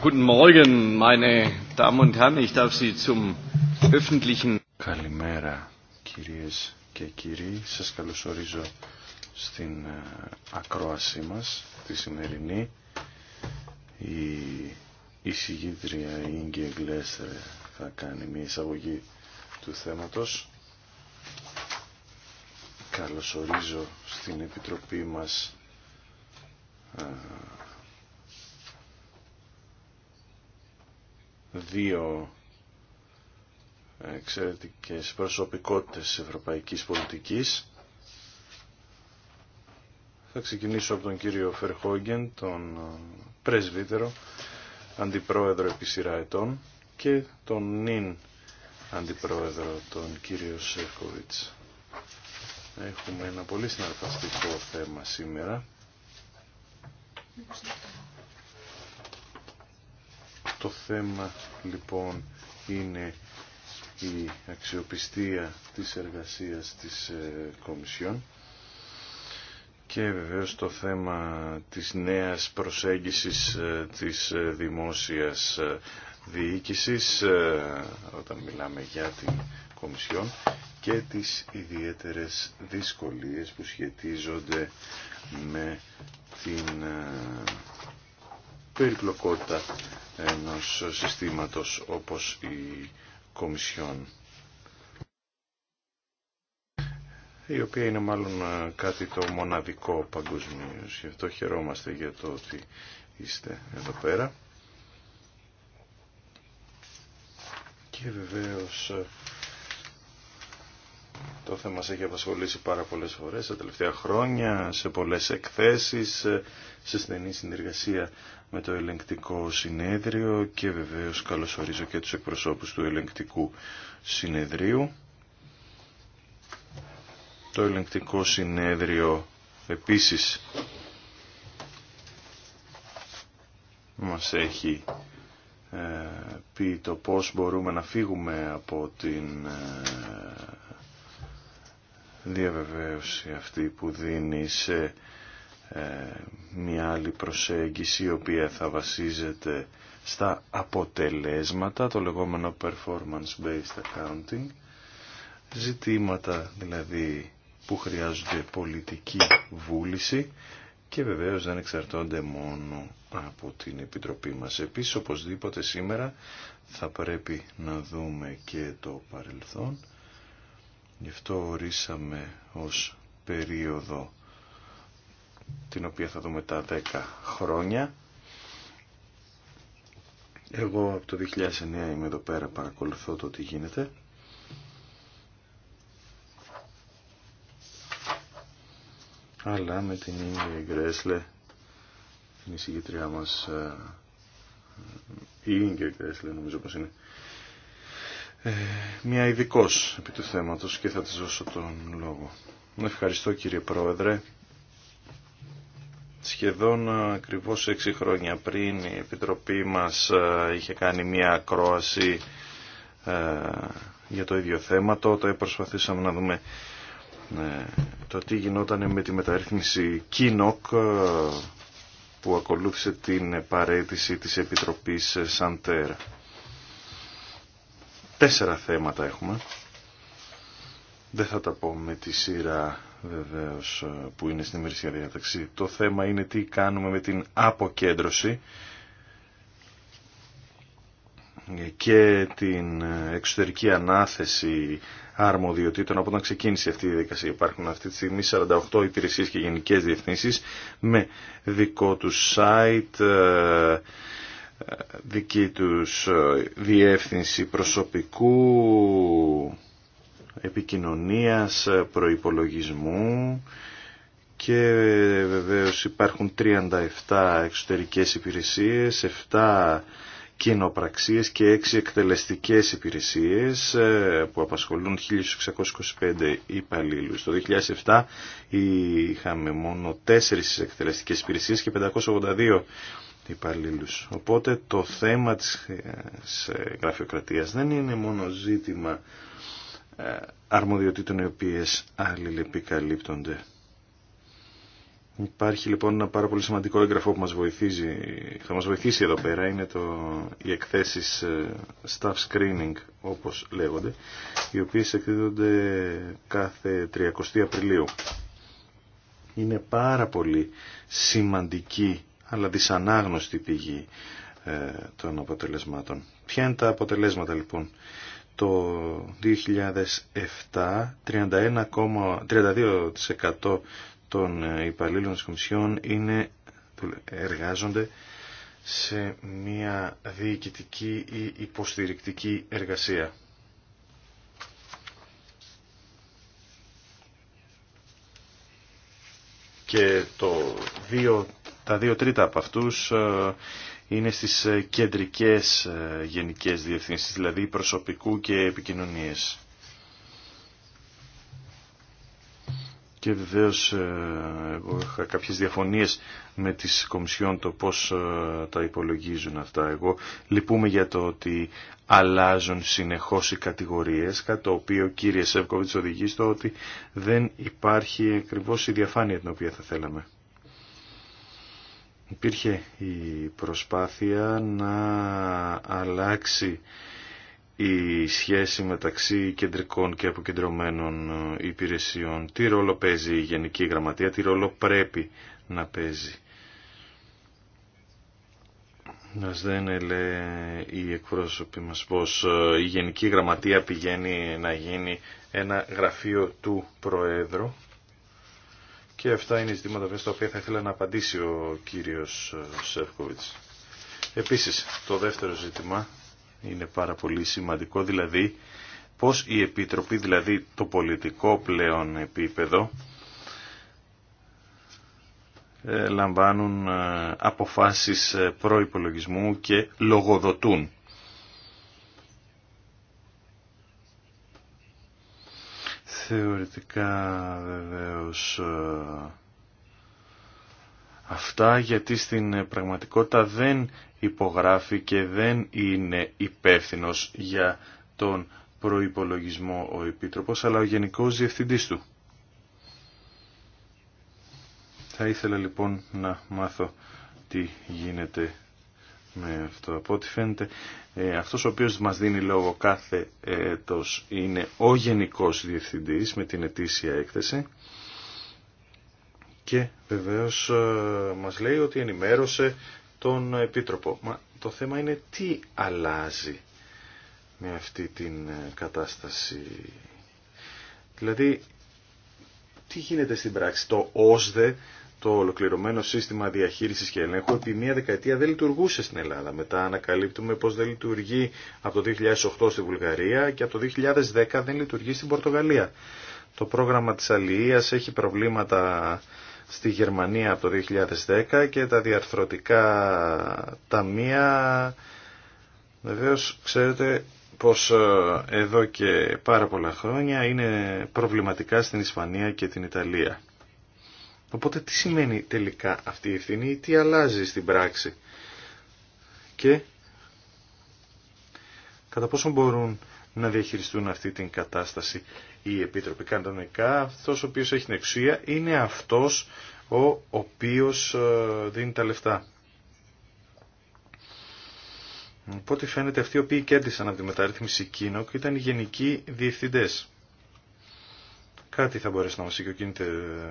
guten Morgen, meine Damen und Herren. Ich darf Sie zum öffentlichen. Καλημέρα, κυρίες και κύριοι. Σας καλωσορίζω στην ε, ακρόασή μας, τη σημερινή. Η εισηγήτρια Ίγκη Εγκλέστερ θα κάνει μια εισαγωγή του θέματος. Καλωσορίζω στην Επιτροπή μας ε, δύο εξαιρετικές προσωπικότητες της ευρωπαϊκής πολιτικής. Θα ξεκινήσω από τον κύριο Φερχόγγεν, τον πρεσβύτερο, αντιπρόεδρο επί σειρά ετών και τον νυν αντιπρόεδρο, τον κύριο Σέρκοβιτς. Έχουμε ένα πολύ συναρπαστικό θέμα σήμερα. Το θέμα λοιπόν είναι η αξιοπιστία της εργασίας της ε, Κομισιόν και βεβαίως το θέμα της νέας προσέγγισης ε, της ε, δημόσιας διοίκησης όταν μιλάμε για την Κομισιόν και τις ιδιαίτερες δυσκολίες που σχετίζονται με την περιπλοκότητα ενός συστήματος όπως η Κομισιόν η οποία είναι μάλλον ε, κάτι το μοναδικό παγκοσμίω. Γι' αυτό χαιρόμαστε για το ότι είστε εδώ πέρα. Και βεβαίως ε, το θέμα μας έχει απασχολήσει πάρα πολλές φορές τα τελευταία χρόνια, σε πολλές εκθέσεις, ε, σε στενή συνεργασία με το ελεγκτικό συνέδριο και βεβαίως καλωσορίζω και τους εκπροσώπους του ελεγκτικού συνεδρίου. Το ελεγκτικό συνέδριο επίσης μας έχει ε, πει το πώς μπορούμε να φύγουμε από την ε, διαβεβαίωση αυτή που δίνει σε ε, μια άλλη προσέγγιση η οποία θα βασίζεται στα αποτελέσματα, το λεγόμενο performance-based accounting, ζητήματα δηλαδή που χρειάζονται πολιτική βούληση και βεβαίως δεν εξαρτώνται μόνο από την Επιτροπή μας. Επίσης, οπωσδήποτε σήμερα θα πρέπει να δούμε και το παρελθόν. Γι' αυτό ορίσαμε ως περίοδο την οποία θα δούμε τα 10 χρόνια. Εγώ από το 2009 είμαι εδώ πέρα, παρακολουθώ το τι γίνεται. Αλλά με την ίδια Γκρέσλε, την εισηγητριά μας, ε, ε, η Ίγκερ Γκρέσλε νομίζω πως είναι, ε, μια ειδικός επί του θέματος και θα της δώσω τον λόγο. Ευχαριστώ κύριε Πρόεδρε σχεδόν ε, ακριβώς έξι χρόνια πριν η Επιτροπή μας ε, είχε κάνει μια ακρόαση ε, για το ίδιο θέμα. Τότε προσπαθήσαμε να δούμε το τι γινόταν με τη μεταρρύθμιση Κίνοκ που ακολούθησε την παρέτηση της Επιτροπής Σαντέρ. Τέσσερα θέματα έχουμε. Δεν θα τα πω με τη σειρά βεβαίως ε, που είναι στην ημερησία διάταξη. Το θέμα είναι τι κάνουμε με την αποκέντρωση και την εξωτερική ανάθεση αρμοδιοτήτων από όταν ξεκίνησε αυτή η διαδικασία. Υπάρχουν αυτή τη στιγμή 48 υπηρεσίες και γενικές διευθύνσεις με δικό του site, ε, ε, δική τους διεύθυνση προσωπικού, επικοινωνίας, προϋπολογισμού και βεβαίως υπάρχουν 37 εξωτερικές υπηρεσίες, 7 κοινοπραξίες και 6 εκτελεστικές υπηρεσίες ε, που απασχολούν 1625 υπαλλήλους. Το 2007 είχαμε μόνο 4 εκτελεστικές υπηρεσίες και 582 υπαλλήλους. Οπότε το θέμα της ε, γραφειοκρατίας δεν είναι μόνο ζήτημα ε, αρμοδιοτήτων οι οποίες αλληλεπικαλύπτονται. Υπάρχει λοιπόν ένα πάρα πολύ σημαντικό έγγραφο που μας βοηθήσει, θα μας βοηθήσει εδώ πέρα, είναι το, οι εκθέσεις ε, staff screening όπως λέγονται, οι οποίες εκδίδονται κάθε 30 Απριλίου. Είναι πάρα πολύ σημαντική αλλά δυσανάγνωστη πηγή ε, των αποτελεσμάτων. Ποια είναι τα αποτελέσματα λοιπόν το 2007 32% των ε, υπαλλήλων της Κομισιόν είναι, εργάζονται σε μια διοικητική ή υποστηρικτική εργασία. Και το δύο, τα δύο τρίτα από αυτούς ε, είναι στις ε, κεντρικές ε, γενικές διευθύνσεις, δηλαδή προσωπικού και επικοινωνίες. Και βεβαίως ε, εγώ είχα κάποιες διαφωνίες με τις κομισιόν το πώς τα υπολογίζουν αυτά. Εγώ λυπούμαι για το ότι αλλάζουν συνεχώς οι κατηγορίες, κατά το οποίο κύριε Σεύκοβιτς οδηγεί στο ότι δεν υπάρχει ακριβώ η διαφάνεια την οποία θα θέλαμε υπήρχε η προσπάθεια να αλλάξει η σχέση μεταξύ κεντρικών και αποκεντρωμένων υπηρεσιών. Τι ρόλο παίζει η Γενική Γραμματεία, τι ρόλο πρέπει να παίζει. Να δεν λέει η εκπρόσωπη μας πως ε, η Γενική Γραμματεία πηγαίνει να γίνει ένα γραφείο του Προέδρου και αυτά είναι οι ζητήματα στα οποία θα ήθελα να απαντήσει ο κύριος ε, Σεύκοβιτς. Επίσης, το δεύτερο ζήτημα είναι πάρα πολύ σημαντικό, δηλαδή πώς η Επιτροπή, δηλαδή το πολιτικό πλέον επίπεδο, ε, λαμβάνουν ε, αποφάσεις προϋπολογισμού και λογοδοτούν. θεωρητικά βεβαίως ε, αυτά γιατί στην πραγματικότητα δεν υπογράφει και δεν είναι υπεύθυνος για τον προϋπολογισμό ο Επίτροπος αλλά ο Γενικός Διευθυντής του. Θα ήθελα λοιπόν να μάθω τι γίνεται με αυτό. Από ό,τι φαίνεται, ε, αυτός ο οποίος μας δίνει λόγο κάθε έτος είναι ο Γενικός Διευθυντής με την ετήσια έκθεση και βεβαίως ε, μας λέει ότι ενημέρωσε τον Επίτροπο. το θέμα είναι τι αλλάζει με αυτή την ε, κατάσταση. Δηλαδή, τι γίνεται στην πράξη. Το ΩΣΔΕ το ολοκληρωμένο σύστημα διαχείρισης και ελέγχου επί μία δεκαετία δεν λειτουργούσε στην Ελλάδα. Μετά ανακαλύπτουμε πως δεν λειτουργεί από το 2008 στη Βουλγαρία και από το 2010 δεν λειτουργεί στην Πορτογαλία. Το πρόγραμμα της αλληλείας έχει προβλήματα στη Γερμανία από το 2010 και τα διαρθρωτικά ταμεία βεβαίως ξέρετε πως ε, εδώ και πάρα πολλά χρόνια είναι προβληματικά στην Ισπανία και την Ιταλία. Οπότε τι σημαίνει τελικά αυτή η ευθύνη ή τι αλλάζει στην πράξη. Και κατά πόσο μπορούν να διαχειριστούν αυτή την κατάσταση οι επίτροποι κανονικά. Αυτός ο οποίος έχει την εξουσία είναι αυτός ο οποίος ε, δίνει τα λεφτά. Οπότε φαίνεται αυτοί οι οποίοι κέρδισαν από τη μεταρρύθμιση Κίνοκ ήταν οι γενικοί διευθυντές. Κάτι θα μπορέσει να μας είχε ο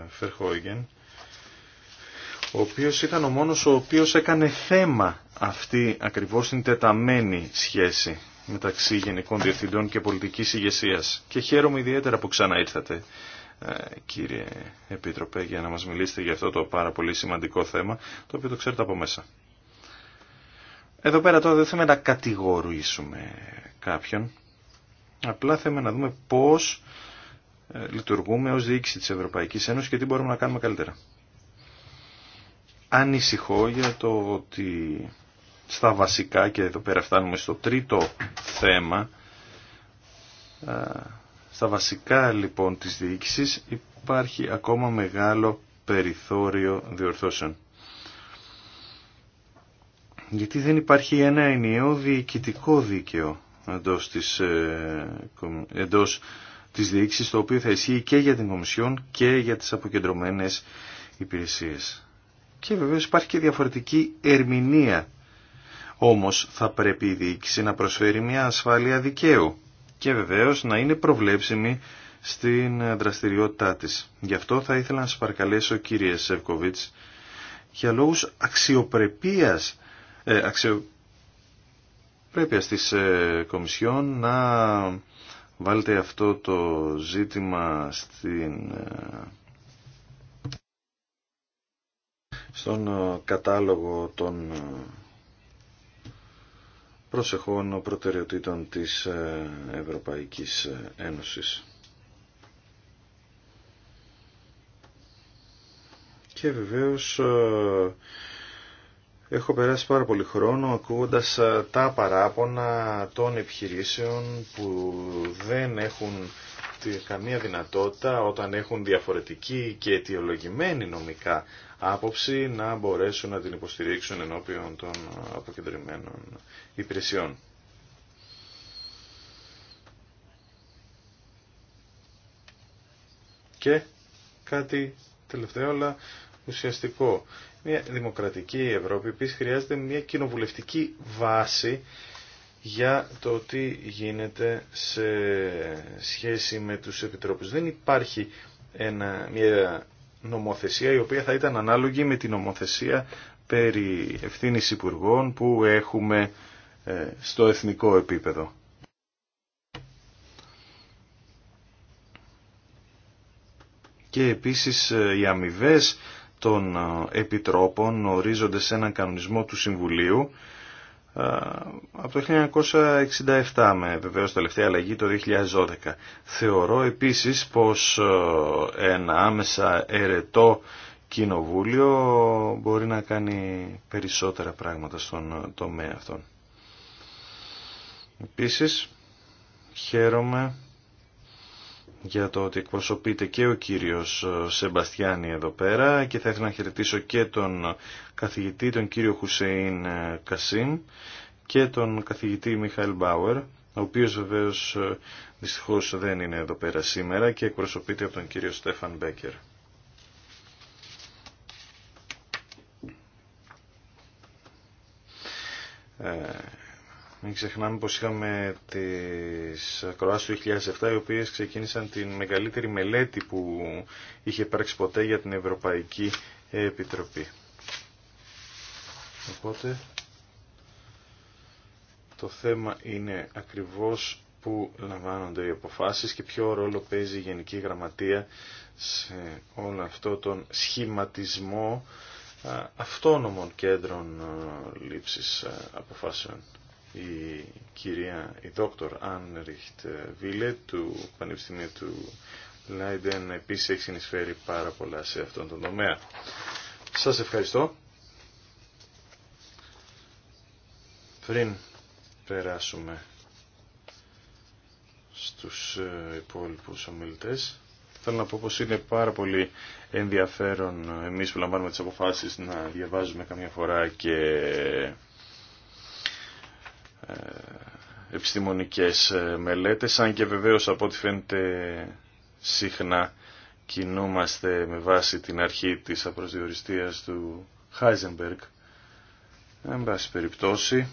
Φερχόγγεν ο οποίος ήταν ο μόνος ο οποίος έκανε θέμα αυτή ακριβώς την τεταμένη σχέση μεταξύ γενικών διευθυντών και πολιτικής ηγεσία. Και χαίρομαι ιδιαίτερα που ξανά ήρθατε, ε, κύριε Επίτροπε, για να μας μιλήσετε για αυτό το πάρα πολύ σημαντικό θέμα, το οποίο το ξέρετε από μέσα. Εδώ πέρα τώρα δεν θέλουμε να κατηγορήσουμε κάποιον, απλά θέλουμε να δούμε πώς ε, λειτουργούμε ως διοίκηση της Ευρωπαϊκής Ένωσης και τι μπορούμε να κάνουμε καλύτερα ανησυχώ για το ότι στα βασικά και εδώ πέρα φτάνουμε στο τρίτο θέμα στα βασικά λοιπόν της διοίκησης υπάρχει ακόμα μεγάλο περιθώριο διορθώσεων. Γιατί δεν υπάρχει ένα ενιαίο διοικητικό δίκαιο εντός της, ε, εντός της διοίκησης το οποίο θα ισχύει και για την Κομισιόν και για τις αποκεντρωμένες υπηρεσίες. Και βεβαίω υπάρχει και διαφορετική ερμηνεία. Όμως θα πρέπει η διοίκηση να προσφέρει μια ασφάλεια δικαίου και βεβαίω να είναι προβλέψιμη στην δραστηριότητά της. Γι' αυτό θα ήθελα να σα παρακαλέσω κύριε Σεύκοβιτ, για λόγους αξιοπρεπίας, ε, αξιοπρέπειας της ε, Κομισιόν να βάλετε αυτό το ζήτημα στην... Ε, στον ε, κατάλογο των ε, προσεχών προτεραιοτήτων της ε, Ευρωπαϊκής Ένωσης. Και βεβαίως έχω περάσει πάρα πολύ χρόνο ακούγοντας τα παράπονα των επιχειρήσεων που δεν έχουν καμία δυνατότητα όταν έχουν διαφορετική και αιτιολογημένη νομικά άποψη να μπορέσουν να την υποστηρίξουν ενώπιον των αποκεντρημένων υπηρεσιών. Και κάτι τελευταίο, αλλά ουσιαστικό. Μια δημοκρατική Ευρώπη επίσης χρειάζεται μια κοινοβουλευτική βάση για το τι γίνεται σε σχέση με τους επιτρόπους. Δεν υπάρχει ένα, μια νομοθεσία η οποία θα ήταν ανάλογη με την νομοθεσία περί ευθύνης υπουργών που έχουμε ε, στο εθνικό επίπεδο. Και επίσης ε, οι αμοιβέ των ε, επιτρόπων ορίζονται σε έναν κανονισμό του Συμβουλίου από το 1967 με βεβαίως τελευταία αλλαγή το 2012. Θεωρώ επίσης πως ε, ένα άμεσα ερετό κοινοβούλιο μπορεί να κάνει περισσότερα πράγματα στον ε, τομέα αυτόν. Επίσης χαίρομαι για το ότι εκπροσωπείται και ο κύριος ε, Σεμπαστιάνη εδώ πέρα και θα ήθελα να χαιρετήσω και τον καθηγητή, τον κύριο Χουσέιν ε, Κασίν και τον καθηγητή Μιχαήλ Μπάουερ, ο οποίος βεβαίως ε, δυστυχώς δεν είναι εδώ πέρα σήμερα και εκπροσωπείται από τον κύριο Στέφαν Μπέκερ. Μην ξεχνάμε πως είχαμε τις ακροάσεις του 2007 οι οποίες ξεκίνησαν την μεγαλύτερη μελέτη που είχε υπάρξει ποτέ για την Ευρωπαϊκή Επιτροπή. Οπότε το θέμα είναι ακριβώς που λαμβάνονται οι αποφάσεις και ποιο ρόλο παίζει η Γενική Γραμματεία σε όλο αυτό τον σχηματισμό αυτόνομων κέντρων λήψης αποφάσεων η κυρία, η δόκτωρ Άνριχτ Βίλε του Πανεπιστημίου του Λάιντεν επίσης έχει συνεισφέρει πάρα πολλά σε αυτόν τον τομέα. Σας ευχαριστώ. Πριν περάσουμε στους ε, υπόλοιπους ομιλητές. Θέλω να πω πως είναι πάρα πολύ ενδιαφέρον εμείς που λαμβάνουμε τις αποφάσεις να διαβάζουμε καμιά φορά και ε, επιστημονικές ε, μελέτες, αν και βεβαίως από ό,τι φαίνεται συχνά κινούμαστε με βάση την αρχή της απροσδιοριστίας του Χάιζενμπεργκ. Εν πάση περιπτώσει,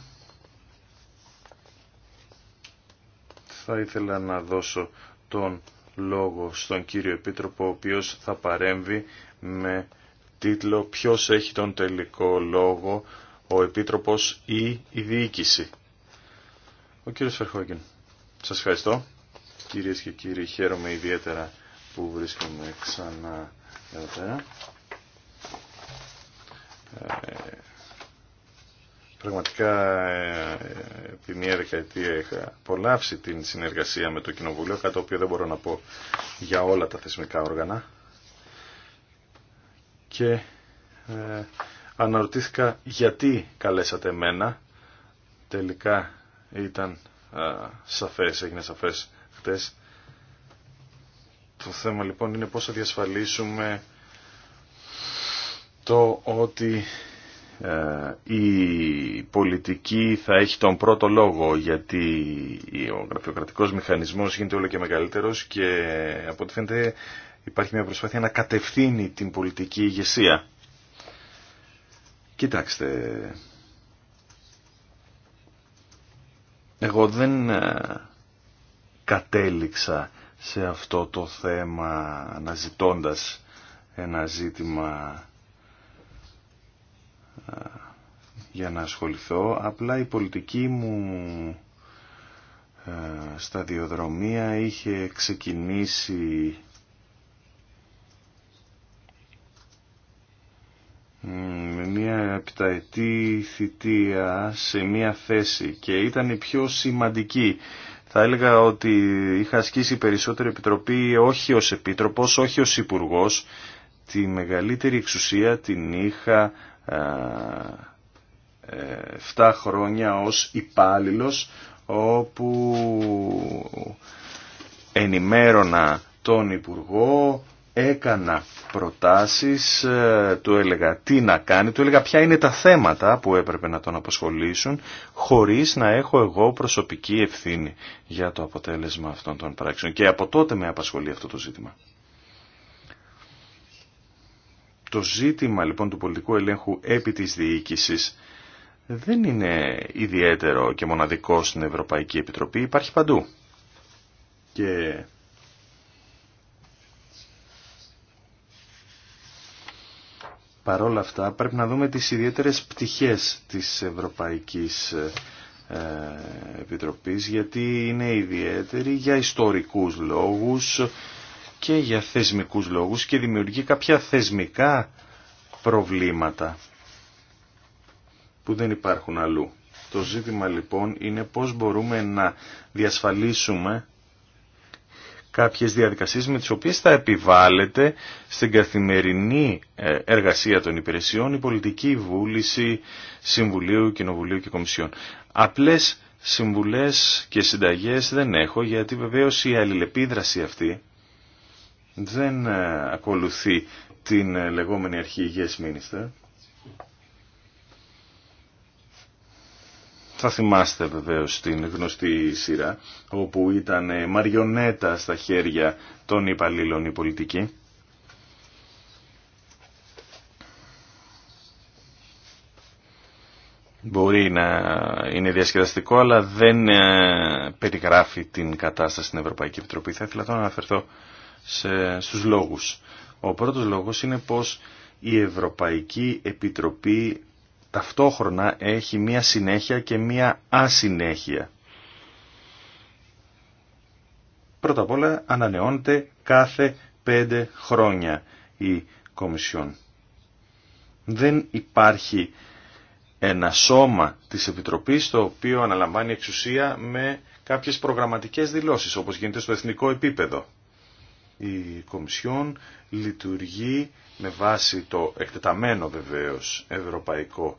θα ήθελα να δώσω τον λόγο στον κύριο Επίτροπο, ο οποίος θα παρέμβει με τίτλο «Ποιος έχει τον τελικό λόγο, ο Επίτροπος ή η διοίκηση» Ο κύριος Φερχόγγιν. σας ευχαριστώ. Κυρίες και κύριοι, χαίρομαι ιδιαίτερα που βρίσκομαι ξανά εδώ πέρα. Ε, πραγματικά ε, επί μια δεκαετία είχα απολαύσει την συνεργασία με το Κοινοβουλίο, κατά οποίο δεν μπορώ να πω για όλα τα θεσμικά όργανα. Και ε, αναρωτήθηκα γιατί καλέσατε εμένα. Τελικά ήταν α, σαφές, έγινε σαφές χτες. Το θέμα λοιπόν είναι πώς θα διασφαλίσουμε το ότι η πολιτική θα έχει τον πρώτο λόγο γιατί ο γραφειοκρατικός μηχανισμός γίνεται όλο και μεγαλύτερος και από ό,τι φαίνεται υπάρχει μια προσπάθεια να κατευθύνει την πολιτική ηγεσία. Κοιτάξτε, Εγώ δεν ε, κατέληξα σε αυτό το θέμα αναζητώντας ένα ζήτημα ε, για να ασχοληθώ. Απλά η πολιτική μου ε, σταδιοδρομία είχε ξεκινήσει με μια επιταετή θητεία σε μια θέση και ήταν η πιο σημαντική. Θα έλεγα ότι είχα ασκήσει περισσότερη επιτροπή όχι ως επίτροπος, όχι ως υπουργός. Τη μεγαλύτερη εξουσία την είχα α, 7 ε, χρόνια ως υπάλληλο όπου ενημέρωνα τον Υπουργό, έκανα προτάσεις, ε, του έλεγα τι να κάνει, του έλεγα ποια είναι τα θέματα που έπρεπε να τον απασχολήσουν χωρίς να έχω εγώ προσωπική ευθύνη για το αποτέλεσμα αυτών των πράξεων. Και από τότε με απασχολεί αυτό το ζήτημα. Το ζήτημα λοιπόν του πολιτικού ελέγχου επί της διοίκησης δεν είναι ιδιαίτερο και μοναδικό στην Ευρωπαϊκή Επιτροπή, υπάρχει παντού. Και παρόλα αυτά πρέπει να δούμε τις ιδιαίτερες πτυχές της Ευρωπαϊκής ε, Επιτροπής γιατί είναι ιδιαίτερη για ιστορικούς λόγους και για θεσμικούς λόγους και δημιουργεί κάποια θεσμικά προβλήματα που δεν υπάρχουν αλλού. Το ζήτημα λοιπόν είναι πώς μπορούμε να διασφαλίσουμε κάποιες διαδικασίες με τις οποίες θα επιβάλλεται στην καθημερινή ε, εργασία των υπηρεσιών η πολιτική βούληση Συμβουλίου, Κοινοβουλίου και Κομισιών. Απλές συμβουλές και συνταγές δεν έχω γιατί βεβαίως η αλληλεπίδραση αυτή δεν ε, ακολουθεί την ε, λεγόμενη αρχή Yes Minister Θα θυμάστε βεβαίως την γνωστή σειρά όπου ήταν μαριονέτα στα χέρια των υπαλλήλων η πολιτική. Μπορεί να είναι διασκεδαστικό αλλά δεν ε, περιγράφει την κατάσταση στην Ευρωπαϊκή Επιτροπή. Θα ήθελα να αναφερθώ σε, στους λόγους. Ο πρώτος λόγος είναι πως η Ευρωπαϊκή Επιτροπή ταυτόχρονα έχει μία συνέχεια και μία ασυνέχεια. Πρώτα απ' όλα ανανεώνεται κάθε πέντε χρόνια η Κομισιόν. Δεν υπάρχει ένα σώμα της Επιτροπής το οποίο αναλαμβάνει εξουσία με κάποιες προγραμματικές δηλώσεις όπως γίνεται στο εθνικό επίπεδο η Κομισιόν λειτουργεί με βάση το εκτεταμένο βεβαίως ευρωπαϊκό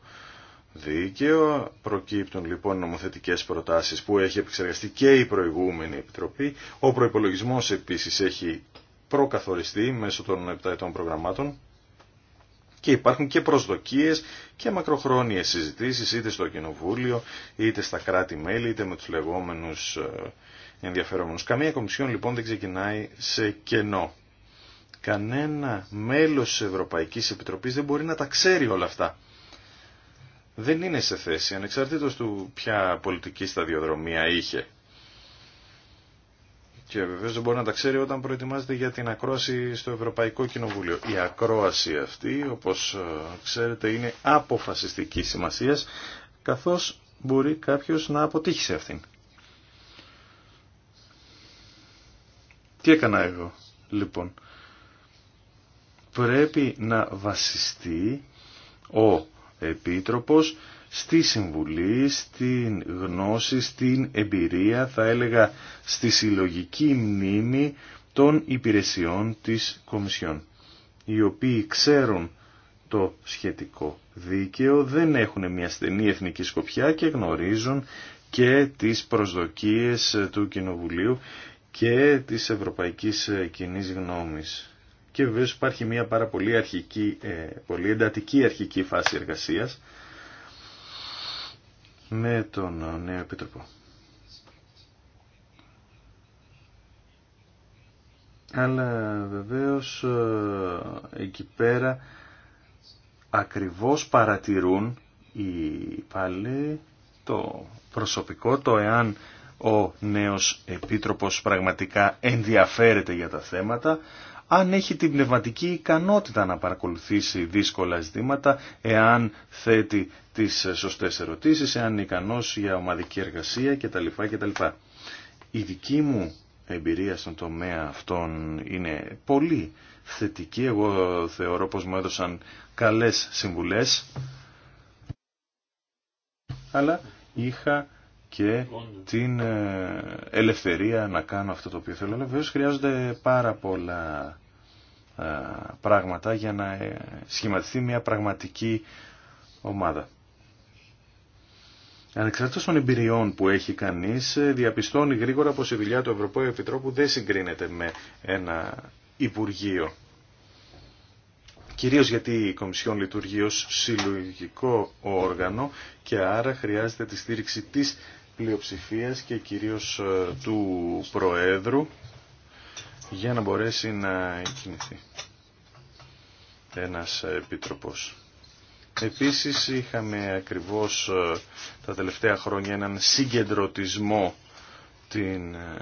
δίκαιο. Προκύπτουν λοιπόν νομοθετικές προτάσεις που έχει επεξεργαστεί και η προηγούμενη Επιτροπή. Ο προϋπολογισμός επίσης έχει προκαθοριστεί μέσω των 7 ετών προγραμμάτων και υπάρχουν και προσδοκίες και μακροχρόνιες συζητήσεις είτε στο Κοινοβούλιο, είτε στα κράτη-μέλη, είτε με τους λεγόμενους ε, ενδιαφερόμενο. Καμία κομισιόν λοιπόν δεν ξεκινάει σε κενό. Κανένα μέλος της Ευρωπαϊκής Επιτροπής δεν μπορεί να τα ξέρει όλα αυτά. Δεν είναι σε θέση, ανεξαρτήτως του ποια πολιτική σταδιοδρομία είχε. Και βεβαίω δεν μπορεί να τα ξέρει όταν προετοιμάζεται για την ακρόαση στο Ευρωπαϊκό Κοινοβούλιο. Η ακρόαση αυτή, όπως ε, ξέρετε, είναι αποφασιστική σημασίας, καθώς μπορεί κάποιος να αποτύχει σε αυτήν. Τι έκανα εγώ, λοιπόν. Πρέπει να βασιστεί ο Επίτροπος στη Συμβουλή, στην γνώση, στην εμπειρία, θα έλεγα στη συλλογική μνήμη των υπηρεσιών της Κομισιόν, οι οποίοι ξέρουν το σχετικό δίκαιο, δεν έχουν μια στενή εθνική σκοπιά και γνωρίζουν και τις προσδοκίες του Κοινοβουλίου και της ευρωπαϊκής ε, κοινή γνώμης. Και βεβαίω υπάρχει μια πάρα πολύ, αρχική, ε, πολύ εντατική αρχική φάση εργασίας με τον ε, νέο επίτροπο. Αλλά βεβαίως εκεί πέρα ακριβώς παρατηρούν οι υπάλληλοι το προσωπικό, το εάν ο νέος επίτροπος πραγματικά ενδιαφέρεται για τα θέματα, αν έχει την πνευματική ικανότητα να παρακολουθήσει δύσκολα ζητήματα, εάν θέτει τις σωστές ερωτήσεις, εάν είναι ικανός για ομαδική εργασία κτλ. κτλ. Η δική μου εμπειρία στον τομέα αυτών είναι πολύ θετική. Εγώ θεωρώ πως μου έδωσαν καλές συμβουλές, αλλά είχα και την ε, ελευθερία να κάνω αυτό το οποίο θέλω. βεβαίω, βεβαίως χρειάζονται πάρα πολλά ε, πράγματα για να ε, σχηματιστεί μια πραγματική ομάδα. Ανεξαρτήτως των εμπειριών που έχει κανείς, διαπιστώνει γρήγορα πως η δουλειά του Ευρωπαϊκού Επιτρόπου δεν συγκρίνεται με ένα Υπουργείο. Κυρίως γιατί η Κομισιόν λειτουργεί ως συλλογικό όργανο και άρα χρειάζεται τη στήριξη της πλειοψηφίας και κυρίως ε, του Προέδρου για να μπορέσει να κινηθεί ένας επίτροπος. Επίσης είχαμε ακριβώς ε, τα τελευταία χρόνια έναν συγκεντρωτισμό την, ε,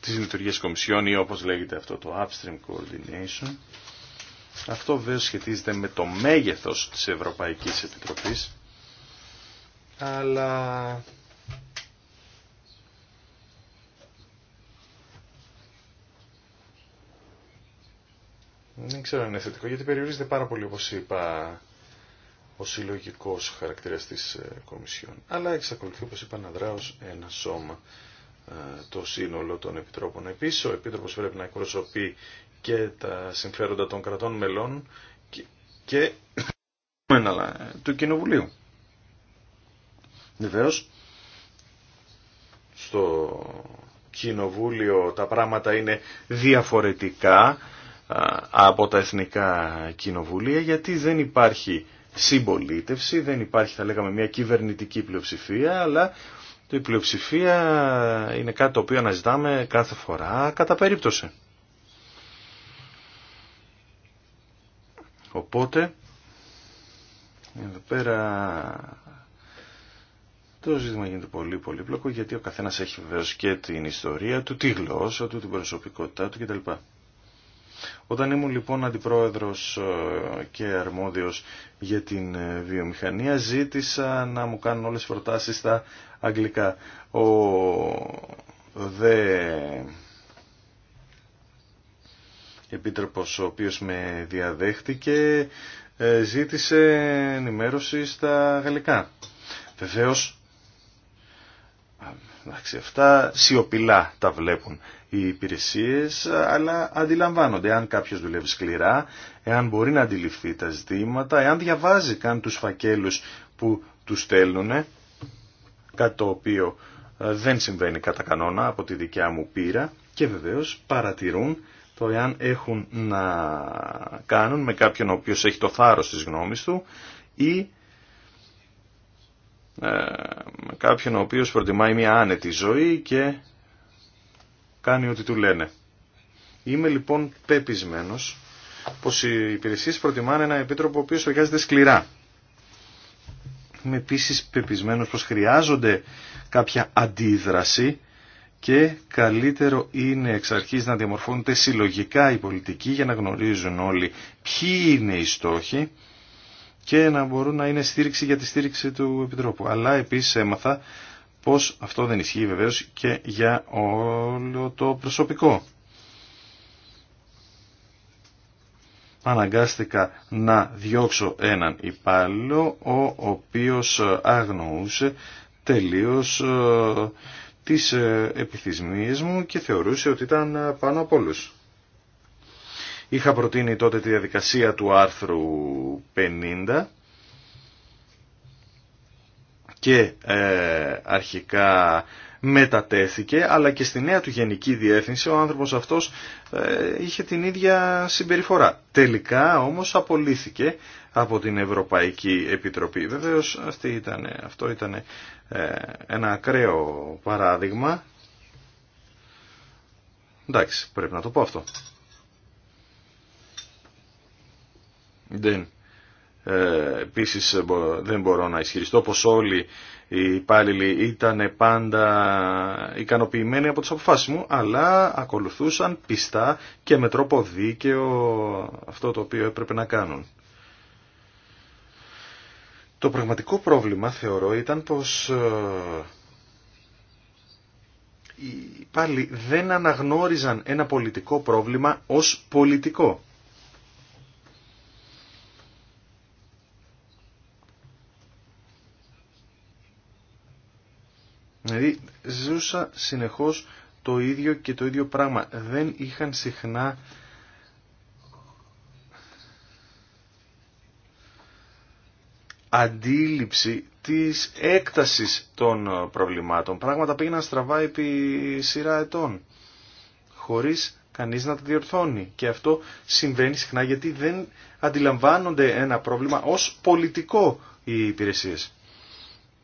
της λειτουργίας κομισιών ή όπως λέγεται αυτό το upstream coordination. Αυτό βέβαια σχετίζεται με το μέγεθος της Ευρωπαϊκής Επιτροπής αλλά Δεν ξέρω αν είναι θετικό, γιατί περιορίζεται πάρα πολύ, όπως είπα, ο συλλογικός χαρακτήρας της ε, Κομισιόν. Αλλά εξακολουθεί, όπως είπα, να δράω ένα σώμα ε, το σύνολο των επιτρόπων. Επίσης, ο Επίτροπος πρέπει να εκπροσωπεί και τα συμφέροντα των κρατών μελών και, και ε, του Κοινοβουλίου. Βεβαίω, στο Κοινοβούλιο τα πράγματα είναι διαφορετικά από τα εθνικά κοινοβουλία γιατί δεν υπάρχει συμπολίτευση, δεν υπάρχει θα λέγαμε μια κυβερνητική πλειοψηφία αλλά η πλειοψηφία είναι κάτι το οποίο αναζητάμε κάθε φορά κατά περίπτωση. Οπότε εδώ πέρα το ζήτημα γίνεται πολύ πολύπλοκο γιατί ο καθένας έχει βεβαίως και την ιστορία του, τη γλώσσα του, την προσωπικότητά του κτλ. Όταν ήμουν λοιπόν αντιπρόεδρος ε, και αρμόδιος για την ε, βιομηχανία ζήτησα να μου κάνουν όλες τις προτάσεις στα αγγλικά. Ο δε επίτροπος ο οποίος με διαδέχτηκε ε, ζήτησε ενημέρωση στα γαλλικά. Βεβαίως Εντάξει, αυτά σιωπηλά τα βλέπουν οι υπηρεσίες, αλλά αντιλαμβάνονται αν κάποιος δουλεύει σκληρά, εάν μπορεί να αντιληφθεί τα ζητήματα, εάν διαβάζει καν τους φακέλους που του στέλνουν, κάτι το οποίο ε, δεν συμβαίνει κατά κανόνα από τη δικιά μου πείρα και βεβαίως παρατηρούν το εάν έχουν να κάνουν με κάποιον ο οποίος έχει το θάρρος της γνώμης του ή ε, με κάποιον ο οποίος προτιμάει μια άνετη ζωή και κάνει ό,τι του λένε. Είμαι λοιπόν πεπισμένος πως οι υπηρεσίες προτιμάνε ένα επίτροπο ο οποίος εργάζεται σκληρά. Είμαι επίσης πεπισμένος πως χρειάζονται κάποια αντίδραση και καλύτερο είναι εξ αρχής να διαμορφώνεται συλλογικά η πολιτική για να γνωρίζουν όλοι ποιοι είναι οι στόχοι και να μπορούν να είναι στήριξη για τη στήριξη του Επιτρόπου. Αλλά επίσης έμαθα πως αυτό δεν ισχύει βεβαίως και για όλο το προσωπικό. Αναγκάστηκα να διώξω έναν υπάλληλο ο οποίος αγνοούσε τελείως ε, τις ε, επιθυσμίες μου και θεωρούσε ότι ήταν πάνω από όλους. Είχα προτείνει τότε τη διαδικασία του άρθρου 50 και ε, αρχικά μετατέθηκε, αλλά και στη νέα του γενική διεύθυνση ο άνθρωπος αυτός ε, είχε την ίδια συμπεριφορά. Τελικά όμως απολύθηκε από την Ευρωπαϊκή Επιτροπή. Βεβαίως αυτή αυτό ήταν ε, ένα ακραίο παράδειγμα. Εντάξει, πρέπει να το πω αυτό. Δεν. Ε, επίσης δεν μπορώ να ισχυριστώ πως όλοι οι υπάλληλοι ήταν πάντα ικανοποιημένοι από τις αποφάσεις μου, αλλά ακολουθούσαν πιστά και με τρόπο δίκαιο αυτό το οποίο έπρεπε να κάνουν. Το πραγματικό πρόβλημα θεωρώ ήταν πως ε, οι πάλι δεν αναγνώριζαν ένα πολιτικό πρόβλημα ως πολιτικό. Δηλαδή ζούσα συνεχώς το ίδιο και το ίδιο πράγμα. Δεν είχαν συχνά αντίληψη της έκτασης των προβλημάτων. Πράγματα πήγαιναν στραβά επί σειρά ετών, χωρίς κανείς να τα διορθώνει. Και αυτό συμβαίνει συχνά γιατί δεν αντιλαμβάνονται ένα πρόβλημα ως πολιτικό οι υπηρεσίες.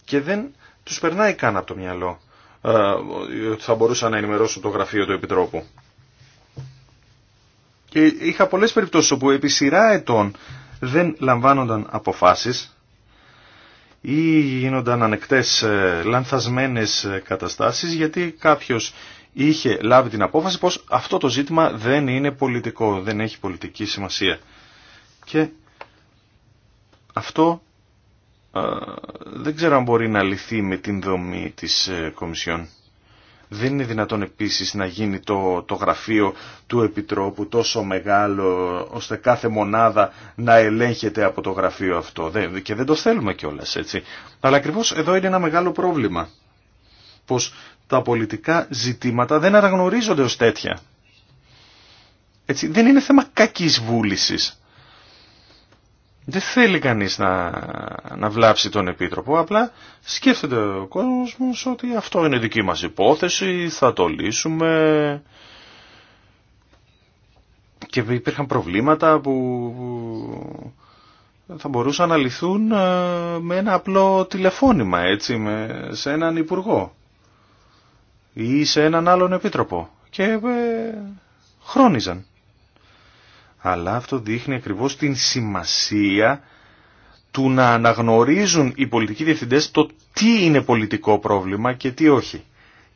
Και δεν του περνάει καν από το μυαλό ε, ότι θα μπορούσα να ενημερώσω το γραφείο του Επιτρόπου. Και είχα πολλές περιπτώσεις όπου επί σειρά ετών δεν λαμβάνονταν αποφάσεις ή γίνονταν ανεκτές ε, λανθασμένε ε, καταστάσεις γιατί κάποιος είχε λάβει την απόφαση πως αυτό το ζήτημα δεν είναι πολιτικό, δεν έχει πολιτική σημασία. Και αυτό δεν ξέρω αν μπορεί να λυθεί με την δομή της ε, Κομισιόν. Δεν είναι δυνατόν επίσης να γίνει το, το γραφείο του Επιτρόπου τόσο μεγάλο ώστε κάθε μονάδα να ελέγχεται από το γραφείο αυτό. Και δεν το θέλουμε κιόλας έτσι. Αλλά ακριβώς εδώ είναι ένα μεγάλο πρόβλημα. Πως τα πολιτικά ζητήματα δεν αναγνωρίζονται ως τέτοια. Έτσι, δεν είναι θέμα κακής βούλησης. Δεν θέλει κανείς να, να βλάψει τον Επίτροπο, απλά σκέφτεται ο κόσμος ότι αυτό είναι δική μας υπόθεση, θα το λύσουμε. Και υπήρχαν προβλήματα που θα μπορούσαν να λυθούν ε, με ένα απλό τηλεφώνημα, έτσι, με, σε έναν υπουργό ή σε έναν άλλον επίτροπο. Και ε, χρόνιζαν αλλά αυτό δείχνει ακριβώς την σημασία του να αναγνωρίζουν οι πολιτικοί διευθυντές το τι είναι πολιτικό πρόβλημα και τι όχι.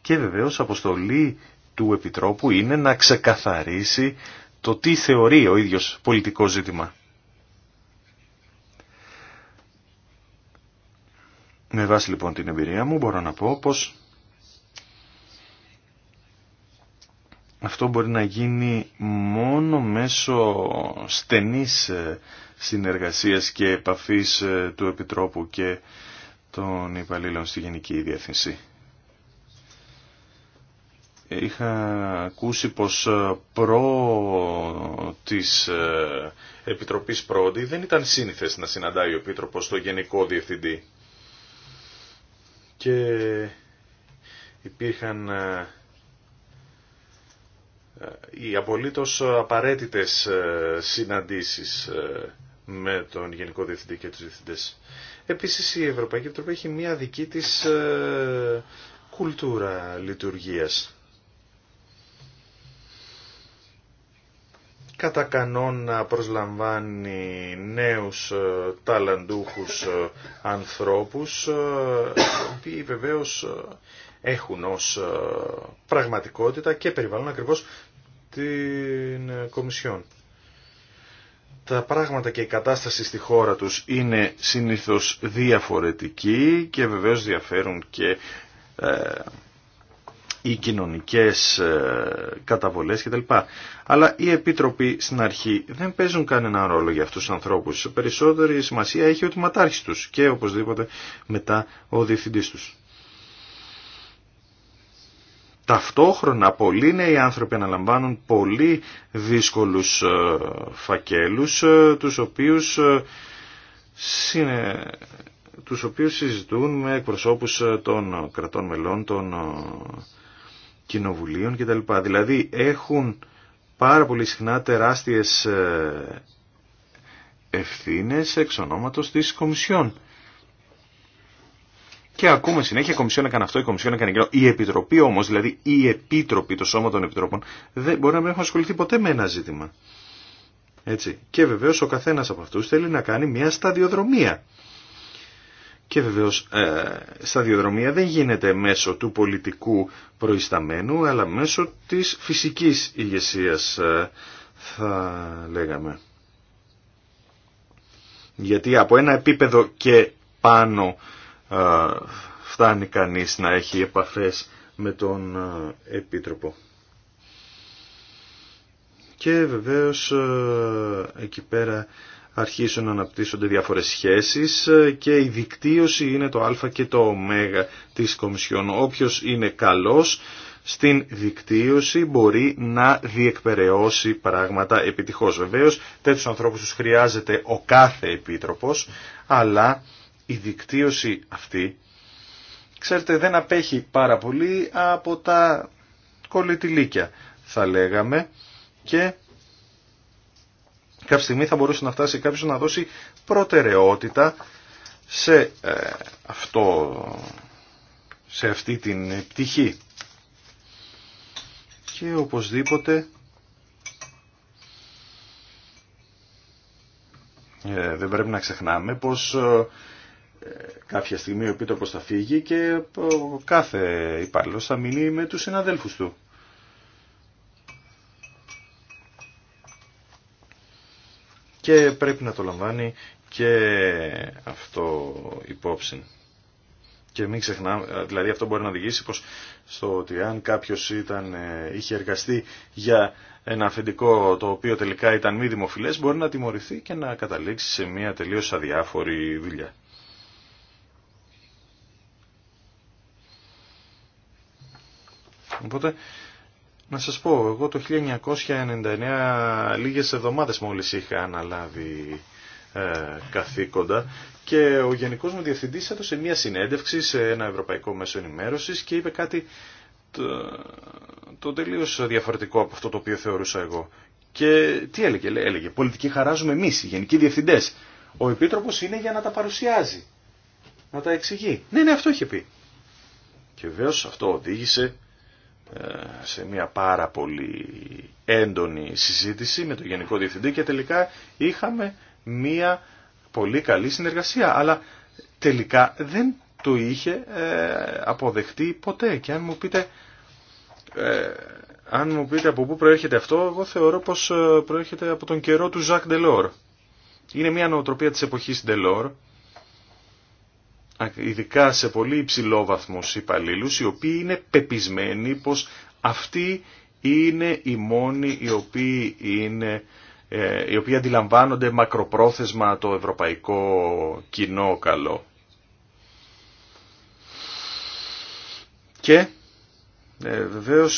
Και βεβαίως αποστολή του Επιτρόπου είναι να ξεκαθαρίσει το τι θεωρεί ο ίδιος πολιτικό ζήτημα. Με βάση λοιπόν την εμπειρία μου μπορώ να πω πως Αυτό μπορεί να γίνει μόνο μέσω στενής ε, συνεργασίας και επαφής ε, του Επιτρόπου και των υπαλλήλων στη Γενική Διεύθυνση. Είχα ακούσει πως ε, προ της Επιτροπής Πρόντι δεν ήταν σύνηθες να συναντάει ο Επίτροπος το Γενικό Διευθυντή. Και υπήρχαν ε, οι απολύτως απαραίτητες ε, συναντήσεις ε, με τον Γενικό Διευθυντή και τους Διευθυντές. Επίσης η Ευρωπαϊκή Επιτροπή έχει μια δική της κουλτούρα λειτουργίας. κατά κανόνα προσλαμβάνει νέους ταλαντούχους ανθρώπους, οι οποίοι βεβαίως έχουν ως ε, πραγματικότητα και περιβαλλούν ακριβώς την ε, Κομισιόν. Τα πράγματα και η κατάσταση στη χώρα τους είναι συνήθως διαφορετική και βεβαίως διαφέρουν και ε, οι κοινωνικές καταβολές κτλ. Αλλά οι επίτροποι στην αρχή δεν παίζουν κανένα ρόλο για αυτούς τους ανθρώπους. Περισσότερη σημασία έχει ο τιματάρχης τους και οπωσδήποτε μετά ο διευθυντής τους. Ταυτόχρονα πολλοί νέοι άνθρωποι αναλαμβάνουν πολύ δύσκολους ε, φακέλους, ε, τους οποίους, ε, συνε... τους οποίους συζητούν με εκπροσώπους των κρατών μελών, των κοινοβουλίων κτλ. Δηλαδή έχουν πάρα πολύ συχνά τεράστιες ευθύνες εξ ονόματος της Κομισιόν. Και ακούμε συνέχεια, η Κομισιόν έκανε αυτό, η Κομισιόν έκανε εκείνο. Η Επιτροπή όμω, δηλαδή η Επίτροπη, το Σώμα των Επιτρόπων, δεν μπορεί να μην έχουν ασχοληθεί ποτέ με ένα ζήτημα. Έτσι. Και βεβαίω ο καθένα από αυτού θέλει να κάνει μια σταδιοδρομία. Και βεβαίω ε, σταδιοδρομία δεν γίνεται μέσω του πολιτικού προϊσταμένου, αλλά μέσω τη φυσική ηγεσία, ε, θα λέγαμε. Γιατί από ένα επίπεδο και πάνω φτάνει κανείς να έχει επαφές με τον Επίτροπο. Και βεβαίως εκεί πέρα αρχίσουν να αναπτύσσονται διάφορες σχέσεις και η δικτύωση είναι το α και το ω της Κομισιόν. Όποιος είναι καλός στην δικτύωση μπορεί να διεκπεραιώσει πράγματα επιτυχώς. Βεβαίως τέτοιους ανθρώπους τους χρειάζεται ο κάθε επίτροπος, αλλά η δικτύωση αυτή, ξέρετε, δεν απέχει πάρα πολύ από τα κολλητηλίκια, θα λέγαμε, και κάποια στιγμή θα μπορούσε να φτάσει κάποιος να δώσει προτεραιότητα σε, ε, αυτό, σε αυτή την πτυχή. Και οπωσδήποτε ε, δεν πρέπει να ξεχνάμε πως ε, κάποια στιγμή ο Επίτροπος θα φύγει και ο κάθε υπάλληλο θα μείνει με τους συναδέλφους του. Και πρέπει να το λαμβάνει και αυτό υπόψη. Και μην ξεχνάμε, δηλαδή αυτό μπορεί να οδηγήσει πως στο ότι αν κάποιος ήταν, ε, είχε εργαστεί για ένα αφεντικό το οποίο τελικά ήταν μη δημοφιλές μπορεί να τιμωρηθεί και να καταλήξει σε μια τελείως αδιάφορη δουλειά. Οπότε, να σας πω, εγώ το 1999 λίγες εβδομάδες μόλις είχα αναλάβει ε, καθήκοντα και ο Γενικός μου Διευθυντής έδωσε μια συνέντευξη σε ένα ευρωπαϊκό μέσο ενημέρωσης και είπε κάτι το, το τελείως διαφορετικό από αυτό το οποίο θεωρούσα εγώ. Και τι έλεγε, έλεγε, πολιτική χαράζουμε εμείς, οι γενικοί διευθυντές. Ο Επίτροπος είναι για να τα παρουσιάζει, να τα εξηγεί. Ναι, ναι, αυτό είχε πει. Και βεβαίω αυτό οδήγησε ε, σε μια πάρα πολύ έντονη συζήτηση με τον Γενικό Διευθυντή και τελικά είχαμε μια πολύ καλή συνεργασία. Αλλά τελικά δεν το είχε ε, αποδεχτεί ποτέ. Και αν μου πείτε, ε, αν μου πείτε από πού προέρχεται αυτό, εγώ θεωρώ πως προέρχεται από τον καιρό του Ζακ Ντελόρ. Είναι μια νοοτροπία της εποχής Ντελόρ ειδικά σε πολύ υψηλό βαθμό υπαλλήλους, οι οποίοι είναι πεπισμένοι πως αυτοί είναι οι μόνοι οι οποίοι, είναι, ε, οι οποίοι αντιλαμβάνονται μακροπρόθεσμα το ευρωπαϊκό κοινό καλό. Και ε,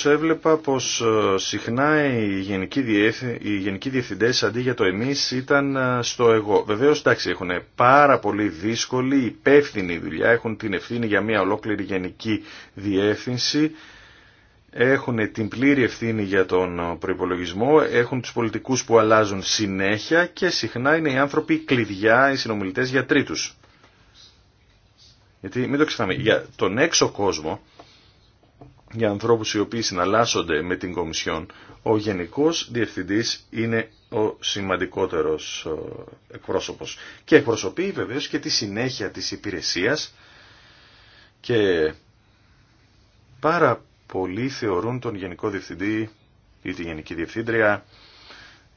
έβλεπα πως ε, συχνά οι γενικοί, διεθ, οι γενικοί διευθυντές αντί για το εμείς ήταν ε, στο εγώ. Βεβαίως εντάξει έχουν πάρα πολύ δύσκολη υπεύθυνη δουλειά, έχουν την ευθύνη για μια ολόκληρη γενική διεύθυνση, έχουν την πλήρη ευθύνη για τον ε, προϋπολογισμό, έχουν τους πολιτικούς που αλλάζουν συνέχεια και συχνά είναι οι άνθρωποι κλειδιά, οι συνομιλητές για τρίτους. Γιατί μην το ξεχνάμε, για τον έξω κόσμο για ανθρώπους οι οποίοι συναλλάσσονται με την Κομισιόν, ο Γενικός Διευθυντής είναι ο σημαντικότερος εκπρόσωπος. Και εκπροσωπεί βεβαίως και τη συνέχεια της υπηρεσίας και πάρα πολλοί θεωρούν τον Γενικό Διευθυντή ή τη Γενική Διευθύντρια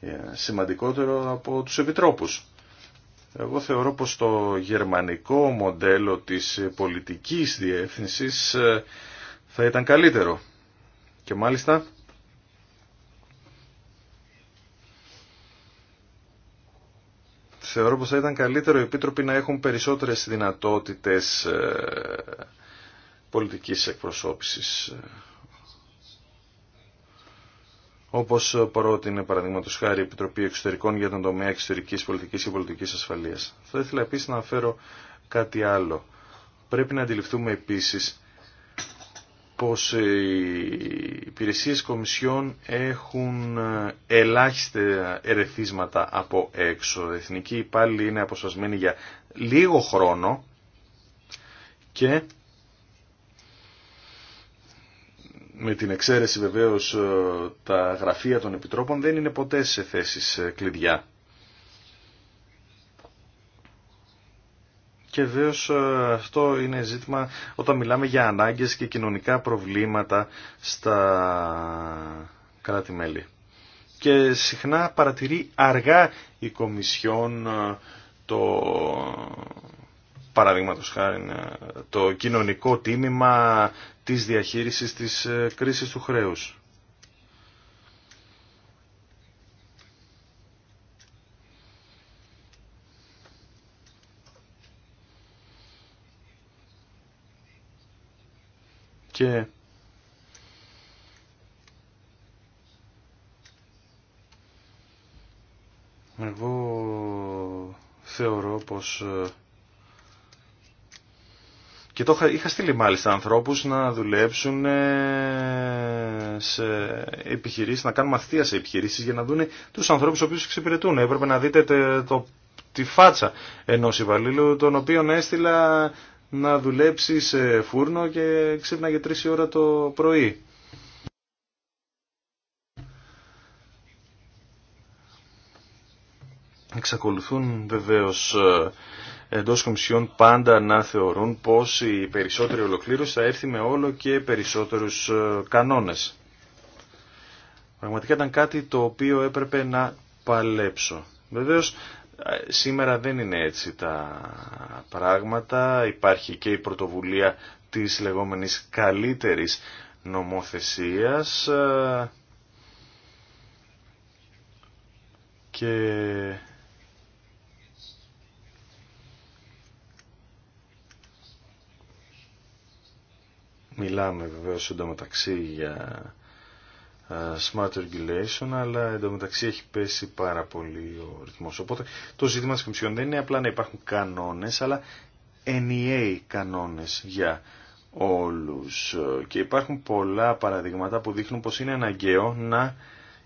ε, σημαντικότερο από τους επιτρόπους. Εγώ θεωρώ πως το γερμανικό μοντέλο της πολιτικής διεύθυνσης ε, θα ήταν καλύτερο. Και μάλιστα θεωρώ πως θα ήταν καλύτερο οι επίτροποι να έχουν περισσότερες δυνατότητες ε, πολιτικής εκπροσώπησης. Όπως πρότεινε παραδείγματος χάρη η Επιτροπή Εξωτερικών για τον τομέα εξωτερικής πολιτικής και πολιτικής ασφαλείας. Θα ήθελα επίσης να αναφέρω κάτι άλλο. Πρέπει να αντιληφθούμε επίσης πως οι υπηρεσίες κομισιών έχουν ε, ελάχιστα ερεθίσματα από έξω. Οι εθνικοί υπάλληλοι είναι αποσπασμένοι για λίγο χρόνο και με την εξαίρεση βεβαίως ε, τα γραφεία των επιτρόπων δεν είναι ποτέ σε θέσεις ε, κλειδιά. Και βέβαια ε, αυτό είναι ζήτημα όταν μιλάμε για ανάγκες και κοινωνικά προβλήματα στα κράτη-μέλη. Και συχνά παρατηρεί αργά η Κομισιόν ε, το ε, το κοινωνικό τίμημα της διαχείρισης της κρίσης του χρέους. και εγώ θεωρώ πως ε, και το είχα, στείλει μάλιστα ανθρώπους να δουλέψουν ε, σε επιχειρήσεις, να κάνουν μαθητεία σε επιχειρήσεις για να δουν τους ανθρώπους οποίους εξυπηρετούν. Έπρεπε να δείτε το, τη φάτσα ενός υπαλλήλου, τον οποίον έστειλα να δουλέψει σε φούρνο και ξύπνα για 3 ώρα το πρωί. Εξακολουθούν βεβαίως ε, εντός κομισιών πάντα να θεωρούν πως η περισσότερη ολοκλήρωση θα έρθει με όλο και περισσότερους ε, κανόνες. Πραγματικά ήταν κάτι το οποίο έπρεπε να παλέψω. Βεβαίως Σήμερα δεν είναι έτσι τα πράγματα. Υπάρχει και η πρωτοβουλία της λεγόμενης καλύτερης νομοθεσίας και μιλάμε βεβαίως εντωμεταξύ για smart regulation, αλλά εντωμεταξύ έχει πέσει πάρα πολύ ο ρυθμός. Οπότε το ζήτημα της δεν είναι απλά να υπάρχουν κανόνες, αλλά ενιαίοι e κανόνες για όλους. Ε, και υπάρχουν πολλά παραδείγματα που δείχνουν πως είναι αναγκαίο να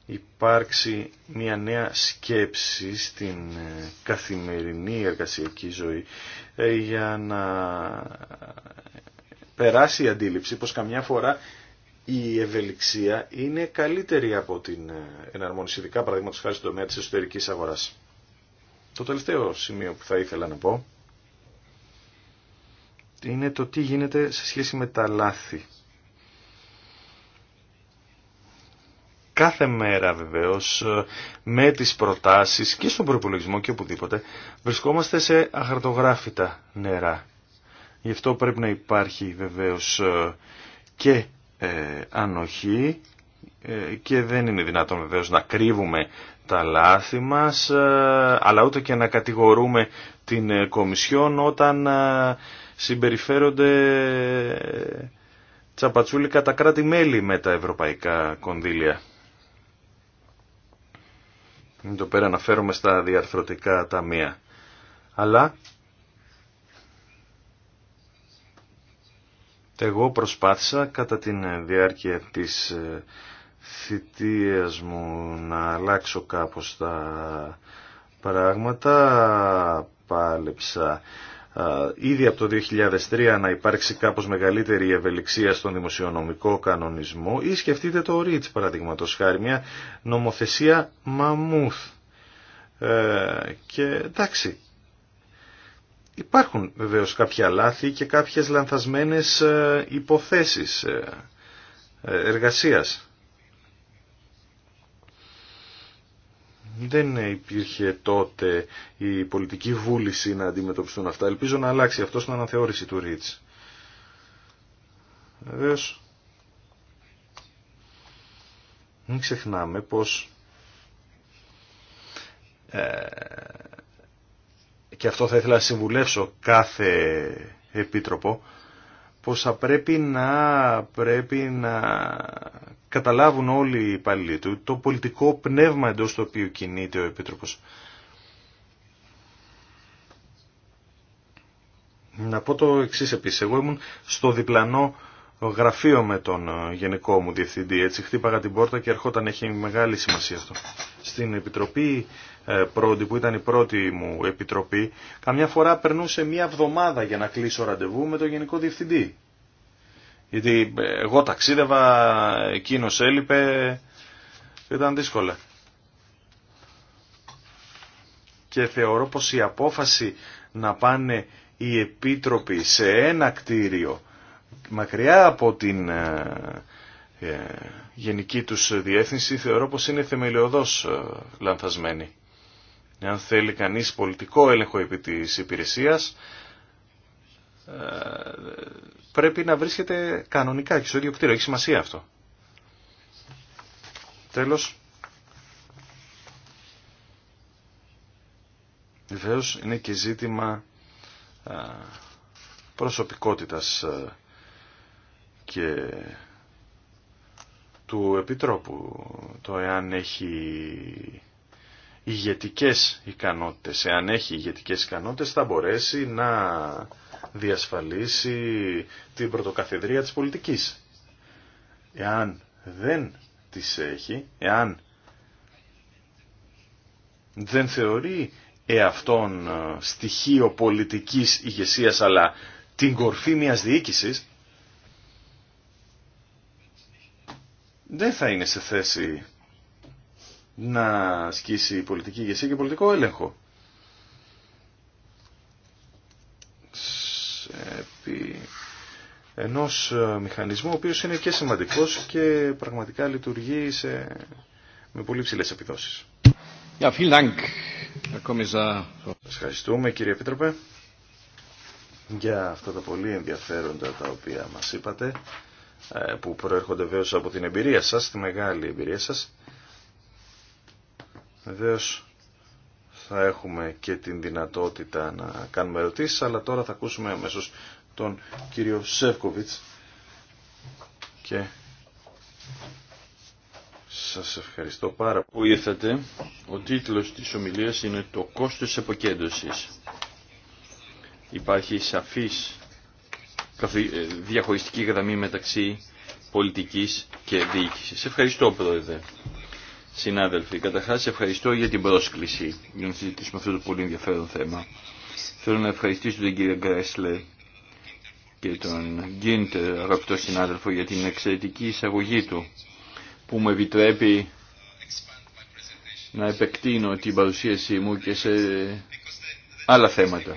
υπάρξει μια νέα σκέψη στην ε, καθημερινή εργασιακή ζωή ε, για να περάσει η αντίληψη πως καμιά φορά η ευελιξία είναι καλύτερη από την ε, εναρμόνιση, ειδικά παραδείγματο χάρη στον τομέα τη εσωτερική αγοράς. Το τελευταίο σημείο που θα ήθελα να πω είναι το τι γίνεται σε σχέση με τα λάθη. Κάθε μέρα βεβαίως με τις προτάσεις και στον προπολογισμό και οπουδήποτε βρισκόμαστε σε αχαρτογράφητα νερά. Γι' αυτό πρέπει να υπάρχει βεβαίως ε, και ε, ανοχή ε, και δεν είναι δυνατόν βεβαίως να κρύβουμε τα λάθη μας ε, αλλά ούτε και να κατηγορούμε την Κομισιόν όταν συμπεριφέρονται τσαπατσούλικα τα κράτη-μέλη με τα ευρωπαϊκά κονδύλια. το πέρα αναφέρομαι στα διαρθρωτικά ταμεία. Αλλά Εγώ προσπάθησα κατά την διάρκεια της ε, θητείας μου να αλλάξω κάπως τα πράγματα. Πάλεψα ε, ήδη από το 2003 να υπάρξει κάπως μεγαλύτερη ευελιξία στον δημοσιονομικό κανονισμό ή σκεφτείτε το REACH παραδείγματος χάρη μια νομοθεσία μαμούθ. Ε, και εντάξει, Υπάρχουν βεβαίως κάποια λάθη και κάποιες λανθασμένες ε, υποθέσεις ε, ε, εργασίας. Δεν υπήρχε τότε η πολιτική βούληση να αντιμετωπιστούν αυτά. Ελπίζω να αλλάξει αυτό στην αναθεώρηση του ΡΙΤΣ. Βεβαίω. μην ξεχνάμε πως και αυτό θα ήθελα να συμβουλεύσω κάθε επίτροπο, πως θα πρέπει να, πρέπει να καταλάβουν όλοι οι υπαλλήλοι του το πολιτικό πνεύμα εντός του οποίου κινείται ο Επίτροπος. Να πω το εξής επίσης. Εγώ ήμουν στο διπλανό γραφείο με τον γενικό μου διευθυντή. Έτσι χτύπαγα την πόρτα και ερχόταν. Έχει μεγάλη σημασία αυτό στην Επιτροπή ε, πρώτη, που ήταν η πρώτη μου επιτροπή, καμιά φορά περνούσε μία εβδομάδα για να κλείσω ραντεβού με τον Γενικό Διευθυντή. Γιατί ε, εγώ ταξίδευα, εκείνο έλειπε, ήταν δύσκολα. Και θεωρώ πως η απόφαση να πάνε οι επίτροποι σε ένα κτίριο μακριά από την ε, γενική τους διεύθυνση θεωρώ πως είναι θεμελιωδώς ε, λανθασμένη. Εάν θέλει κανείς πολιτικό έλεγχο επί της υπηρεσίας, ε, πρέπει να βρίσκεται κανονικά και στο ίδιο κτίριο. Έχει σημασία αυτό. Τέλος. Βεβαίω είναι και ζήτημα ε, προσωπικότητας και του Επιτρόπου το εάν έχει ηγετικέ ικανότητες. Εάν έχει ηγετικές ικανότητες θα μπορέσει να διασφαλίσει την πρωτοκαθεδρία της πολιτικής. Εάν δεν τις έχει, εάν δεν θεωρεί εαυτόν ε, στοιχείο πολιτικής ηγεσίας αλλά την κορφή μιας διοίκησης, δεν θα είναι σε θέση να ασκήσει πολιτική ηγεσία και πολιτικό έλεγχο. Επί ενός ε, μηχανισμού ο οποίος είναι και σημαντικός και πραγματικά λειτουργεί σε... με πολύ ψηλές επιδόσεις. Σας Ευχαριστούμε κύριε Επίτροπε για αυτά τα πολύ ενδιαφέροντα τα οποία μας είπατε. Ε, που προέρχονται βέβαια από την εμπειρία σας, τη μεγάλη εμπειρία σας. Βεβαίω θα έχουμε και την δυνατότητα να κάνουμε ερωτήσεις, αλλά τώρα θα ακούσουμε αμέσω τον κύριο Σεύκοβιτς και σας ευχαριστώ πάρα πολύ που ήρθατε. Ο τίτλος της ομιλίας είναι «Το κόστος αποκέντρωση. Υπάρχει σαφής ε, διαχωριστική γραμμή μεταξύ πολιτικής και διοίκησης. Ευχαριστώ Πρόεδρε. Συνάδελφοι, καταρχά ευχαριστώ για την πρόσκληση για να συζητήσουμε αυτό το πολύ ενδιαφέρον θέμα. Θέλω να ευχαριστήσω τον κύριο Γκρέσλε και τον Γκίντερ, αγαπητό συνάδελφο, για την εξαιρετική εισαγωγή του που μου επιτρέπει να επεκτείνω την παρουσίασή μου και σε άλλα θέματα.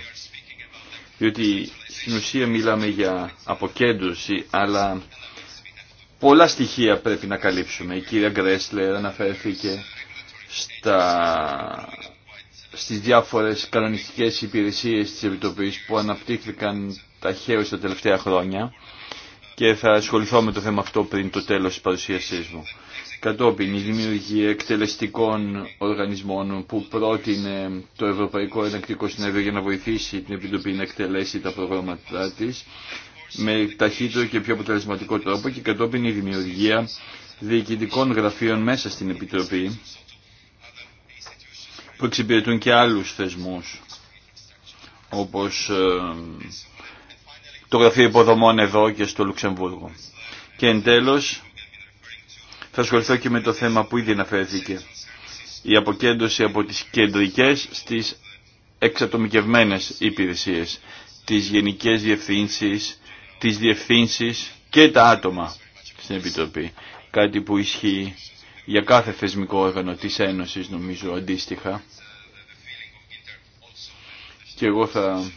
Διότι στην ουσία μιλάμε για αποκέντρωση, αλλά πολλά στοιχεία πρέπει να καλύψουμε. Η κυρία Γκρέσλερ αναφέρθηκε στα, στις διάφορες κανονιστικές υπηρεσίες της Επιτροπής που αναπτύχθηκαν ταχαίως τα τελευταία χρόνια και θα ασχοληθώ με το θέμα αυτό πριν το τέλος της παρουσίασής μου. Κατόπιν η δημιουργία εκτελεστικών οργανισμών που πρότεινε το Ευρωπαϊκό Ενακτικό Συνέδριο για να βοηθήσει την Επιτροπή να εκτελέσει τα προγράμματά της με ταχύτερο και πιο αποτελεσματικό τρόπο και κατόπιν η δημιουργία διοικητικών γραφείων μέσα στην Επιτροπή που εξυπηρετούν και άλλους θεσμούς όπως ε, το Γραφείο Υποδομών εδώ και στο Λουξεμβούργο. Και εν τέλος θα ασχοληθώ και με το θέμα που ήδη αναφέρθηκε. Η αποκέντρωση από τις κεντρικές στις εξατομικευμένες υπηρεσίες, τις γενικές διευθύνσεις, τις διευθύνσεις και τα άτομα στην Επιτροπή. Κάτι που ισχύει για κάθε θεσμικό όργανο της Ένωσης νομίζω αντίστοιχα. Και εγώ θα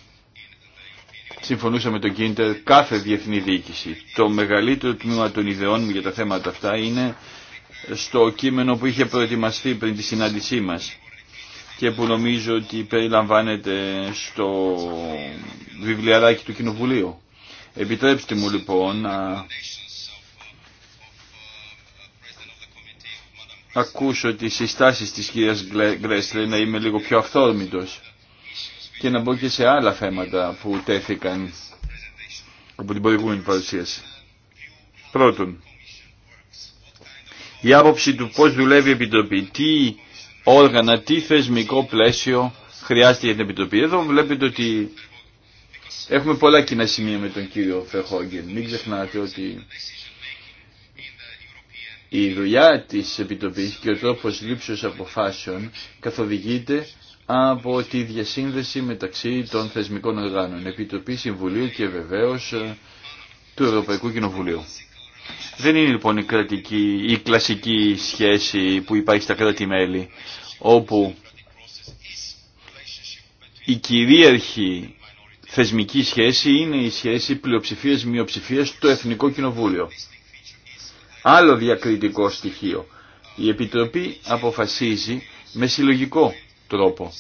συμφωνούσα με τον Κίντερ κάθε διεθνή διοίκηση. Το μεγαλύτερο τμήμα των ιδεών μου για τα θέματα αυτά είναι στο κείμενο που είχε προετοιμαστεί πριν τη συνάντησή μας και που νομίζω ότι περιλαμβάνεται στο βιβλιαράκι του Κοινοβουλίου. Επιτρέψτε μου λοιπόν να ακούσω τις συστάσεις της κυρίας Γκρέσλε να είμαι λίγο πιο αυθόρμητος και να μπω και σε άλλα θέματα που τέθηκαν από την προηγούμενη παρουσίαση. Πρώτον, η άποψη του πώς δουλεύει η Επιτροπή, τι όργανα, τι θεσμικό πλαίσιο χρειάζεται για την Επιτροπή. Εδώ βλέπετε ότι έχουμε πολλά κοινά σημεία με τον κύριο Φεχόγγεν. Μην ξεχνάτε ότι η δουλειά της Επιτροπής και ο τρόπος λήψεως αποφάσεων καθοδηγείται από τη διασύνδεση μεταξύ των θεσμικών οργάνων, Επιτροπή Συμβουλίου και βεβαίως ε, του Ευρωπαϊκού Κοινοβουλίου. Δεν είναι λοιπόν η, κλασική σχέση που υπάρχει στα κράτη-μέλη, όπου η κυρίαρχη θεσμική σχέση είναι η σχέση πλειοψηφίας-μειοψηφίας του Εθνικό Κοινοβούλιο. Άλλο διακριτικό στοιχείο. Η Επιτροπή αποφασίζει με συλλογικό τρόπο.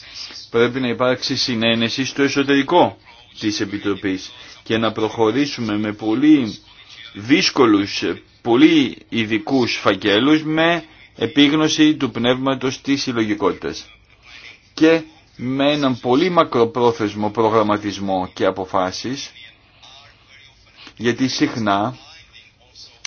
Πρέπει να υπάρξει συνένεση στο εσωτερικό της Επιτροπής και να προχωρήσουμε με πολύ δύσκολους, πολύ ειδικού φακέλους με επίγνωση του πνεύματος της συλλογικότητα. Και με έναν πολύ μακροπρόθεσμο προγραμματισμό και αποφάσεις, γιατί συχνά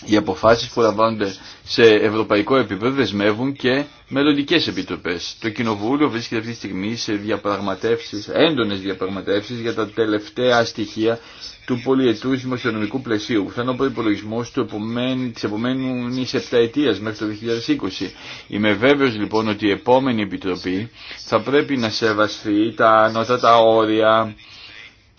οι αποφάσεις που λαμβάνονται σε ευρωπαϊκό επίπεδο δεσμεύουν και μελλοντικέ επιτροπέ. Το Κοινοβούλιο βρίσκεται αυτή τη στιγμή σε διαπραγματεύσει, έντονες διαπραγματεύσεις για τα τελευταία στοιχεία του πολιετού δημοσιονομικού πλαισίου, που θα είναι ο προπολογισμό τη επομένη επταετία μέχρι το 2020. Είμαι βέβαιο λοιπόν ότι η επόμενη επιτροπή θα πρέπει να σεβαστεί τα ανώτατα όρια,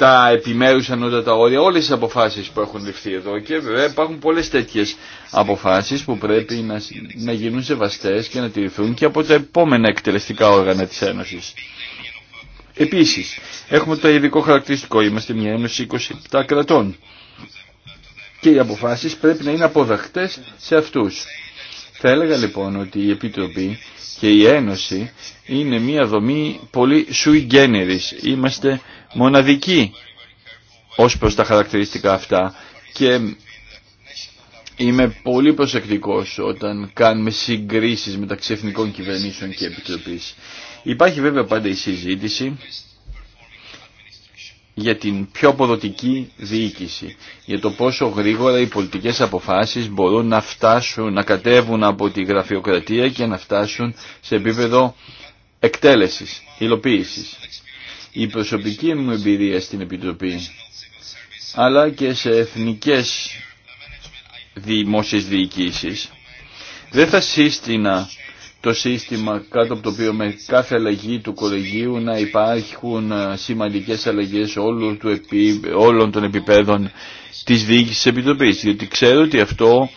τα επιμέρους ανώτατα όρια, όλες τις αποφάσεις που έχουν ληφθεί εδώ και βέβαια υπάρχουν πολλές τέτοιες αποφάσεις που πρέπει να, να γίνουν σεβαστές και να τηρηθούν και από τα επόμενα εκτελεστικά όργανα της Ένωσης. Επίσης, έχουμε το ειδικό χαρακτηριστικό, είμαστε μια Ένωση 27 κρατών και οι αποφάσεις πρέπει να είναι αποδεκτές σε αυτούς. Θα έλεγα λοιπόν ότι η Επιτροπή και η Ένωση είναι μια δομή πολύ sui generis μοναδική ως προς τα χαρακτηριστικά αυτά και είμαι πολύ προσεκτικός όταν κάνουμε συγκρίσεις μεταξύ εθνικών κυβερνήσεων και επιτροπής. Υπάρχει βέβαια πάντα η συζήτηση για την πιο αποδοτική διοίκηση, για το πόσο γρήγορα οι πολιτικές αποφάσεις μπορούν να φτάσουν, να κατέβουν από τη γραφειοκρατία και να φτάσουν σε επίπεδο εκτέλεσης, υλοποίησης. Η προσωπική μου εμπειρία στην Επιτροπή αλλά και σε εθνικές δημόσιες διοικήσεις δεν θα σύστηνα το σύστημα κάτω από το οποίο με κάθε αλλαγή του κολεγίου να υπάρχουν ε, σημαντικές αλλαγές όλων, του όλων των επιπέδων της διοίκησης της Επιτροπής. Διότι ξέρω ότι αυτό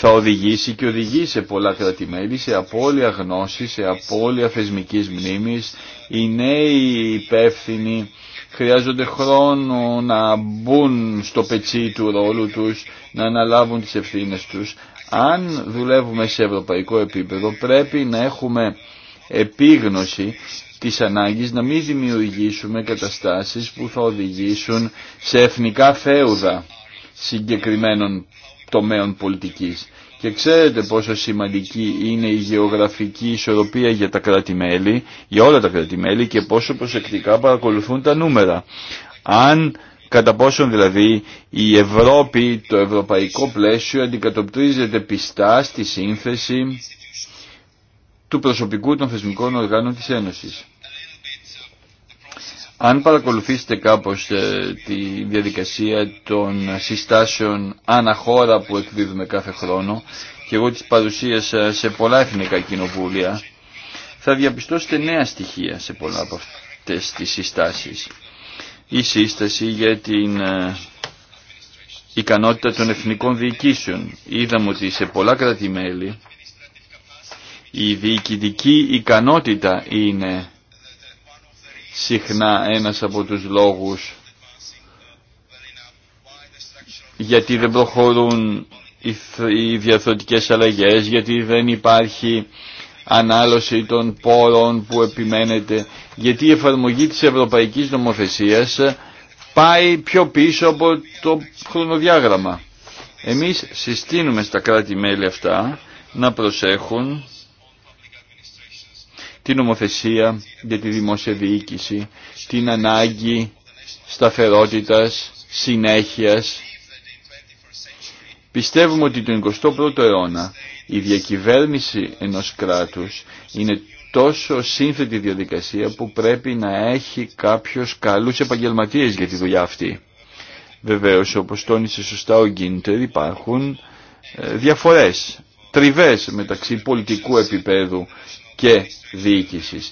θα οδηγήσει και οδηγεί σε πολλά κρατημέλη, σε απώλεια γνώση, σε απώλεια θεσμική μνήμης. Οι νέοι υπεύθυνοι χρειάζονται χρόνο να μπουν στο πετσί του ρόλου τους, να αναλάβουν τις ευθύνες τους. Αν δουλεύουμε σε ευρωπαϊκό επίπεδο πρέπει να έχουμε επίγνωση της ανάγκης να μην δημιουργήσουμε καταστάσεις που θα οδηγήσουν σε εθνικά θέουδα συγκεκριμένων τομέων πολιτικής. Και ξέρετε πόσο σημαντική είναι η γεωγραφική ισορροπία για τα κράτη-μέλη, για όλα τα κράτη-μέλη και πόσο προσεκτικά παρακολουθούν τα νούμερα. Αν κατά πόσο δηλαδή η Ευρώπη, το ευρωπαϊκό πλαίσιο αντικατοπτρίζεται πιστά στη σύνθεση του προσωπικού των θεσμικών οργάνων της Ένωσης. Αν παρακολουθήσετε κάπως ε, τη διαδικασία των συστάσεων αναχώρα που εκδίδουμε κάθε χρόνο και εγώ τις παρουσίασα σε πολλά εθνικά κοινοβούλια, θα διαπιστώσετε νέα στοιχεία σε πολλά από αυτές τις συστάσεις. Η σύσταση για την ε, ικανότητα των εθνικών διοικήσεων. Είδαμε ότι σε πολλά κράτη-μέλη η διοικητική ικανότητα είναι συχνά ένας από τους λόγους γιατί δεν προχωρούν οι διαθροτικές αλλαγές, γιατί δεν υπάρχει ανάλωση των πόρων που επιμένετε, γιατί η εφαρμογή της ευρωπαϊκής νομοθεσίας πάει πιο πίσω από το χρονοδιάγραμμα. Εμείς συστήνουμε στα κράτη-μέλη αυτά να προσέχουν την νομοθεσία για τη δημόσια διοίκηση, την ανάγκη σταθερότητας, συνέχειας. Πιστεύουμε ότι τον 21ο αιώνα η διακυβέρνηση ενός κράτους είναι τόσο σύνθετη διαδικασία που πρέπει να έχει κάποιος καλούς επαγγελματίες για τη δουλειά αυτή. Βεβαίως, όπως τόνισε σωστά ο Γκίντερ, υπάρχουν ε, διαφορές, τριβές μεταξύ πολιτικού επίπεδου και διοίκηση.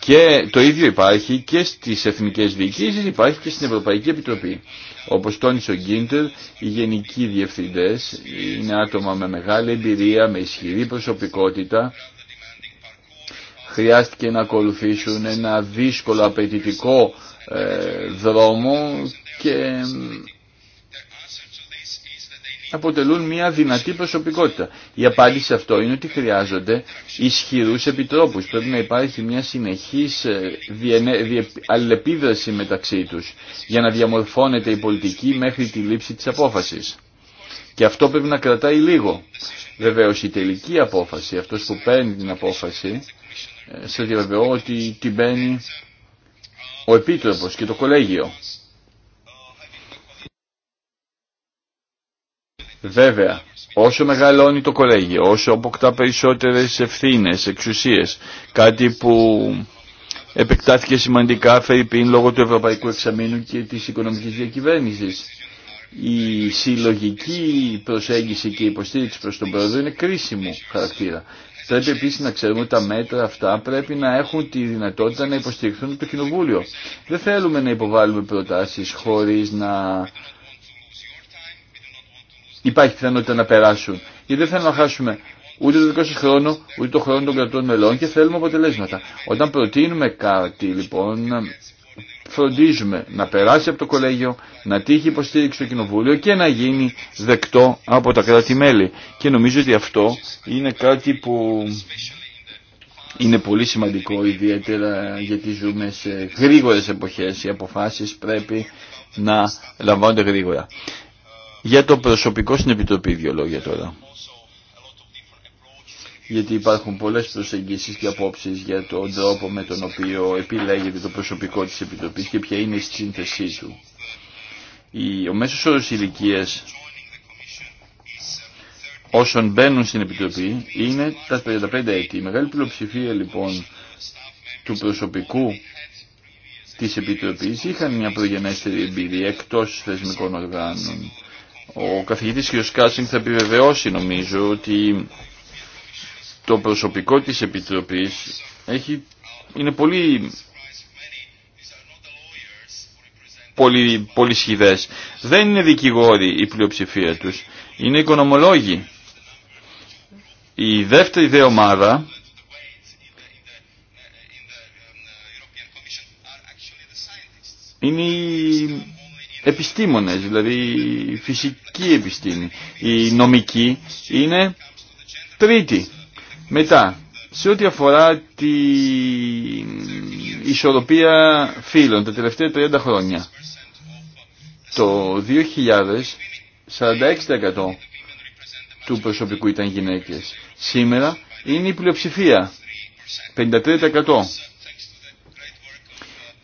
Και το ίδιο υπάρχει και στις εθνικές διοικήσεις, υπάρχει και στην Ευρωπαϊκή Επιτροπή. Όπως τόνισε ο Γκίντερ, οι γενικοί διευθυντές είναι άτομα με μεγάλη εμπειρία, με ισχυρή προσωπικότητα. Χρειάστηκε να ακολουθήσουν ένα δύσκολο απαιτητικό ε, δρόμο και αποτελούν μια δυνατή προσωπικότητα. Η απάντηση σε αυτό είναι ότι χρειάζονται ισχυρούς επιτρόπους. Πρέπει να υπάρχει μια συνεχής ε, αλληλεπίδραση μεταξύ τους για να διαμορφώνεται η πολιτική μέχρι τη λήψη της απόφασης. Και αυτό πρέπει να κρατάει λίγο. Βεβαίως η τελική απόφαση, αυτός που παίρνει την απόφαση, σε διαβεβαιώ ότι την παίρνει ο Επίτροπος και το Κολέγιο. Βέβαια, όσο μεγαλώνει το κολέγιο, όσο αποκτά περισσότερες ευθύνες, εξουσίες, κάτι που επεκτάθηκε σημαντικά πίν λόγω του Ευρωπαϊκού Εξαμήνου και της οικονομικής διακυβέρνησης. Η συλλογική προσέγγιση και η υποστήριξη προς τον πρόεδρο είναι κρίσιμου χαρακτήρα. Πρέπει επίση να ξέρουμε ότι τα μέτρα αυτά πρέπει να έχουν τη δυνατότητα να υποστηριχθούν το Κοινοβούλιο. Δεν θέλουμε να υποβάλουμε προτάσεις χωρί να υπάρχει πιθανότητα να περάσουν. Γιατί δεν θέλουμε να χάσουμε ούτε το δικό σα χρόνο, ούτε το χρόνο των κρατών μελών και θέλουμε αποτελέσματα. Όταν προτείνουμε κάτι λοιπόν, φροντίζουμε να περάσει από το κολέγιο, να τύχει υποστήριξη στο κοινοβούλιο και να γίνει δεκτό από τα κράτη-μέλη. Και νομίζω ότι αυτό είναι κάτι που είναι πολύ σημαντικό, ιδιαίτερα γιατί ζούμε σε γρήγορες εποχές. Οι αποφάσεις πρέπει να λαμβάνονται γρήγορα. Για το προσωπικό στην Επιτροπή δύο λόγια τώρα. Γιατί υπάρχουν πολλές προσεγγίσεις και απόψεις για τον τρόπο με τον οποίο επιλέγεται το προσωπικό της Επιτροπής και ποια είναι η σύνθεσή του. Ο μέσος όρος ηλικία όσων μπαίνουν στην Επιτροπή είναι τα 35 έτη. Η μεγάλη πλειοψηφία λοιπόν του προσωπικού της Επιτροπής είχαν μια προγενέστερη εμπειρία εκτός θεσμικών οργάνων ο καθηγητής κ. Κάσιν θα επιβεβαιώσει νομίζω ότι το προσωπικό της Επιτροπής έχει, είναι πολύ πολύ, σχηδές. Δεν είναι δικηγόροι η πλειοψηφία τους. Είναι οικονομολόγοι. Η δεύτερη δε ομάδα είναι οι επιστήμονες, δηλαδή η φυσική επιστήμη, η νομική είναι τρίτη. Μετά, σε ό,τι αφορά την ισορροπία φύλων τα τελευταία 30 χρόνια, το 2000, 46% του προσωπικού ήταν γυναίκες. Σήμερα είναι η πλειοψηφία, 53%.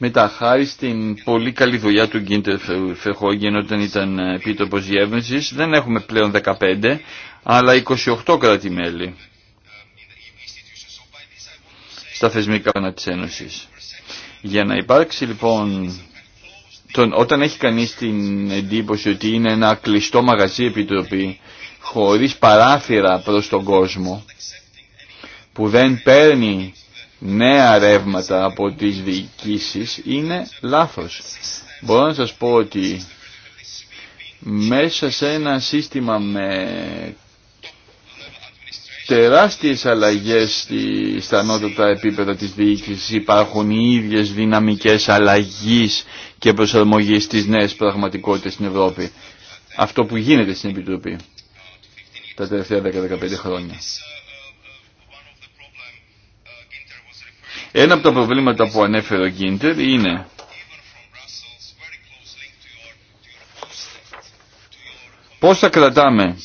Μετά, χάρη στην πολύ καλή δουλειά του Γκίντερ Φεχόγγεν όταν ήταν επίτροπος διεύρυνσης, δεν έχουμε πλέον 15, αλλά 28 κράτη-μέλη στα θεσμικά κανά της Ένωσης. Για να υπάρξει λοιπόν, τον, όταν έχει κανείς την εντύπωση ότι είναι ένα κλειστό μαγαζί επιτροπή, χωρίς παράθυρα προς τον κόσμο, που δεν παίρνει νέα ρεύματα από τις διοικήσεις είναι λάθος. Μπορώ να σας πω ότι μέσα σε ένα σύστημα με τεράστιες αλλαγές στη, στα ανώτατα επίπεδα της διοίκησης υπάρχουν οι ίδιες δυναμικές αλλαγής και προσαρμογής στις νέες πραγματικότητες στην Ευρώπη. Αυτό που γίνεται στην Επιτροπή τα τελευταία 10-15 χρόνια. Ένα από τα προβλήματα που ανέφερε ο Γκίντερ είναι πώς θα κρατάμε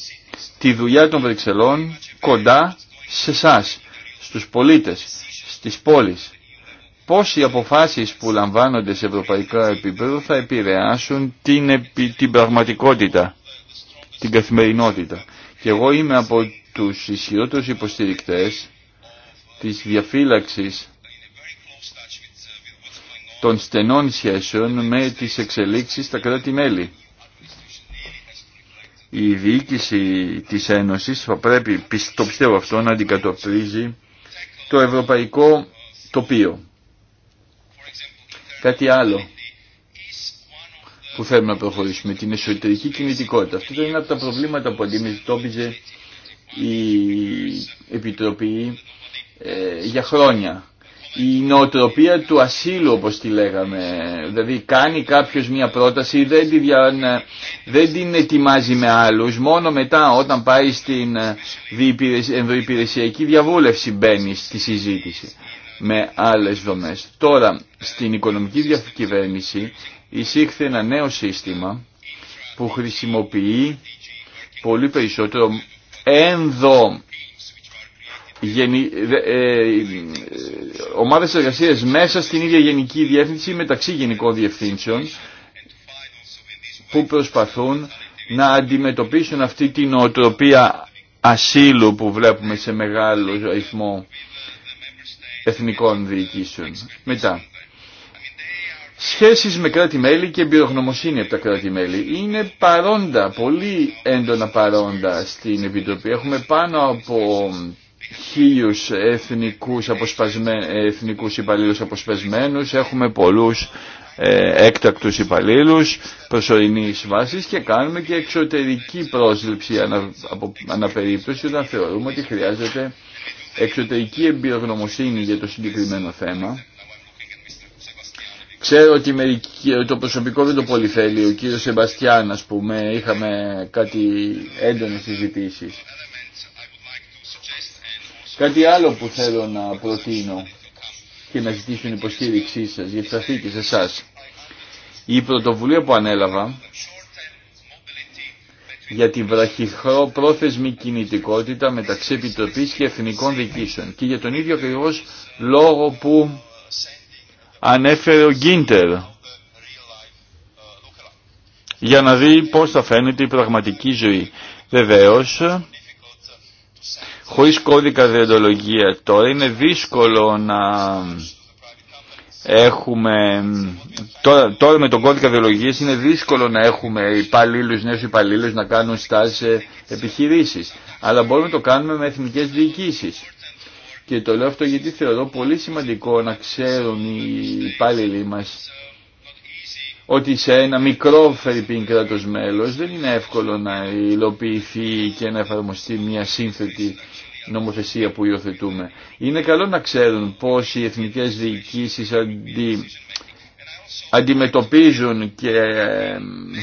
τη δουλειά των Βρυξελών κοντά σε εσά, στους πολίτες, στις πόλεις. Πώς οι αποφάσεις που λαμβάνονται σε ευρωπαϊκό επίπεδο θα επηρεάσουν την, την πραγματικότητα, την καθημερινότητα. Και εγώ είμαι από τους ισχυρότερους υποστηρικτές της διαφύλαξης των στενών σχέσεων με τις εξελίξεις στα κράτη-μέλη. Η διοίκηση της Ένωσης θα πρέπει, το πιστεύω αυτό, να αντικατοπτρίζει το ευρωπαϊκό τοπίο. Κάτι άλλο που θέλουμε να προχωρήσουμε, την εσωτερική κινητικότητα. Αυτό είναι ένα από τα προβλήματα που αντιμετώπιζε η Επιτροπή ε, για χρόνια η νοοτροπία του ασύλου όπως τη λέγαμε. Δηλαδή κάνει κάποιος μια πρόταση, δεν, τη δια... δεν την ετοιμάζει με άλλους, μόνο μετά όταν πάει στην ε, ενδοϊπηρεσιακή διαβούλευση μπαίνει στη συζήτηση με άλλες δομές. Τώρα στην οικονομική διακυβέρνηση εισήχθη ένα νέο σύστημα που χρησιμοποιεί πολύ περισσότερο ένδο γενι... Ε, ε, ομάδες εργασίας μέσα στην ίδια γενική διεύθυνση μεταξύ γενικών διευθύνσεων που προσπαθούν να αντιμετωπίσουν αυτή την οτροπία ασύλου που βλέπουμε σε μεγάλο αριθμό εθνικών διοικήσεων. Μετά, σχέσεις με κράτη-μέλη και εμπειρογνωμοσύνη από τα κράτη-μέλη είναι παρόντα, πολύ έντονα παρόντα στην Επιτροπή. Έχουμε πάνω από χίλιους εθνικούς, αποσπασμέ, εθνικούς υπαλλήλους αποσπασμένους, έχουμε πολλούς ε, έκτακτους υπαλλήλους προσωρινής βάσης και κάνουμε και εξωτερική πρόσληψη ανα, αναπερίπτωση όταν θεωρούμε ότι χρειάζεται εξωτερική εμπειρογνωμοσύνη για το συγκεκριμένο θέμα. Ξέρω ότι το προσωπικό δεν το πολύ θέλει, ο κύριος Σεμπαστιάν ας πούμε, είχαμε κάτι έντονες συζητήσεις. Κάτι άλλο που θέλω να προτείνω και να ζητήσω την υποστήριξή σας για τις αθήκες εσάς. Η πρωτοβουλία που ανέλαβα για τη πρόθεσμη κινητικότητα μεταξύ Επιτροπής και Εθνικών Διοικήσεων και για τον ίδιο ακριβώ λόγο που ανέφερε ο Γκίντερ για να δει πώς θα φαίνεται η πραγματική ζωή. Βεβαίως, Χωρίς κώδικα διοντολογία τώρα είναι δύσκολο να έχουμε... Τώρα, τώρα με τον κώδικα διοντολογίας είναι δύσκολο να έχουμε υπαλλήλους, νέους υπαλλήλους να κάνουν στάσεις σε επιχειρήσεις. Αλλά μπορούμε να το κάνουμε με εθνικές διοικήσεις. Και το λέω αυτό γιατί θεωρώ πολύ σημαντικό να ξέρουν οι υπάλληλοι μας ότι σε ένα μικρό φερρυπίν κράτο μέλος δεν είναι εύκολο να υλοποιηθεί και να εφαρμοστεί μια σύνθετη νομοθεσία που υιοθετούμε. Είναι καλό να ξέρουν πώς οι εθνικές διοικήσεις αντιμετωπίζουν και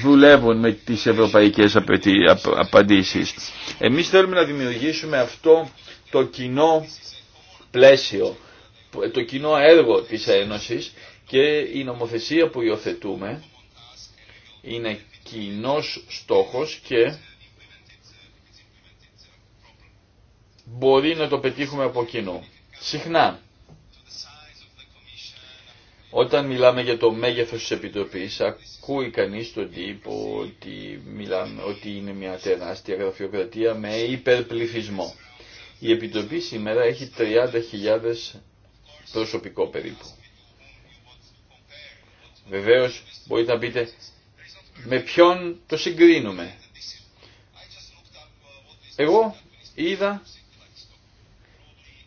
δουλεύουν με τις ευρωπαϊκές απαντήσεις. Εμείς θέλουμε να δημιουργήσουμε αυτό το κοινό πλαίσιο, το κοινό έργο της Ένωσης και η νομοθεσία που υιοθετούμε είναι κοινό στόχος και μπορεί να το πετύχουμε από κοινού. Συχνά, όταν μιλάμε για το μέγεθος της Επιτροπής, ακούει κανείς τον τύπο ότι, μιλάμε, ότι είναι μια τεράστια γραφειοκρατία με υπερπληθυσμό. Η Επιτροπή σήμερα έχει 30.000 προσωπικό περίπου. Βεβαίως μπορείτε να πείτε με ποιον το συγκρίνουμε. Εγώ είδα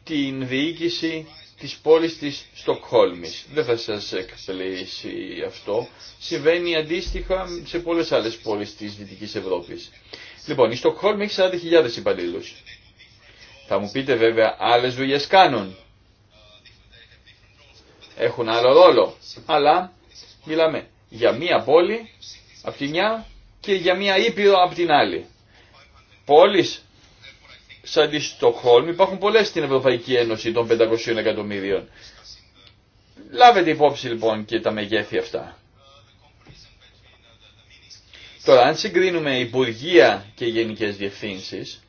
την διοίκηση της πόλης της Στοκχόλμης. Δεν θα σας εκπλήσει αυτό. Συμβαίνει αντίστοιχα σε πολλές άλλες πόλεις της Δυτικής Ευρώπης. Λοιπόν, η Στοκχόλμη έχει 40.000 υπαλλήλους. Θα μου πείτε βέβαια άλλες δουλειέ κάνουν. Έχουν άλλο ρόλο. Αλλά μιλάμε για μία πόλη από τη μια και για μία ήπειρο από την άλλη. Πόλεις σαν τη Στοχόλμη υπάρχουν πολλές στην Ευρωπαϊκή Ένωση των 500 εκατομμύριων. Λάβετε υπόψη λοιπόν και τα μεγέθη αυτά. Τώρα αν συγκρίνουμε Υπουργεία και Γενικές Διευθύνσεις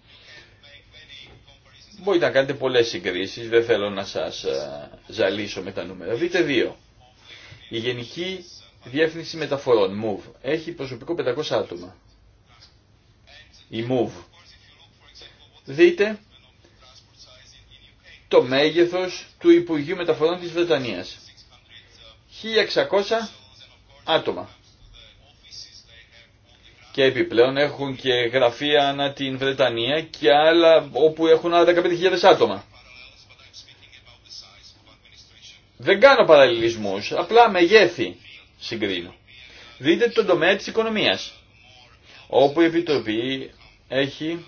μπορείτε να κάνετε πολλές συγκρίσεις, δεν θέλω να σας ε, ζαλίσω με τα νούμερα. Δείτε δύο. Η Γενική Διεύθυνση Μεταφορών, MOVE, έχει προσωπικό 500 άτομα. Η MOVE. Δείτε το μέγεθος του Υπουργείου Μεταφορών της Βρετανίας. 1600 άτομα. Και επιπλέον έχουν και γραφεία ανά την Βρετανία και άλλα όπου έχουν άλλα 15.000 άτομα. Δεν κάνω παραλληλισμούς, απλά μεγέθη συγκρίνω. Δείτε τον τομέα της οικονομίας, όπου η Επιτροπή έχει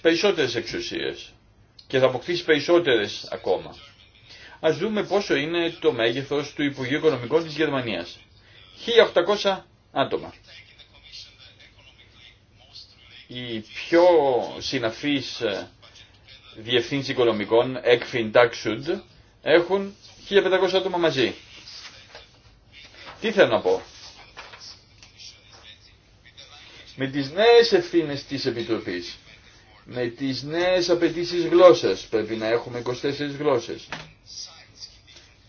περισσότερες εξουσίες και θα αποκτήσει περισσότερες ακόμα. Ας δούμε πόσο είναι το μέγεθος του Υπουργείου Οικονομικών της Γερμανίας. 1800 άτομα. Οι πιο συναφής διευθύνση οικονομικών, ECFIN, έχουν 1500 άτομα μαζί. Τι θέλω να πω. Με τις νέες ευθύνες της Επιτροπής, με τις νέες απαιτήσει γλώσσας, πρέπει να έχουμε 24 γλώσσες.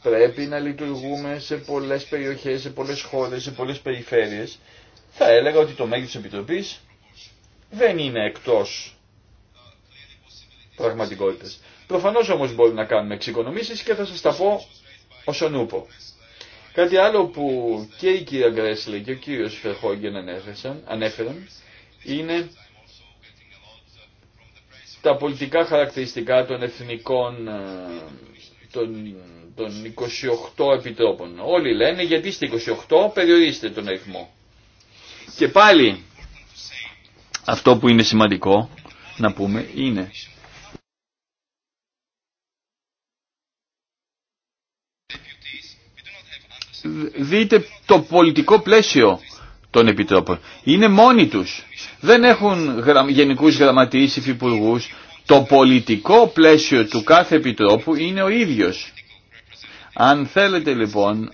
Πρέπει να λειτουργούμε σε πολλές περιοχές, σε πολλές χώρες, σε πολλές περιφέρειες. Θα έλεγα ότι το μέγεθος της Επιτροπής δεν είναι εκτός πραγματικότητας. Προφανώς όμως μπορούμε να κάνουμε εξοικονομήσεις και θα σας τα πω όσον ούπο. Κάτι άλλο που και η κυρία Γκρέσλε και ο κύριος Φερχόγγεν ανέφεραν είναι τα πολιτικά χαρακτηριστικά των εθνικών ε, των, των 28 επιτρόπων. Όλοι λένε γιατί στις 28 περιορίστε τον αριθμό. Και πάλι αυτό που είναι σημαντικό να πούμε είναι δείτε το πολιτικό πλαίσιο των επιτρόπων. Είναι μόνοι τους. Δεν έχουν γενικούς γραμματείς, υφυπουργούς. Το πολιτικό πλαίσιο του κάθε επιτρόπου είναι ο ίδιος. Αν θέλετε λοιπόν,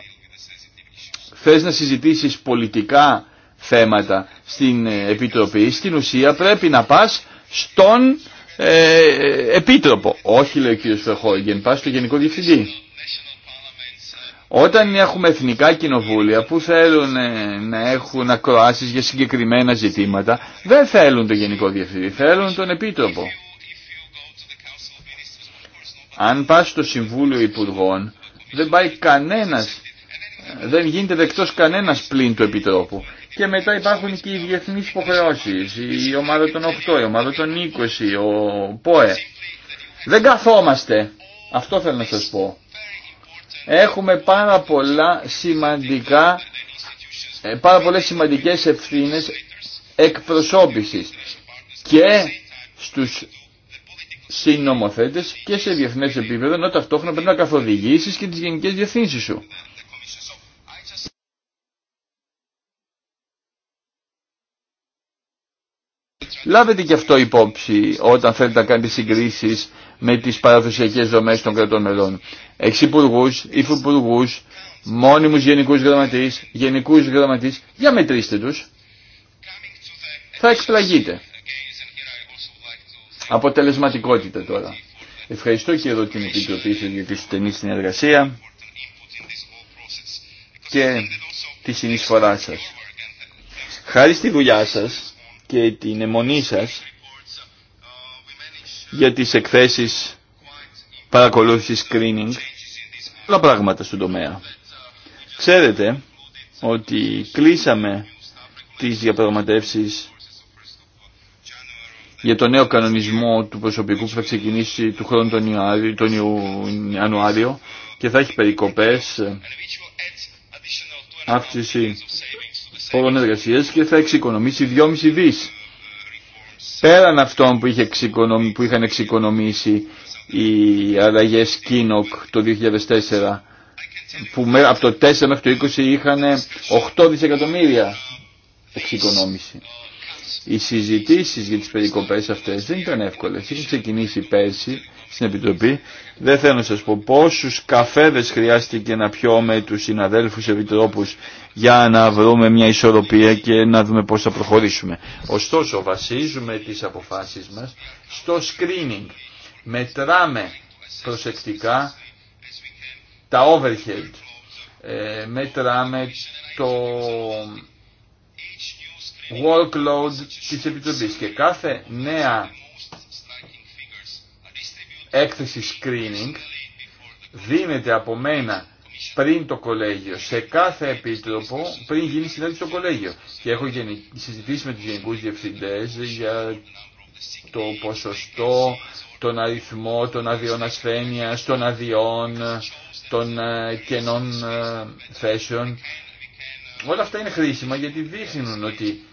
θες να συζητήσεις πολιτικά θέματα στην ε, Επιτροπή, στην ουσία πρέπει να πας στον ε, ε, Επίτροπο. Όχι λέει ο κ. Φερχόγγεν, πας στο Γενικό Διευθυντή. Όταν έχουμε εθνικά κοινοβούλια που θέλουν ε, να έχουν ακροάσεις για συγκεκριμένα ζητήματα, δεν θέλουν τον Γενικό Διευθυντή, θέλουν τον Επίτροπο. Αν πας στο Συμβούλιο Υπουργών, δεν πάει κανένας, ε, δεν γίνεται δεκτός κανένας πλην του Επιτρόπου. Και μετά υπάρχουν και οι διεθνείς υποχρεώσεις, η ομάδα των 8, η ομάδα των 20, ο ΠΟΕ. Δεν καθόμαστε. Αυτό θέλω να σας πω έχουμε πάρα πολλά σημαντικά ε, πάρα πολλές σημαντικές ευθύνες εκπροσώπησης και στους συνομοθέτες και σε διεθνές επίπεδο ενώ ταυτόχρονα πρέπει να καθοδηγήσεις και τις γενικές διευθύνσεις σου. Λάβετε και αυτό υπόψη όταν θέλετε να κάνετε συγκρίσεις με τις παραδοσιακές δομές των κρατών μελών. Έχεις υπουργούς, υφυπουργούς, μόνιμους γενικούς γραμματείς, γενικούς γραμματείς. Για μετρήστε τους. Θα εκπλαγείτε. Αποτελεσματικότητα τώρα. Ευχαριστώ και εδώ την Επιτροπή για τη στενή συνεργασία και τη συνεισφορά σας. Χάρη στη δουλειά σας και την αιμονή σας για τις εκθέσεις παρακολούθησης screening πολλά πράγματα στον τομέα. Ξέρετε ότι κλείσαμε τις διαπραγματεύσεις για το νέο κανονισμό του προσωπικού που θα ξεκινήσει του χρόνου τον Ιανουάριο, τον Ιανουάριο και θα έχει περικοπές αύξηση και θα εξοικονομήσει 2,5 δις. Πέραν αυτών που, είχε που είχαν εξοικονομήσει οι αλλαγές Κίνοκ το 2004 που από το 4 μέχρι το 20 είχαν 8 δισεκατομμύρια εξοικονόμηση. Οι συζητήσεις για τις περικοπές αυτές δεν ήταν εύκολες. Είχε ξεκινήσει πέρσι στην Επιτροπή. Δεν θέλω να σας πω πόσους καφέδες χρειάστηκε να πιω με τους συναδέλφους επιτρόπους για να βρούμε μια ισορροπία και να δούμε πώς θα προχωρήσουμε. Ωστόσο βασίζουμε τις αποφάσεις μας στο screening. Μετράμε προσεκτικά τα overhead. Ε, μετράμε το workload της Επιτροπής και κάθε νέα έκθεση screening δίνεται από μένα πριν το κολέγιο, σε κάθε επίτροπο πριν γίνει συνέντευξη στο κολέγιο. Και έχω συζητήσει με τους γενικούς διευθυντές για το ποσοστό, τον αριθμό των αδειών ασθένειας, των αδειών, των ε, κενών ε, θέσεων. Όλα αυτά είναι χρήσιμα γιατί δείχνουν ότι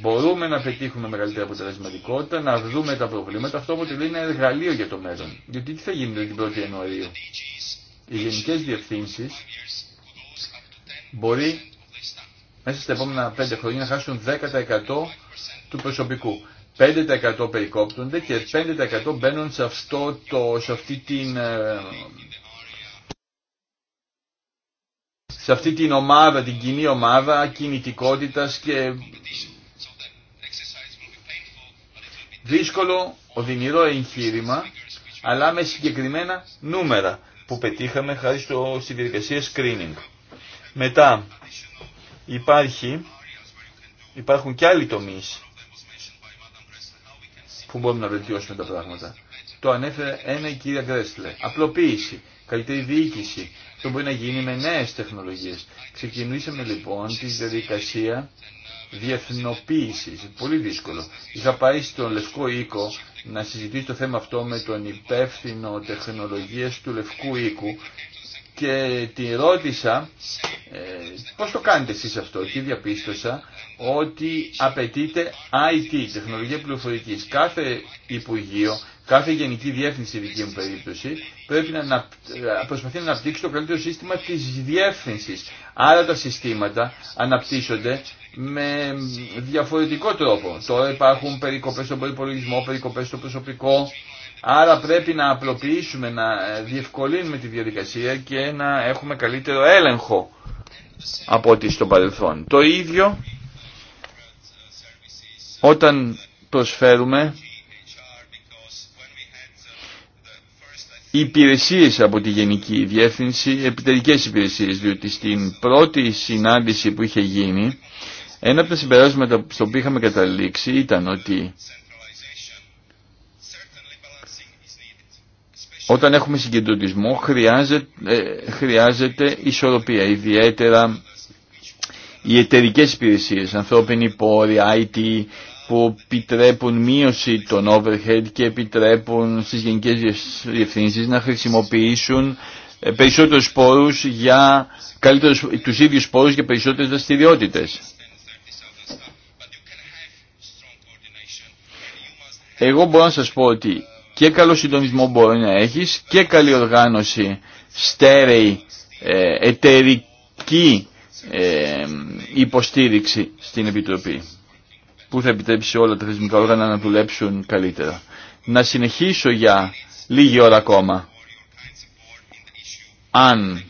Μπορούμε να πετύχουμε μεγαλύτερη αποτελεσματικότητα, να δούμε τα προβλήματα. Αυτό είναι ένα εργαλείο για το μέλλον. Γιατί τι θα γίνει την 1η Ιανουαρίου. Οι γενικέ διευθύνσει μπορεί μέσα στα επόμενα 5 χρόνια να χάσουν 10% του προσωπικού. 5% περικόπτονται και 5% μπαίνουν σε, αυτό το, ε, σε αυτή την ομάδα, την κοινή ομάδα κινητικότητας και δύσκολο, οδυνηρό εγχείρημα, αλλά με συγκεκριμένα νούμερα που πετύχαμε χάρη στο, στη διαδικασία screening. Μετά υπάρχει, υπάρχουν και άλλοι τομείς που μπορούμε να βελτιώσουμε τα πράγματα. Το ανέφερε ένα η κυρία Γκρέσλε. Απλοποίηση, καλύτερη διοίκηση. που μπορεί να γίνει με νέες τεχνολογίες. Ξεκινήσαμε λοιπόν τη διαδικασία διεθνοποίηση. Πολύ δύσκολο. Είχα πάει στον Λευκό Οίκο να συζητήσω το θέμα αυτό με τον υπεύθυνο τεχνολογία του Λευκού Οίκου και τη ρώτησα ε, πώς το κάνετε εσείς αυτό και διαπίστωσα ότι απαιτείται IT, τεχνολογία πληροφορικής. Κάθε Υπουργείο Κάθε γενική διεύθυνση, στη δική μου περίπτωση, πρέπει να προσπαθεί να αναπτύξει το καλύτερο σύστημα της διεύθυνσης. Άρα τα συστήματα αναπτύσσονται με διαφορετικό τρόπο. Τώρα υπάρχουν περικοπές στον προπολογισμό, περικοπές στο προσωπικό. Άρα πρέπει να απλοποιήσουμε, να διευκολύνουμε τη διαδικασία και να έχουμε καλύτερο έλεγχο από ό,τι στο παρελθόν. Το ίδιο όταν προσφέρουμε υπηρεσίες από τη Γενική Διεύθυνση, επιτελικές υπηρεσίες, διότι στην πρώτη συνάντηση που είχε γίνει, ένα από τα συμπεράσματα στο οποίο είχαμε καταλήξει ήταν ότι όταν έχουμε συγκεντρωτισμό χρειάζεται, ε, χρειάζεται ισορροπία, ιδιαίτερα οι εταιρικέ υπηρεσίε, ανθρώπινοι πόροι, IT, που επιτρέπουν μείωση των overhead και επιτρέπουν στις γενικές διευθύνσεις να χρησιμοποιήσουν ε, περισσότερους πόρους για καλύτερους, τους ίδιους πόρους για περισσότερες δραστηριότητε. Εγώ μπορώ να σας πω ότι και καλό συντονισμό μπορεί να έχεις και καλή οργάνωση, στέρεη, ε, εταιρική ε, υποστήριξη στην Επιτροπή που θα επιτρέψει όλα τα θεσμικά όργανα να δουλέψουν καλύτερα. Να συνεχίσω για λίγη ώρα ακόμα. Αν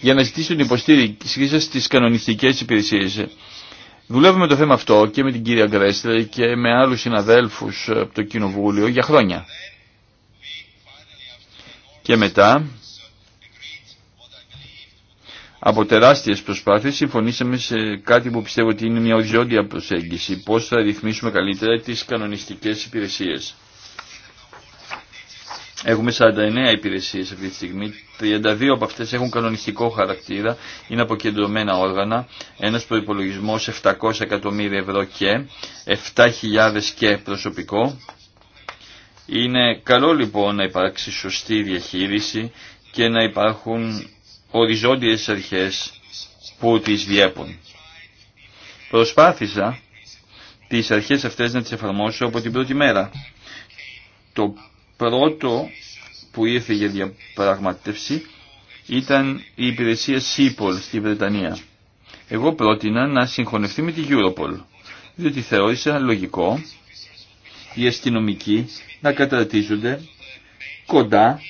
για να την υποστήριξη σας στις κανονιστικές υπηρεσίες. Δουλεύουμε το θέμα αυτό και με την κυρία Γκρέστρε... και με άλλους συναδέλφους από το Κοινοβούλιο για χρόνια. Και μετά από τεράστιε προσπάθειες συμφωνήσαμε σε κάτι που πιστεύω ότι είναι μια οριζόντια προσέγγιση, πώς θα ρυθμίσουμε καλύτερα τις κανονιστικές υπηρεσίες. Έχουμε 49 υπηρεσίες αυτή τη στιγμή, 32 από αυτές έχουν κανονιστικό χαρακτήρα, είναι αποκεντρωμένα όργανα, ένας προϋπολογισμός 700 εκατομμύρια ευρώ και 7.000 και προσωπικό. Είναι καλό λοιπόν να υπάρξει σωστή διαχείριση και να υπάρχουν οριζόντιες αρχές που τις διέπουν. Προσπάθησα τις αρχές αυτές να τις εφαρμόσω από την πρώτη μέρα. Το πρώτο που ήρθε για διαπραγματεύση ήταν η υπηρεσία Σίπολ στη Βρετανία. Εγώ πρότεινα να συγχωνευτεί με τη Europol, διότι θεώρησα λογικό οι αστυνομικοί να καταρτίζονται κοντά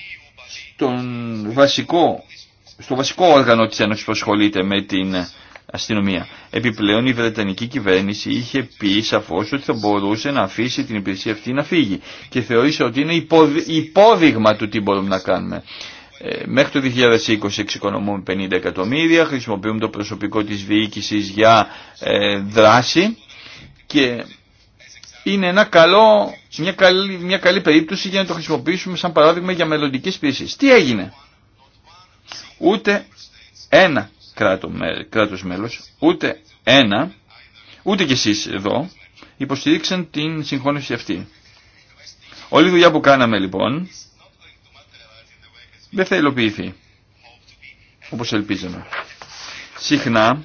στον βασικό στο βασικό όργανο της Ένωσης που ασχολείται με την αστυνομία. Επιπλέον η Βρετανική κυβέρνηση είχε πει σαφώ ότι θα μπορούσε να αφήσει την υπηρεσία αυτή να φύγει και θεωρήσε ότι είναι υπόδειγμα του τι μπορούμε να κάνουμε. Ε, μέχρι το 2020 εξοικονομούμε 50 εκατομμύρια, χρησιμοποιούμε το προσωπικό της διοίκησης για ε, δράση και είναι ένα καλό, μια, καλή, μια καλή περίπτωση για να το χρησιμοποιήσουμε σαν παράδειγμα για μελλοντικές πίεσεις. Τι έγινε ούτε ένα κράτος μέλος, ούτε ένα, ούτε κι εσείς εδώ, υποστηρίξαν την συγχώνευση αυτή. Όλη η δουλειά που κάναμε λοιπόν δεν θα υλοποιηθεί όπως ελπίζαμε. Συχνά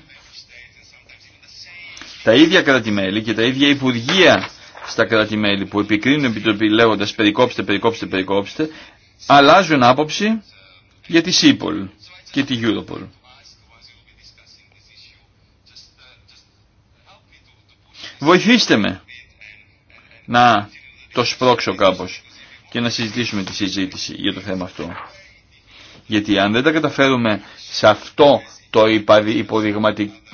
τα ίδια κράτη-μέλη και τα ίδια υπουργεία στα κράτη-μέλη που επικρίνουν επιτροπή λέγοντας περικόψτε, περικόψτε, περικόψτε, αλλάζουν άποψη για τη ΣΥΠΟΛ και τη Europol. Βοηθήστε με να το σπρώξω κάπως και να συζητήσουμε τη συζήτηση για το θέμα αυτό. Γιατί αν δεν τα καταφέρουμε σε αυτό το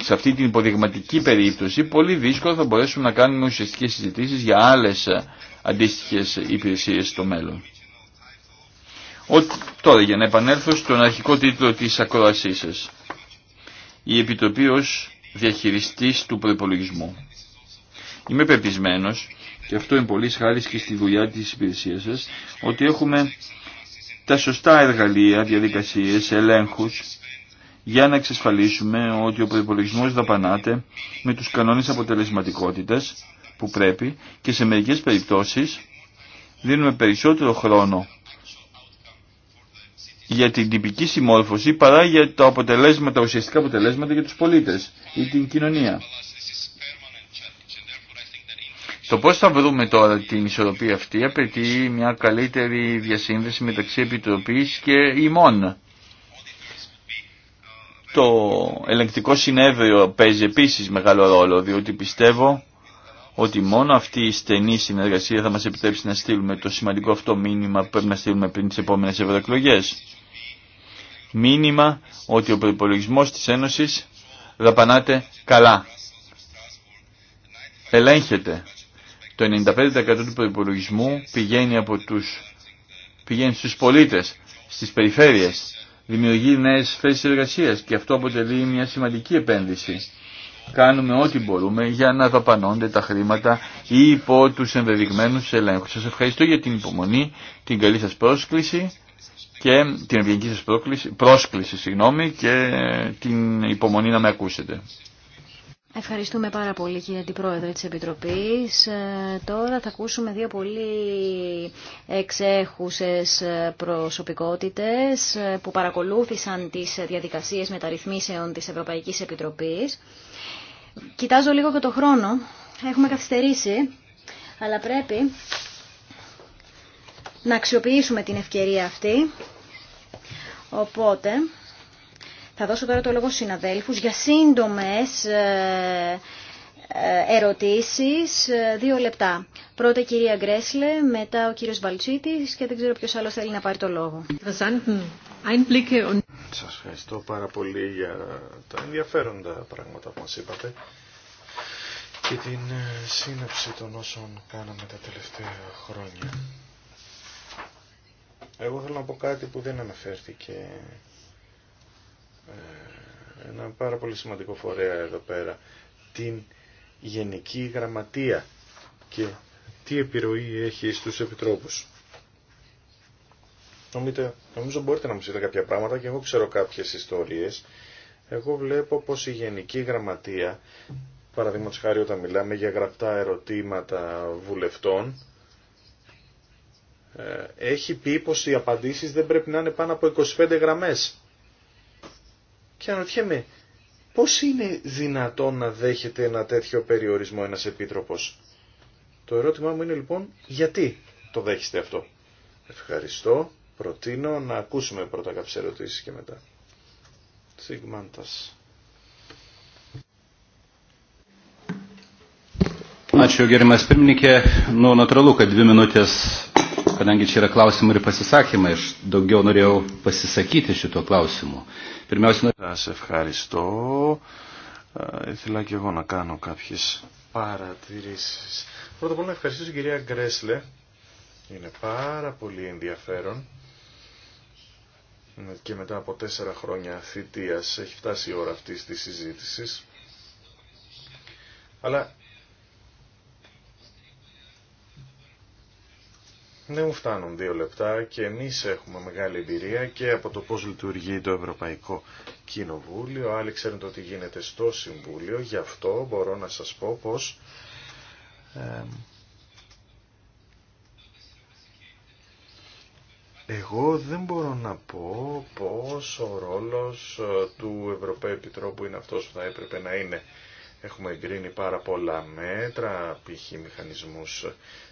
σε αυτή την υποδειγματική περίπτωση, πολύ δύσκολο θα μπορέσουμε να κάνουμε ουσιαστικές συζητήσεις για άλλες αντίστοιχες υπηρεσίες στο μέλλον. Ο, τώρα για να επανέλθω στον αρχικό τίτλο της ακροασής σας. Η Επιτροπή ως διαχειριστής του προπολογισμού. Είμαι πεπισμένος, και αυτό είναι πολύ χάρη και στη δουλειά της υπηρεσίας σας, ότι έχουμε τα σωστά εργαλεία, διαδικασίες, ελέγχους, για να εξασφαλίσουμε ότι ο προπολογισμό δαπανάται με τους κανόνες αποτελεσματικότητας που πρέπει και σε μερικές περιπτώσεις δίνουμε περισσότερο χρόνο για την τυπική συμμόρφωση παρά για τα αποτελέσματα, ουσιαστικά αποτελέσματα για τους πολίτες ή την κοινωνία. Το πώς θα βρούμε τώρα την ισορροπία αυτή απαιτεί μια καλύτερη διασύνδεση μεταξύ Επιτροπής και ημών. Το ελεγκτικό συνέδριο παίζει επίσης μεγάλο ρόλο, διότι πιστεύω ότι μόνο αυτή η στενή συνεργασία θα μας επιτρέψει να στείλουμε το σημαντικό αυτό μήνυμα που πρέπει να στείλουμε πριν τις επόμενες ευρωεκλογές μήνυμα ότι ο προπολογισμό της Ένωσης δαπανάται καλά. Ελέγχεται. Το 95% του προπολογισμού πηγαίνει, από τους, πηγαίνει στους πολίτες, στις περιφέρειες, δημιουργεί νέες θέσεις εργασίας και αυτό αποτελεί μια σημαντική επένδυση. Κάνουμε ό,τι μπορούμε για να δαπανώνται τα χρήματα ή υπό τους ενδεδειγμένους ελέγχους. Σας ευχαριστώ για την υπομονή, την καλή σας πρόσκληση και την ευγενική σας πρόκληση, πρόσκληση συγγνώμη, και την υπομονή να με ακούσετε. Ευχαριστούμε πάρα πολύ κύριε Αντιπρόεδρε της Επιτροπής. Ε, τώρα θα ακούσουμε δύο πολύ εξέχουσες προσωπικότητες ε, που παρακολούθησαν τις διαδικασίες μεταρρυθμίσεων της Ευρωπαϊκής Επιτροπής. Κοιτάζω λίγο και το χρόνο. Έχουμε καθυστερήσει, αλλά πρέπει να αξιοποιήσουμε την ευκαιρία αυτή. Οπότε, θα δώσω τώρα το λόγο στους συναδέλφους για σύντομες ε, ε, ερωτήσεις, ε, δύο λεπτά. Πρώτα η κυρία Γκρέσλε, μετά ο κύριος Βαλτσίτης και δεν ξέρω ποιος άλλος θέλει να πάρει το λόγο. Σας ευχαριστώ πάρα πολύ για τα ενδιαφέροντα πράγματα που μας είπατε και την σύναψη των όσων κάναμε τα τελευταία χρόνια. Εγώ θέλω να πω κάτι που δεν αναφέρθηκε. Ε, ένα πάρα πολύ σημαντικό φορέα εδώ πέρα. Την Γενική Γραμματεία και τι επιρροή έχει στους επιτρόπους. Νομίζω μπορείτε να μου πείτε κάποια πράγματα και εγώ ξέρω κάποιες ιστορίες. Εγώ βλέπω πως η Γενική Γραμματεία, παραδείγματος χάρη όταν μιλάμε για γραπτά ερωτήματα βουλευτών, ε, έχει πει πως οι απαντήσεις δεν πρέπει να είναι πάνω από 25 γραμμές. Και αναρωτιέμαι, πώς είναι δυνατόν να δέχεται ένα τέτοιο περιορισμό ένας επίτροπος. Το ερώτημά μου είναι λοιπόν, γιατί το δέχεστε αυτό. Ευχαριστώ. Προτείνω να ακούσουμε πρώτα κάποιες ερωτήσεις και μετά. Σιγμάντας. Ačiū gerimas pirmininkė kadangi čia yra klausimai ir pasisakymai, aš daugiau norėjau pasisakyti šito klausimu. Pirmiausia, ευχαριστώ. Ε, ήθελα και εγώ να κάνω κάποιες παρατηρήσεις. Πρώτα απ' όλα να ευχαριστήσω την κυρία Γκρέσλε. Είναι πάρα πολύ ενδιαφέρον. Και μετά από τέσσερα χρόνια θητείας έχει φτάσει η ώρα αυτής της συζήτησης. Αλλά δεν ναι, μου φτάνουν δύο λεπτά και εμείς έχουμε μεγάλη εμπειρία και από το πώς λειτουργεί το Ευρωπαϊκό Κοινοβούλιο. Άλλοι ξέρουν το τι γίνεται στο Συμβούλιο. Γι' αυτό μπορώ να σας πω πως εγώ δεν μπορώ να πω πως ο ρόλος ε, του Ευρωπαϊκού Επιτρόπου είναι αυτός που θα έπρεπε να είναι Έχουμε εγκρίνει πάρα πολλά μέτρα, π.χ. μηχανισμούς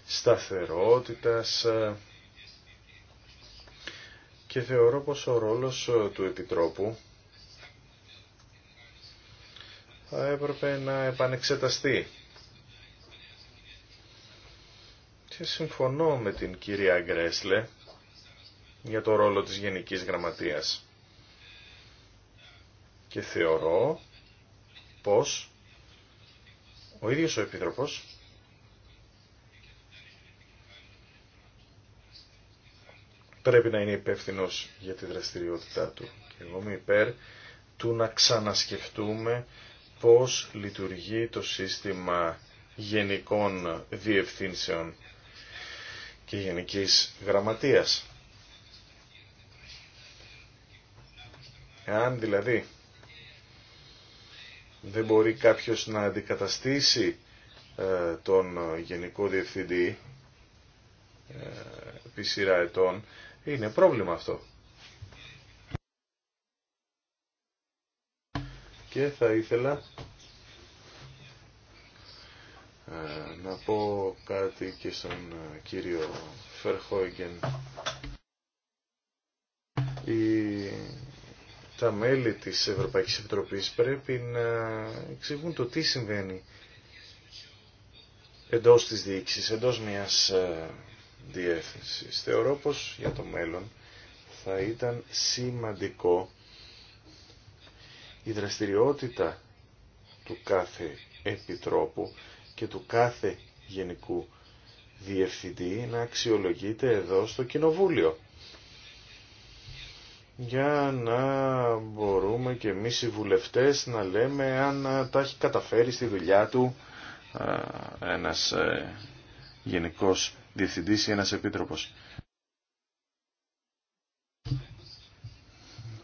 σταθερότητας και θεωρώ πως ο ρόλος του Επιτρόπου θα έπρεπε να επανεξεταστεί. Και συμφωνώ με την κυρία Γκρέσλε για το ρόλο της Γενικής Γραμματείας. Και θεωρώ πως ο ίδιος ο Επίτροπος πρέπει να είναι υπεύθυνο για τη δραστηριότητά του. Και εγώ είμαι υπέρ του να ξανασκεφτούμε πώς λειτουργεί το σύστημα γενικών διευθύνσεων και γενικής γραμματείας. Εάν δηλαδή δεν μπορεί κάποιος να αντικαταστήσει ε, τον Γενικό Διευθυντή ε, επί σειρά ετών. Είναι πρόβλημα αυτό. Και θα ήθελα ε, να πω κάτι και στον κύριο Φερχόγγεν τα μέλη της Ευρωπαϊκής Επιτροπής πρέπει να εξηγούν το τι συμβαίνει εντός της διοίκησης, εντός μιας ε, διεύθυνσης. Θεωρώ πως για το μέλλον θα ήταν σημαντικό η δραστηριότητα του κάθε επιτρόπου και του κάθε γενικού διευθυντή να αξιολογείται εδώ στο Κοινοβούλιο για να μπορούμε και εμείς οι βουλευτές να λέμε αν τα έχει καταφέρει στη δουλειά του ένας ε, γενικός διευθυντής ή ένας επίτροπος.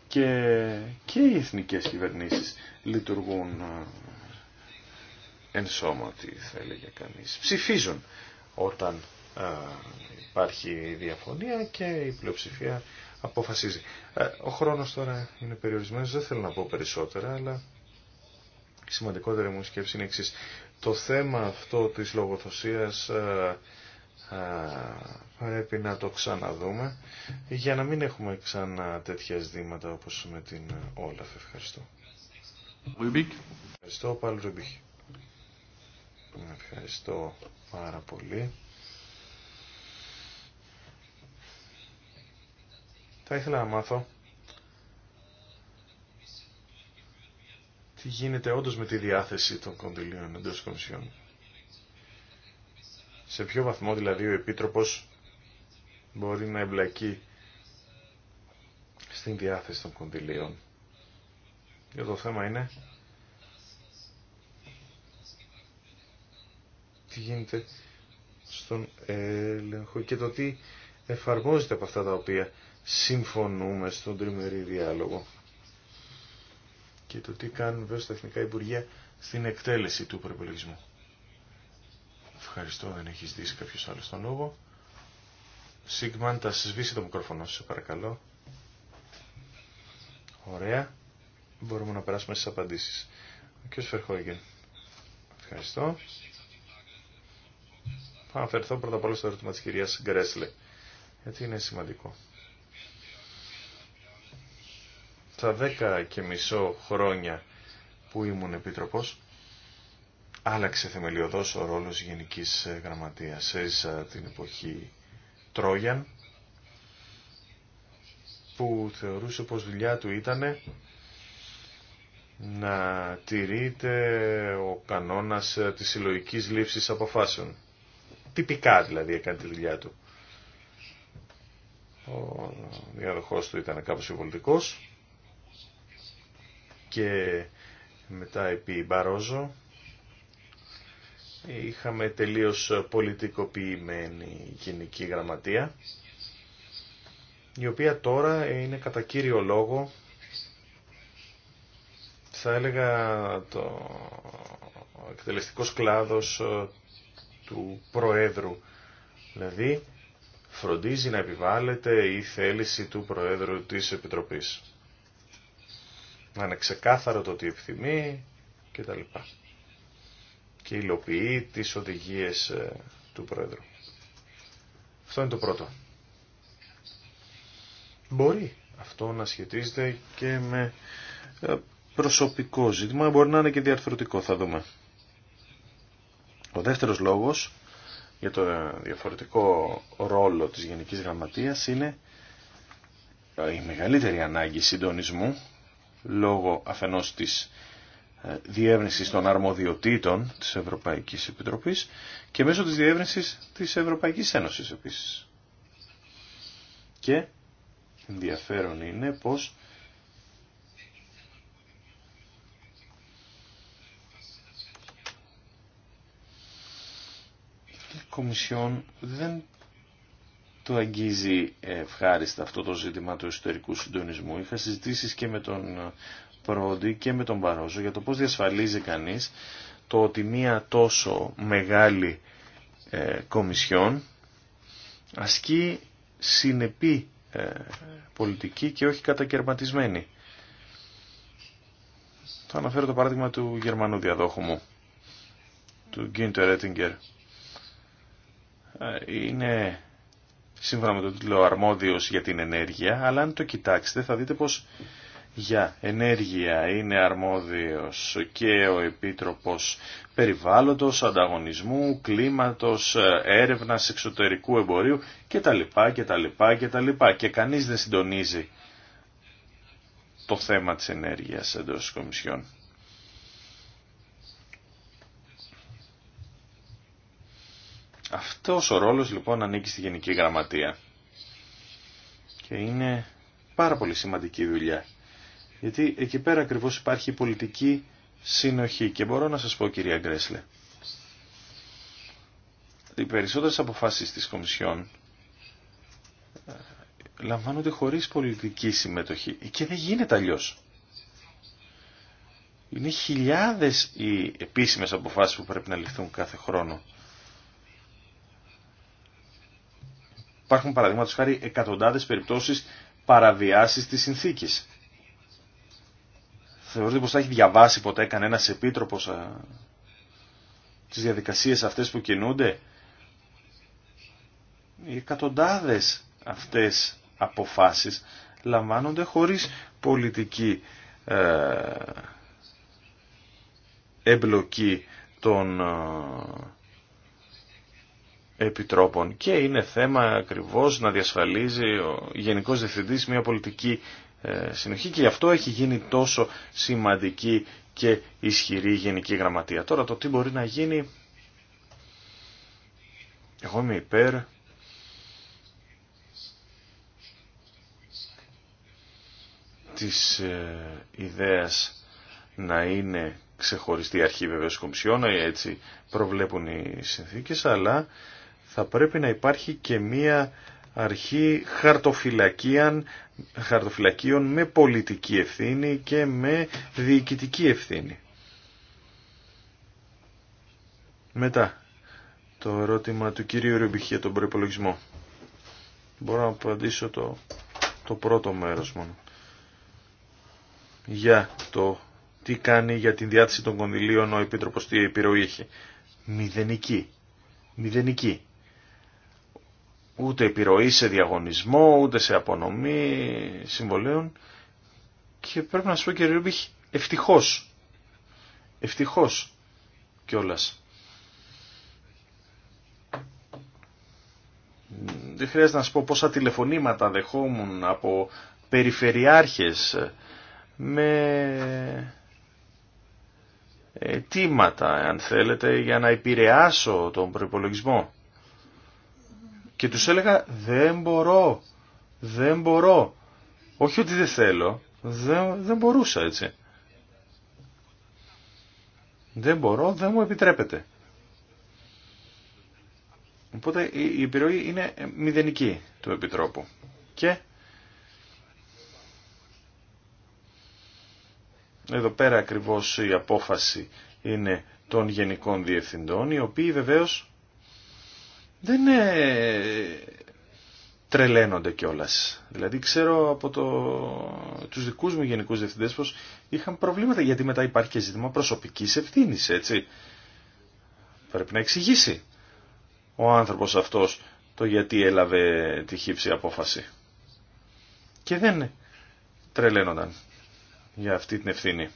Και, και οι εθνικές κυβερνήσεις λειτουργούν εν σώμα, θα έλεγε κανείς. Ψηφίζουν όταν υπάρχει διαφωνία και η πλειοψηφία αποφασίζει. Ε, ο χρόνος τώρα είναι περιορισμένος, δεν θέλω να πω περισσότερα, αλλά η σημαντικότερη μου σκέψη είναι εξής. Το θέμα αυτό της λογοθοσίας ε, ε, πρέπει να το ξαναδούμε για να μην έχουμε ξανά τέτοια ζητήματα όπως με την Όλαφ. Ευχαριστώ. Ευχαριστώ πάλι Ευχαριστώ πάρα πολύ. Θα ήθελα να μάθω τι γίνεται όντως με τη διάθεση των κονδυλίων εντός κομισιών. Σε ποιο βαθμό δηλαδή ο Επίτροπος μπορεί να εμπλακεί στην διάθεση των κονδυλίων. Για το θέμα είναι τι γίνεται στον έλεγχο και το τι εφαρμόζεται από αυτά τα οποία συμφωνούμε στον τριμερή διάλογο και το τι κάνουν βέβαια στα Εθνικά Υπουργεία στην εκτέλεση του προπολογισμού. Ευχαριστώ, δεν έχει δει κάποιο άλλο τον λόγο. Σίγμαν, θα σβήσει το μικρόφωνο σου, παρακαλώ. Ωραία. Μπορούμε να περάσουμε στι απαντήσει. Ο κ. Φερχόγγεν. Ευχαριστώ. Θα αναφερθώ πρώτα απ' όλα στο ερώτημα τη κυρία Γκρέσλε, γιατί είναι σημαντικό τα δέκα και μισό χρόνια που ήμουν επίτροπος, άλλαξε θεμελιωδώς ο ρόλος Γενικής Γραμματείας. Έζησα την εποχή Τρόγιαν, που θεωρούσε πως δουλειά του ήταν να τηρείται ο κανόνας της συλλογική λήψης αποφάσεων. Τυπικά δηλαδή έκανε τη δουλειά του. Ο διαδοχός του ήταν κάπως πολιτικός και μετά επί Μπαρόζο είχαμε τελείως πολιτικοποιημένη γενική γραμματεία η οποία τώρα είναι κατά κύριο λόγο θα έλεγα το εκτελεστικός κλάδος ε, του Προέδρου. Δηλαδή φροντίζει να επιβάλλεται η θέληση του Προέδρου της Επιτροπής να είναι ξεκάθαρο το τι επιθυμεί κτλ. Και υλοποιεί τις οδηγίες ε, του Πρόεδρου. Αυτό είναι το πρώτο. Μπορεί αυτό να σχετίζεται και με ε, προσωπικό ζήτημα, μπορεί να είναι και διαρθρωτικό, θα δούμε. Ο δεύτερος λόγος για το διαφορετικό ρόλο της Γενικής Γραμματείας είναι ε, η μεγαλύτερη ανάγκη συντονισμού λόγω αφενός της ε, διεύρυνσης των αρμοδιοτήτων της Ευρωπαϊκής Επιτροπής και μέσω της διεύρυνσης της Ευρωπαϊκής Ένωσης επίσης. Και ενδιαφέρον είναι πως η Κομισιόν δεν το αγγίζει ευχάριστα αυτό το ζήτημα του εσωτερικού συντονισμού. Είχα συζητήσει και με τον Πρόντι και με τον Παρόζο για το πώς διασφαλίζει κανείς το ότι μία τόσο μεγάλη ε, κομισιόν ασκεί συνεπή ε, πολιτική και όχι κατακαιρματισμένη. Θα αναφέρω το παράδειγμα του Γερμανού διαδόχου μου, του Γκίντερ Έτιγκερ. Είναι σύμφωνα με το τίτλο αρμόδιος για την ενέργεια, αλλά αν το κοιτάξετε θα δείτε πως για ενέργεια είναι αρμόδιος και ο Επίτροπος Περιβάλλοντος, Ανταγωνισμού, Κλίματος, Έρευνας, Εξωτερικού Εμπορίου κτλ. τα λοιπά, Και κανείς δεν συντονίζει το θέμα της ενέργειας εντός της Κομισιόν. Αυτός ο ρόλος λοιπόν ανήκει στη Γενική Γραμματεία. Και είναι πάρα πολύ σημαντική δουλειά. Γιατί εκεί πέρα ακριβώς υπάρχει πολιτική συνοχή. Και μπορώ να σας πω κυρία Γκρέσλε. Οι περισσότερες αποφάσεις της Κομισιόν ε, λαμβάνονται χωρίς πολιτική συμμετοχή. Και δεν γίνεται αλλιώ. Είναι χιλιάδες οι επίσημες αποφάσεις που πρέπει να ληφθούν κάθε χρόνο. Υπάρχουν παραδείγματο χάρη εκατοντάδε περιπτώσει παραβιάσει τη συνθήκη. Θεωρείτε πω θα έχει διαβάσει ποτέ κανένα επίτροπο τι διαδικασίε αυτέ που κινούνται. Οι εκατοντάδε αυτέ αποφάσει λαμβάνονται χωρίς πολιτική ε, εμπλοκή των ε, επιτρόπων και είναι θέμα ακριβώς να διασφαλίζει ο Γενικός Διευθυντής μια πολιτική ε, συνοχή και γι' αυτό έχει γίνει τόσο σημαντική και ισχυρή Γενική Γραμματεία. Τώρα το τι μπορεί να γίνει, εγώ είμαι υπέρ της ε, ιδέας να είναι ξεχωριστή αρχή βεβαίως κομψιών, έτσι προβλέπουν οι συνθήκες, αλλά θα πρέπει να υπάρχει και μία αρχή χαρτοφυλακίων, με πολιτική ευθύνη και με διοικητική ευθύνη. Μετά, το ερώτημα του κυρίου Ρουμπιχ για τον προϋπολογισμό. Μπορώ να απαντήσω το, το πρώτο μέρος μόνο. Για το τι κάνει για την διάθεση των κονδυλίων ο Επίτροπος, τι επιρροή έχει. Μηδενική. Μηδενική ούτε επιρροή σε διαγωνισμό, ούτε σε απονομή συμβολέων. Και πρέπει να σου πω κύριε Ρούμπιχ, ευτυχώς, ευτυχώς κιόλας. Δεν χρειάζεται να σου πω πόσα τηλεφωνήματα δεχόμουν από περιφερειάρχες με αιτήματα, αν θέλετε, για να επηρεάσω τον προϋπολογισμό. Και τους έλεγα δεν μπορώ, δεν μπορώ. Όχι ότι δεν θέλω, δεν, δεν μπορούσα έτσι. Δεν μπορώ, δεν μου επιτρέπεται. Οπότε η επιρροή είναι μηδενική του Επιτρόπου. Και εδώ πέρα ακριβώς η απόφαση είναι των Γενικών Διευθυντών, οι οποίοι βεβαίως δεν ε, τρελαίνονται κιόλα. Δηλαδή ξέρω από το, τους δικούς μου γενικούς διευθυντές πως είχαν προβλήματα γιατί μετά υπάρχει και ζήτημα προσωπικής ευθύνης έτσι. Πρέπει να εξηγήσει ο άνθρωπος αυτός το γιατί έλαβε τη χύψη απόφαση. Και δεν τρελαίνονταν για αυτή την ευθύνη.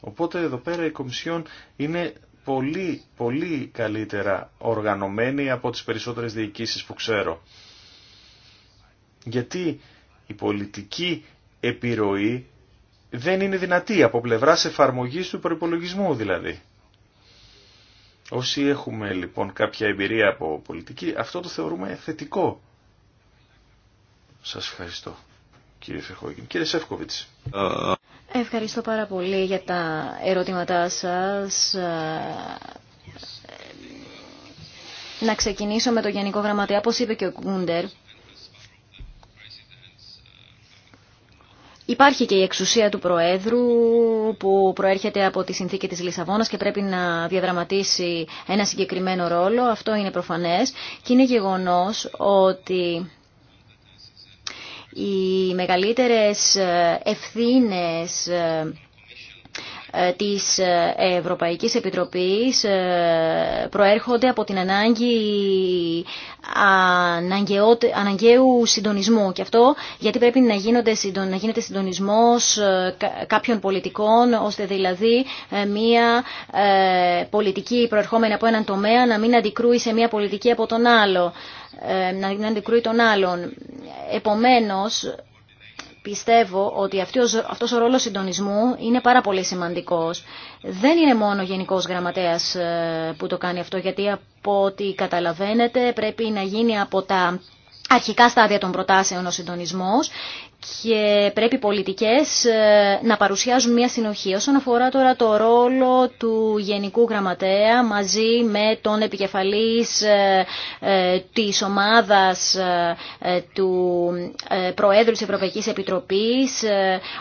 Οπότε εδώ πέρα η Κομισιόν είναι πολύ, πολύ καλύτερα οργανωμένη από τις περισσότερες διοικήσεις που ξέρω. Γιατί η πολιτική επιρροή δεν είναι δυνατή από πλευράς εφαρμογής του προϋπολογισμού δηλαδή. Όσοι έχουμε λοιπόν κάποια εμπειρία από πολιτική, αυτό το θεωρούμε θετικό. Σας ευχαριστώ κύριε Φεχόγιν. Κύριε Σεύκοβιτς. Ευχαριστώ πάρα πολύ για τα ερωτήματά σας. Να ξεκινήσω με το Γενικό Γραμματέα, όπως είπε και ο Κούντερ. Υπάρχει και η εξουσία του Προέδρου που προέρχεται από τη συνθήκη της Λισαβόνας και πρέπει να διαδραματίσει ένα συγκεκριμένο ρόλο. Αυτό είναι προφανές και είναι γεγονός ότι οι μεγαλύτερες ε, ευθύνες ε, ε, της ε, Ευρωπαϊκής Επιτροπής ε, προέρχονται από την ανάγκη αναγκαίου συντονισμού. Και αυτό γιατί πρέπει να, γίνονται, να γίνεται συντονισμός κάποιων πολιτικών, ώστε δηλαδή μια πολιτική προερχόμενη από έναν τομέα να μην αντικρούει σε μια πολιτική από τον άλλο, να μην αντικρούει τον άλλον. Επομένως, πιστεύω ότι αυτός ο ρόλος συντονισμού είναι πάρα πολύ σημαντικός. Δεν είναι μόνο γενικός γραμματέας ε, που το κάνει αυτό, γιατί από ό,τι καταλαβαίνετε πρέπει να γίνει από τα αρχικά στάδια των προτάσεων ο συντονισμό. και πρέπει οι πολιτικές ε, να παρουσιάζουν μια συνοχή όσον αφορά τώρα το ρόλο του Γενικού Γραμματέα μαζί με τον επικεφαλής ε, ε, της ομάδας του Προέδρου της Ευρωπαϊκής Επιτροπής.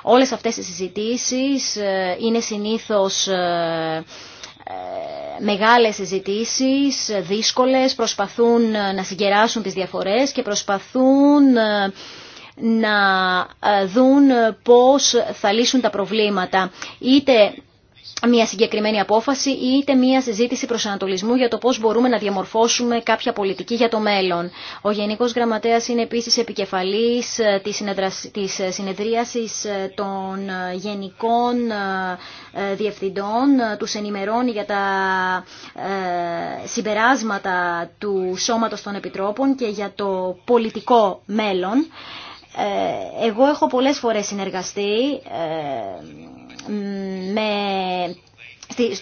Όλες αυτές οι συζητήσεις είναι συνήθως ε, μεγάλες συζητήσει, δύσκολες, προσπαθούν ε, να συγκεράσουν τις διαφορές και προσπαθούν ε, να δουν πώς θα λύσουν τα προβλήματα. Είτε μια συγκεκριμένη απόφαση ή είτε μια συζήτηση προσανατολισμού για το πώς μπορούμε να διαμορφώσουμε κάποια πολιτική για το μέλλον. Ο Γενικός Γραμματέας είναι επίσης επικεφαλής ε, της ε, συνεδρίασης ε, των γενικών διευθυντών. Τους ενημερώνει για τα συμπεράσματα του Σώματος των Επιτρόπων και για το πολιτικό μέλλον. Εγώ έχω πολλές φορές συνεργαστεί με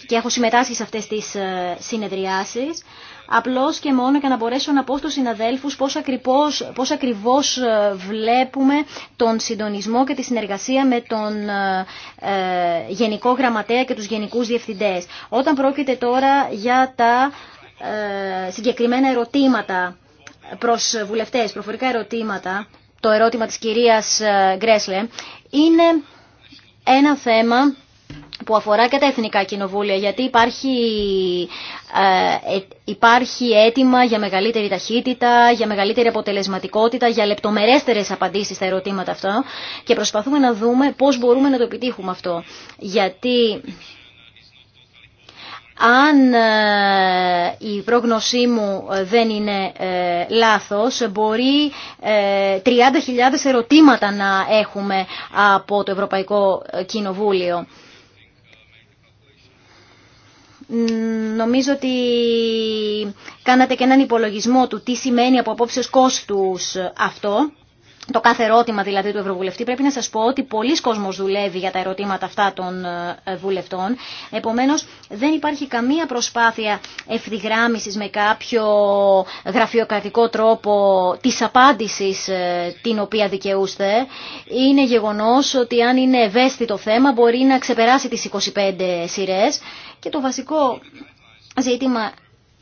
και έχω συμμετάσχει σε αυτές τις ε, συνεδριάσεις, απλώς και μόνο για να μπορέσω να πω στους συναδέλφους πώς ακριβώς, ε, βλέπουμε τον συντονισμό και τη συνεργασία με τον ε, Γενικό Γραμματέα και τους Γενικούς Διευθυντές. Όταν πρόκειται τώρα για τα συγκεκριμένα ερωτήματα προς βουλευτές, προφορικά ερωτήματα, το ερώτημα της κυρίας Γκρέσλε, είναι ένα θέμα που αφορά και τα εθνικά κοινοβούλια, γιατί υπάρχει, ε, ε, υπάρχει αίτημα για μεγαλύτερη ταχύτητα, για μεγαλύτερη αποτελεσματικότητα, για λεπτομερέστερες απαντήσεις στα ερωτήματα αυτά και προσπαθούμε να δούμε πώς μπορούμε να το επιτύχουμε αυτό. Γιατί αν ε, η πρόγνωσή μου ε, δεν είναι ε, λάθος, μπορεί 30.000 ερωτήματα να έχουμε από το Ευρωπαϊκό Κοινοβούλιο. Νομίζω ότι κάνατε και έναν υπολογισμό του τι σημαίνει από απόψεως κόστους αυτό το κάθε ερώτημα δηλαδή του Ευρωβουλευτή, πρέπει να σας πω ότι πολλοί κόσμος δουλεύει για τα ερωτήματα αυτά των ε, ε, βουλευτών. Επομένως δεν υπάρχει καμία προσπάθεια ευθυγράμμισης με κάποιο γραφειοκρατικό τρόπο της απάντησης ε, την οποία δικαιούστε. Είναι γεγονός ότι αν είναι ευαίσθητο θέμα μπορεί να ξεπεράσει τις 25 σειρές και το βασικό ζήτημα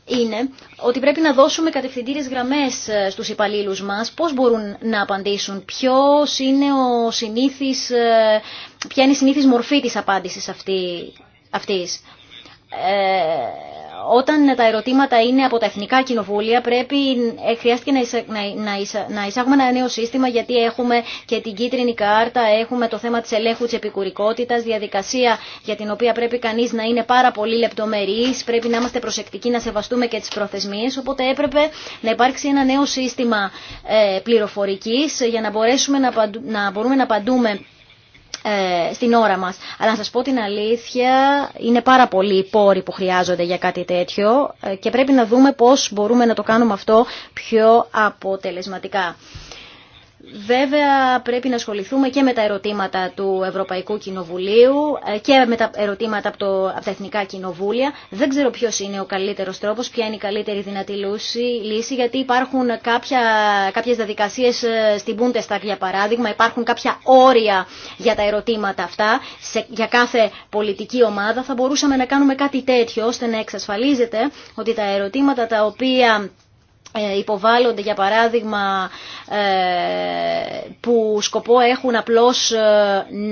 είναι ότι πρέπει να δώσουμε κατευθυντήριες γραμμές ε, στους υπαλλήλους μας, πώς μπορούν να απαντήσουν, ποιος είναι ο συνήθις, ε, ποια είναι η συνήθις μορφή της απάντησης αυτή, αυτής. Ε, όταν τα ερωτήματα είναι από τα εθνικά κοινοβούλια πρέπει, ε, χρειάστηκε να εισάγουμε ένα νέο σύστημα γιατί έχουμε και την κίτρινη κάρτα, έχουμε το θέμα της ελέγχου της επικουρικότητας, διαδικασία για την οποία πρέπει κανείς να είναι πάρα πολύ λεπτομερής, πρέπει να είμαστε προσεκτικοί να σεβαστούμε και τις προθεσμίες, οπότε έπρεπε να υπάρξει ένα νέο σύστημα ε, πληροφορικής για να, μπορέσουμε να μπορούμε να απαντούμε ε, στην ώρα μας. Αλλά να σας πω την αλήθεια, είναι πάρα πολλοί οι πόροι που χρειάζονται για κάτι τέτοιο ε, και πρέπει να δούμε πώς μπορούμε να το κάνουμε αυτό πιο αποτελεσματικά. Βέβαια πρέπει να ασχοληθούμε και με τα ερωτήματα του Ευρωπαϊκού Κοινοβουλίου ε, και με τα ερωτήματα από, το, τα Εθνικά Κοινοβούλια. Δεν ξέρω ποιος είναι ο καλύτερος τρόπος, ποια είναι η καλύτερη δυνατή λύση, γιατί υπάρχουν κάποια, κάποιες διαδικασίες ε, στην Bundestag για παράδειγμα, υπάρχουν κάποια όρια για τα ερωτήματα αυτά, για κάθε πολιτική ομάδα θα μπορούσαμε να κάνουμε κάτι τέτοιο ώστε να εξασφαλίζεται ότι τα ερωτήματα τα οποία ε, υποβάλλονται για παράδειγμα ε, που σκοπό έχουν απλώς ε,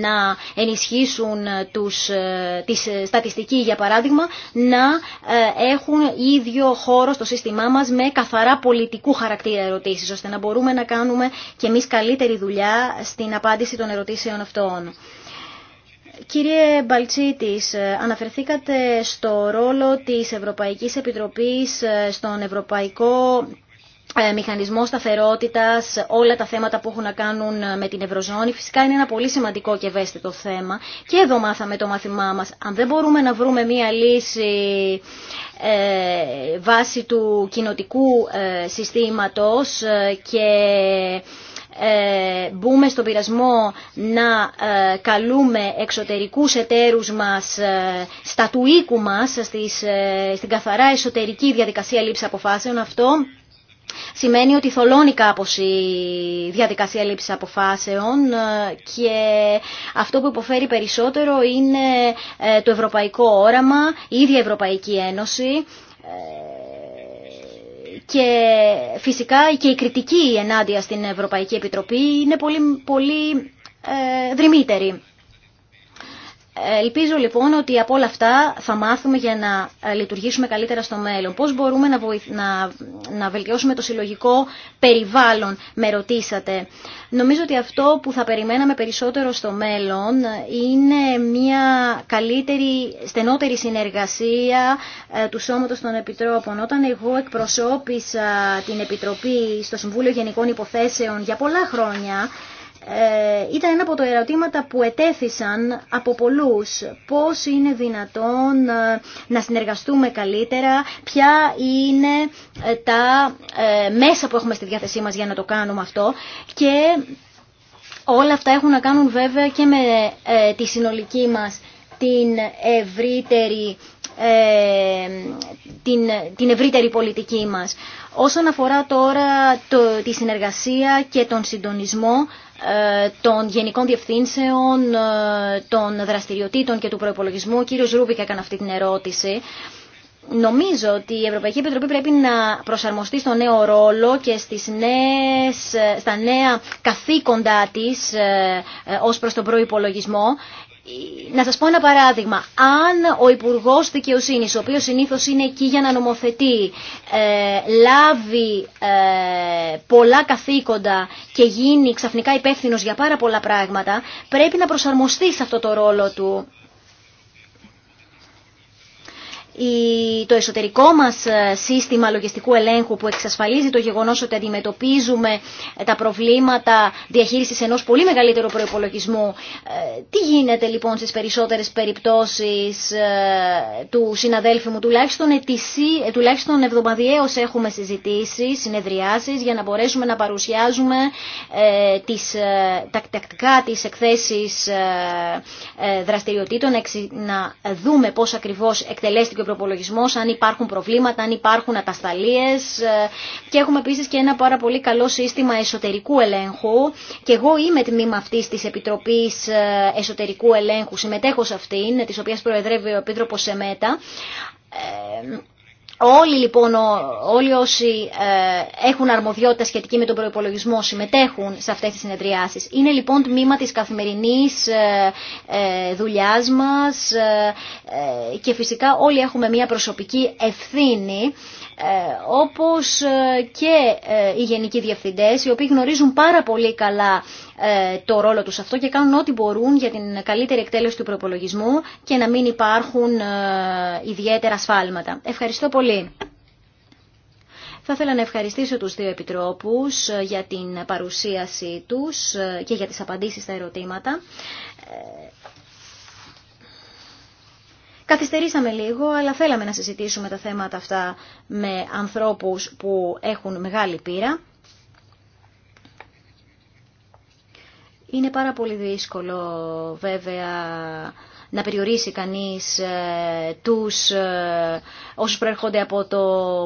να ενισχύσουν τους, τις στατιστική για παράδειγμα να έχουν ίδιο χώρο στο σύστημά μας με καθαρά πολιτικού χαρακτήρα ερωτήσεις ώστε να μπορούμε να κάνουμε και εμείς καλύτερη δουλειά στην απάντηση των ερωτήσεων αυτών. Κύριε Μπαλτσίτης, ε, αναφερθήκατε στο ρόλο της Ευρωπαϊκής Επιτροπής ε, στον Ευρωπαϊκό ε, Μηχανισμό σταθερότητας, όλα τα θέματα που έχουν να κάνουν με την Ευρωζώνη. Φυσικά είναι ένα πολύ σημαντικό και ευαίσθητο θέμα. Και εδώ μάθαμε το μάθημά μας. Αν δεν μπορούμε να βρούμε μία λύση ε, βάσει του κοινοτικού ε, συστήματος και ε, μπούμε στον πειρασμό να ε, καλούμε εξωτερικούς εταίρους μας ε, στα του οίκου μας, στην καθαρά εσωτερική διαδικασία λήψη αποφάσεων αυτό, Σημαίνει ότι θολώνει κάπως η διαδικασία λήψης αποφάσεων και αυτό που υποφέρει περισσότερο είναι το ευρωπαϊκό όραμα, η ίδια Ευρωπαϊκή Ένωση και φυσικά και η κριτική ενάντια στην Ευρωπαϊκή Επιτροπή είναι πολύ, πολύ ε, δρυμύτερη. Ελπίζω λοιπόν ότι από όλα αυτά θα μάθουμε για να ε, λειτουργήσουμε καλύτερα στο μέλλον. Πώς μπορούμε να, να... να βελτιώσουμε το συλλογικό περιβάλλον, με ρωτήσατε. Νομίζω ότι αυτό που θα περιμέναμε περισσότερο στο μέλλον ε, είναι μια καλύτερη, στενότερη συνεργασία ε, του Σώματος των Επιτρόπων. Όταν εγώ εκπροσώπησα την Επιτροπή στο Συμβούλιο Γενικών Υποθέσεων για πολλά χρόνια, ε, ήταν ένα από τα ερωτήματα που ετέθησαν από πολλούς. Πώς είναι δυνατόν ε, να συνεργαστούμε καλύτερα, ποια είναι ε, τα μέσα που έχουμε στη διάθεσή μας για να το κάνουμε αυτό και όλα αυτά έχουν να κάνουν βέβαια και με τη συνολική μας την ευρύτερη την, την ευρύτερη πολιτική μας. Όσον αφορά τώρα το, τη συνεργασία και τον συντονισμό, ε, των Γενικών Διευθύνσεων, ε, των δραστηριοτήτων και του προπολογισμού. Ο κύριος Ρούμπικ έκανε αυτή την ερώτηση. Νομίζω ότι η Ευρωπαϊκή Επιτροπή πρέπει να προσαρμοστεί στο νέο ρόλο και στις νέες, ε, στα νέα καθήκοντά της ως προς τον προϋπολογισμό να σας πω ένα παράδειγμα. Αν ο Υπουργός Δικαιοσύνης, ο οποίος συνήθως είναι εκεί για να νομοθετεί, ε, λάβει ε, πολλά καθήκοντα και γίνει ξαφνικά υπεύθυνος για πάρα πολλά πράγματα, πρέπει να προσαρμοστεί σε αυτό το ρόλο του το εσωτερικό μας ε, σύστημα λογιστικού ελέγχου που εξασφαλίζει το γεγονός ότι αντιμετωπίζουμε ε, τα προβλήματα διαχείρισης ενός πολύ μεγαλύτερου προϋπολογισμού. Ε, τι γίνεται λοιπόν στις περισσότερες περιπτώσεις του συναδέλφου μου, τουλάχιστον, ετησί, τουλάχιστον εβδομαδιαίως έχουμε συζητήσει, συνεδριάσεις για να μπορέσουμε να παρουσιάζουμε τις, τα, τακτικά τις εκθέσεις δραστηριοτήτων, να δούμε πώς ακριβώς εκτελέστηκε προπολογισμό, αν υπάρχουν προβλήματα, αν υπάρχουν ατασταλίες ε, και έχουμε επίση και ένα πάρα πολύ καλό σύστημα εσωτερικού ελέγχου και εγώ είμαι τμήμα αυτής τη Επιτροπής ε, Εσωτερικού Ελέγχου, συμμετέχω σε αυτήν, τη οποία προεδρεύει ο Επίτροπος Σεμέτα ε, Όλοι λοιπόν, όλοι όσοι ε, έχουν αρμοδιότητα σχετική με τον προϋπολογισμό συμμετέχουν σε αυτές τις συνεδριάσεις. Είναι λοιπόν τμήμα της καθημερινής ε, ε, δουλειάς μας και φυσικά όλοι έχουμε μια προσωπική ευθύνη ε, όπως ε, και ε, οι γενικοί διευθυντές, οι οποίοι γνωρίζουν πάρα πολύ καλά το ρόλο τους αυτό και κάνουν ό,τι μπορούν για την καλύτερη εκτέλεση του προπολογισμού και να μην υπάρχουν ιδιαίτερα σφάλματα. Ευχαριστώ πολύ. Θα ήθελα να ευχαριστήσω τους δύο επιτρόπους για την παρουσίαση τους και για τις απαντήσεις στα ερωτήματα. Καθυστερήσαμε λίγο, αλλά θέλαμε να συζητήσουμε τα θέματα αυτά με ανθρώπους που έχουν μεγάλη πείρα. Είναι πάρα πολύ δύσκολο βέβαια να περιορίσει κανείς ε, τους ε, όσους προέρχονται από το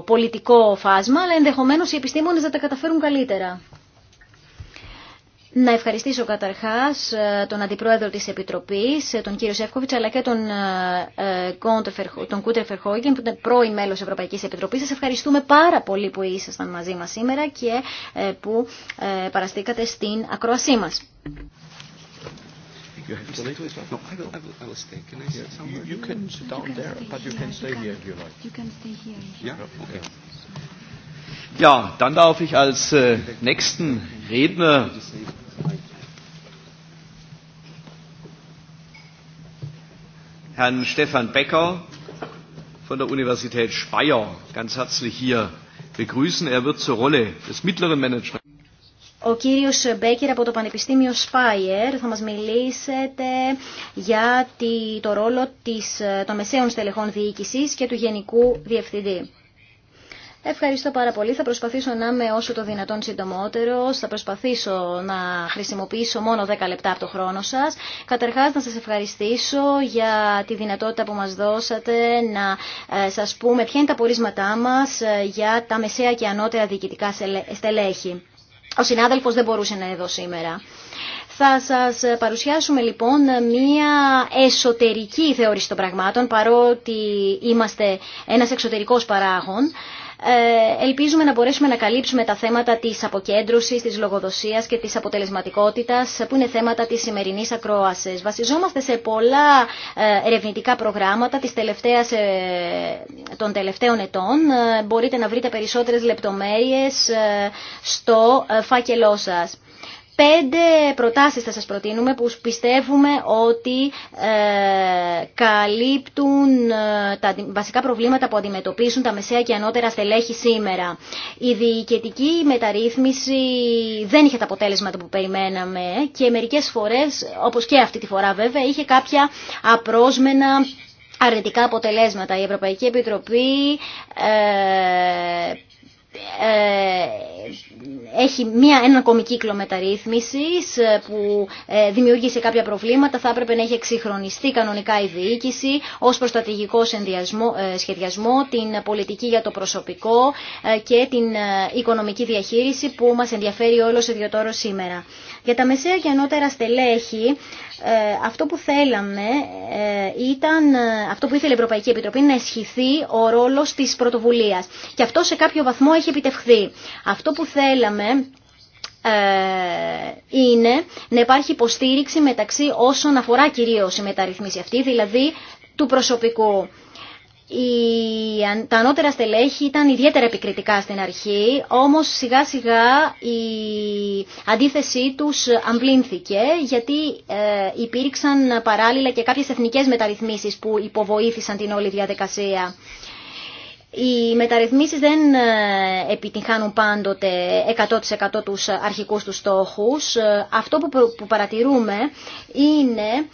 πολιτικό φάσμα, αλλά ενδεχομένως οι επιστήμονες να τα καταφέρουν καλύτερα. Να ευχαριστήσω καταρχάς ε, τον Αντιπρόεδρο της Επιτροπής, ε, τον κύριο Σεύκοβιτς, αλλά και τον, ε, τον Κούτερ Φερχόγγεν, που ήταν πρώην μέλος Ευρωπαϊκής Επιτροπής. Σας ευχαριστούμε πάρα πολύ που ήσασταν μαζί μας σήμερα και που παραστήκατε στην ακρόασή μας. Ja, dann darf ich als äh, nächsten Redner Herrn Stefan Becker von der Universität Speyer ganz herzlich hier begrüßen. Er wird zur Rolle des mittleren Managements. Ο κύριος Μπέκερ από το Πανεπιστήμιο Σπάιερ θα μας μιλήσετε για το ρόλο της, των μεσαίων στελεχών διοίκησης και του Γενικού Διευθυντή. Ευχαριστώ πάρα πολύ. Θα προσπαθήσω να είμαι όσο το δυνατόν συντομότερο. Θα προσπαθήσω να χρησιμοποιήσω μόνο 10 λεπτά από το χρόνο σα. Καταρχάς να σα ευχαριστήσω για τη δυνατότητα που μα δώσατε να ε, σα πούμε ποια είναι τα πορίσματά μας ε, για τα μεσαία και ανώτερα διοικητικά στελέχη. Ο συνάδελφο δεν μπορούσε να είναι εδώ σήμερα. Θα σα παρουσιάσουμε λοιπόν μία εσωτερική θεώρηση των πραγμάτων, παρότι είμαστε ένα εξωτερικό παράγων. Ε, ελπίζουμε να μπορέσουμε να καλύψουμε τα θέματα της αποκέντρωσης, τη λογοδοσία και της αποτελεσματικότητας που είναι θέματα της σημερινή ακρόαση. Βασιζόμαστε σε πολλά ε, ερευνητικά προγράμματα της ε, των τελευταίων ετών. Μπορείτε να βρείτε περισσότερες λεπτομέρειες στο φάκελό σα. Πέντε προτάσεις θα σας προτείνουμε που πιστεύουμε ότι ε, καλύπτουν ε, τα βασικά προβλήματα που αντιμετωπίζουν τα μεσαία και ανώτερα στελέχη σήμερα. Η διοικητική μεταρρύθμιση δεν είχε τα αποτέλεσματα που περιμέναμε και μερικές φορές, όπως και αυτή τη φορά βέβαια, είχε κάποια απρόσμενα αρνητικά αποτελέσματα. Η Ευρωπαϊκή Επιτροπή ε, ε, έχει μία, ένα ακόμη κύκλο μεταρρύθμισης ε, που ε, δημιούργησε κάποια προβλήματα. Θα έπρεπε να έχει εξυγχρονιστεί κανονικά η διοίκηση ως προστατηγικό σχεδιασμό, την πολιτική για το προσωπικό και την οικονομική διαχείριση που μας ενδιαφέρει όλος ιδιωτόρο σήμερα. Για τα μεσαία και ανώτερα στελέχη, αυτό που θέλαμε ήταν, αυτό που ήθελε η Ευρωπαϊκή Επιτροπή, να ισχυθεί ο ρόλος της πρωτοβουλίας. Και αυτό σε κάποιο βαθμό έχει Αυτό που θέλαμε ε, είναι να υπάρχει υποστήριξη μεταξύ όσων αφορά κυρίως η μεταρρυθμίση αυτή, δηλαδή του προσωπικού. Τα ανώτερα στελέχη ήταν ιδιαίτερα επικριτικά στην αρχή, όμως σιγά σιγά η αντίθεσή τους αμβλήνθηκε γιατί ε, υπήρξαν παράλληλα και κάποιες εθνικές μεταρρυθμίσεις που υποβοήθησαν την όλη διαδικασία. Οι μεταρρυθμίσεις δεν ε, επιτυχάνουν πάντοτε 100% τους αρχικούς τους στόχους. Ε, αυτό που παρατηρούμε είναι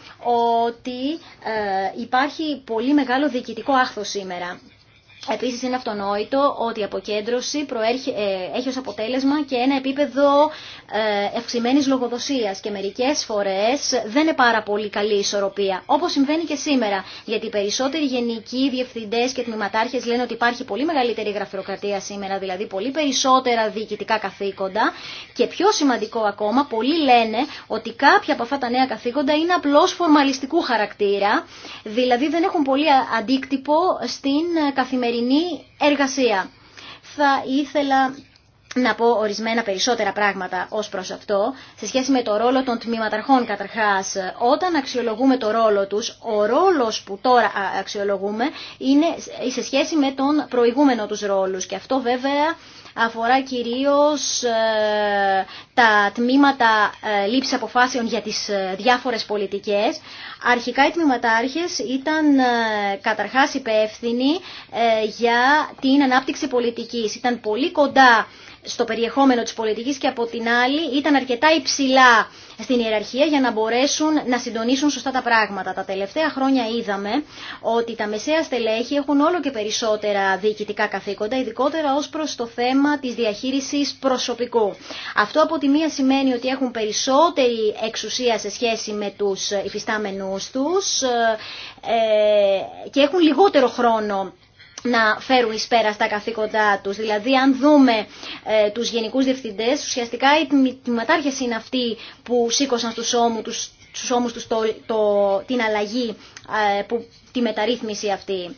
ότι ε, υπάρχει πολύ μεγάλο διοικητικό άχθος σήμερα. Επίσης είναι αυτονόητο ότι η αποκέντρωση ε, έχει ως αποτέλεσμα και ένα επίπεδο ευξημένης λογοδοσίας και μερικές φορές δεν είναι πάρα πολύ καλή ισορροπία, όπως συμβαίνει και σήμερα, γιατί οι περισσότεροι γενικοί διευθυντές και τμηματάρχες λένε ότι υπάρχει πολύ μεγαλύτερη γραφειοκρατία σήμερα, δηλαδή πολύ περισσότερα διοικητικά καθήκοντα και πιο σημαντικό ακόμα, πολλοί λένε ότι κάποια από αυτά τα νέα καθήκοντα είναι απλώς φορμαλιστικού χαρακτήρα, δηλαδή δεν έχουν πολύ αντίκτυπο στην καθημερινή σημερινή εργασία. Θα ήθελα να πω ορισμένα περισσότερα πράγματα ως προς αυτό, σε σχέση με το ρόλο των τμήματαρχών καταρχάς. Όταν αξιολογούμε το ρόλο τους, ο ρόλος που τώρα αξιολογούμε είναι σε σχέση με τον προηγούμενο τους ρόλους και αυτό βέβαια αφορά κυρίως ε, τα τμήματα ε, λήψη αποφάσεων για τις ε, διάφορες πολιτικές. Αρχικά οι τμήματάρχες ήταν καταρχάς υπεύθυνοι για την ανάπτυξη πολιτικής. Ήταν πολύ κοντά στο περιεχόμενο της πολιτικής και από την άλλη ήταν αρκετά υψηλά στην ιεραρχία για να μπορέσουν να συντονίσουν σωστά τα πράγματα. Τα τελευταία χρόνια είδαμε ότι τα μεσαία στελέχη έχουν όλο και περισσότερα διοικητικά καθήκοντα, ειδικότερα ως προς το θέμα της διαχείρισης προσωπικού. Αυτό από τη μία σημαίνει ότι έχουν περισσότερη εξουσία σε σχέση με τους υφιστάμενους τους ε, ε, και έχουν λιγότερο χρόνο να φέρουν εις πέρα στα καθήκοντά τους. Δηλαδή αν δούμε ε, τους γενικούς διευθυντές, ουσιαστικά οι τμηματάρχες είναι αυτοί που σήκωσαν στους ώμους τους, στους ώμους τους το, την αλλαγή, ε, που, τη μεταρρύθμιση αυτή.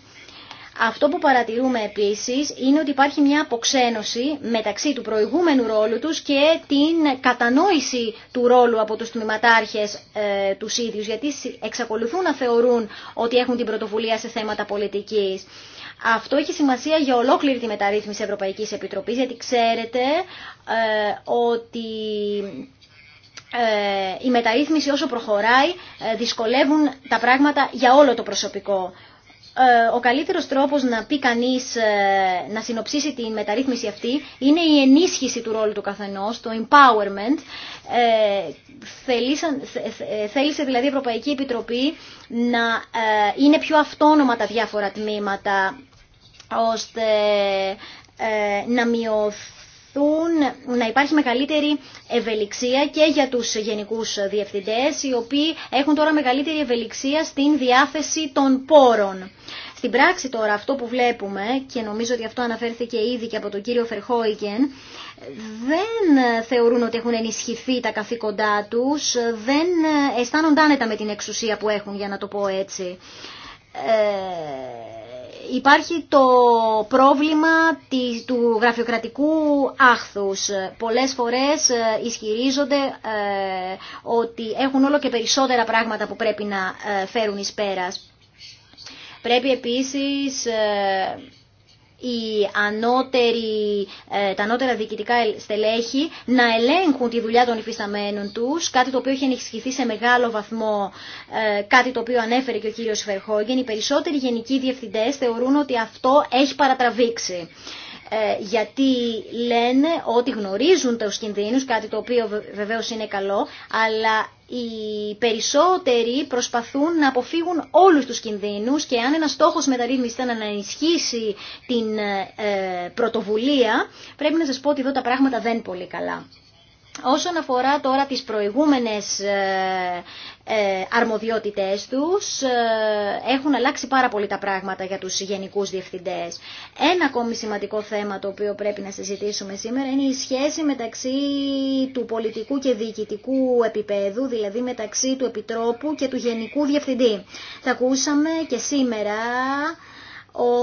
Αυτό που παρατηρούμε επίσης είναι ότι υπάρχει μια αποξένωση μεταξύ του προηγούμενου ρόλου τους και την κατανόηση του ρόλου από τους τμηματάρχες ε, τους ίδιους, γιατί εξακολουθούν να θεωρούν ότι έχουν την πρωτοβουλία σε θέματα πολιτικής. Αυτό έχει σημασία για ολόκληρη τη μεταρρύθμιση Ευρωπαϊκής Επιτροπής, γιατί ξέρετε ε, ότι ε, η μεταρρύθμιση όσο προχωράει ε, δυσκολεύουν τα πράγματα για όλο το προσωπικό. Ο καλύτερος τρόπος να πει κανείς, να συνοψίσει τη μεταρρύθμιση αυτή είναι η ενίσχυση του ρόλου του καθενός, το empowerment. Θέλησε δηλαδή η Ευρωπαϊκή Επιτροπή να είναι πιο αυτόνομα τα διάφορα τμήματα ώστε ε, να μειωθούν, να υπάρχει μεγαλύτερη ευελιξία και για τους γενικούς διευθυντές, οι οποίοι έχουν τώρα μεγαλύτερη ευελιξία στην διάθεση των πόρων. Στην πράξη τώρα αυτό που βλέπουμε, και νομίζω ότι αυτό αναφέρθηκε ήδη και από τον κύριο Φερχόικεν, δεν θεωρούν ότι έχουν ενισχυθεί τα καθήκοντά τους, δεν αισθάνονται άνετα με την εξουσία που έχουν, για να το πω έτσι. Ε, υπάρχει το πρόβλημα του γραφειοκρατικού άχθους. Πολλές φορές ε, ισχυρίζονται ε, ότι έχουν όλο και περισσότερα πράγματα που πρέπει να ε, φέρουν εις πέρας. Πρέπει επίσης οι ανώτεροι, ε, τα ανώτερα διοικητικά στελέχη να ελέγχουν τη δουλειά των υφισταμένων τους, κάτι το οποίο έχει ενισχυθεί σε μεγάλο βαθμό, ε, κάτι το οποίο ανέφερε και ο κύριος Φερχόγγεν. Οι περισσότεροι γενικοί διευθυντές θεωρούν ότι αυτό έχει παρατραβήξει. Ε, γιατί λένε ότι γνωρίζουν τους κινδύνους, κάτι το οποίο βεβαίως είναι καλό, αλλά οι περισσότεροι προσπαθούν να αποφύγουν όλους τους κινδύνους και αν ένας στόχος μεταρρύθμισης ήταν να ενισχύσει την ε, ε, πρωτοβουλία, πρέπει να σας πω ότι εδώ τα πράγματα δεν είναι πολύ καλά. Όσον αφορά τώρα τις προηγούμενες ε, ε, αρμοδιότητές τους, ε, έχουν αλλάξει πάρα πολύ τα πράγματα για τους γενικούς διευθυντές. Ένα ακόμη σημαντικό θέμα το οποίο πρέπει να συζητήσουμε σήμερα είναι η σχέση μεταξύ του πολιτικού και διοικητικού επίπεδου, δηλαδή μεταξύ του Επιτρόπου και του Γενικού Διευθυντή. Θα ακούσαμε και σήμερα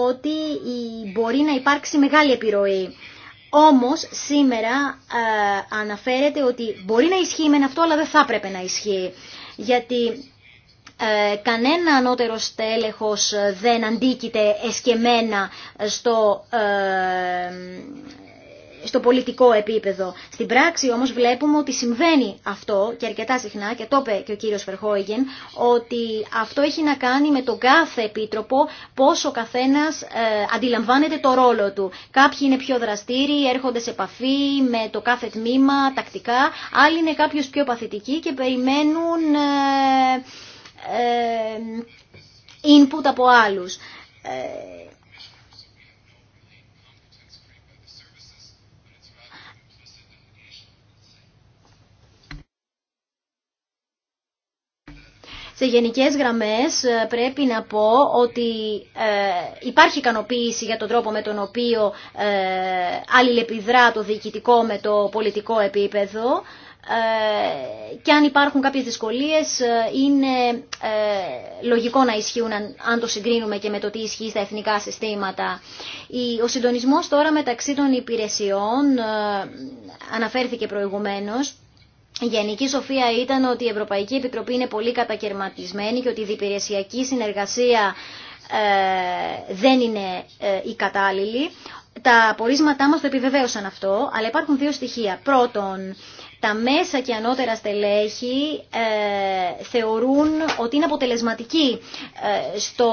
ότι μπορεί να υπάρξει μεγάλη επιρροή όμως σήμερα ε, αναφέρεται ότι μπορεί να ισχύει μεν αυτό αλλά δεν θα πρέπει να ισχύει. Γιατί ε, κανένα ανώτερο τέλεχος δεν αντίκειται εσκεμένα στο, ε, στο πολιτικό επίπεδο. Στην πράξη όμως βλέπουμε ότι συμβαίνει αυτό και αρκετά συχνά και το είπε και ο κύριος Φερχόηγεν ότι αυτό έχει να κάνει με τον κάθε επίτροπο πόσο ο καθένας ε, αντιλαμβάνεται το ρόλο του. Κάποιοι είναι πιο δραστήριοι, έρχονται σε επαφή με το κάθε τμήμα τακτικά, άλλοι είναι κάποιο πιο παθητικοί και περιμένουν ε, ε, input από άλλους. Σε γενικές γραμμές ε, πρέπει να πω ότι ε, υπάρχει ικανοποίηση για τον τρόπο με τον οποίο ε, αλληλεπιδρά το διοικητικό με το πολιτικό επίπεδο και αν υπάρχουν κάποιες δυσκολίες είναι λογικό να ισχύουν αν το συγκρίνουμε και με το τι ισχύει στα εθνικά συστήματα. Ο συντονισμός τώρα μεταξύ των υπηρεσιών αναφέρθηκε προηγουμένως η γενική σοφία ήταν ότι η Ευρωπαϊκή Επιτροπή είναι πολύ κατακαιρματισμένη και ότι η διπηρεσιακή συνεργασία ε, δεν είναι ε, η κατάλληλη. Τα πορίσματά μας το επιβεβαίωσαν αυτό, αλλά υπάρχουν δύο στοιχεία. Πρώτον, τα μέσα και ανώτερα στελέχη ε, θεωρούν ότι είναι αποτελεσματική στο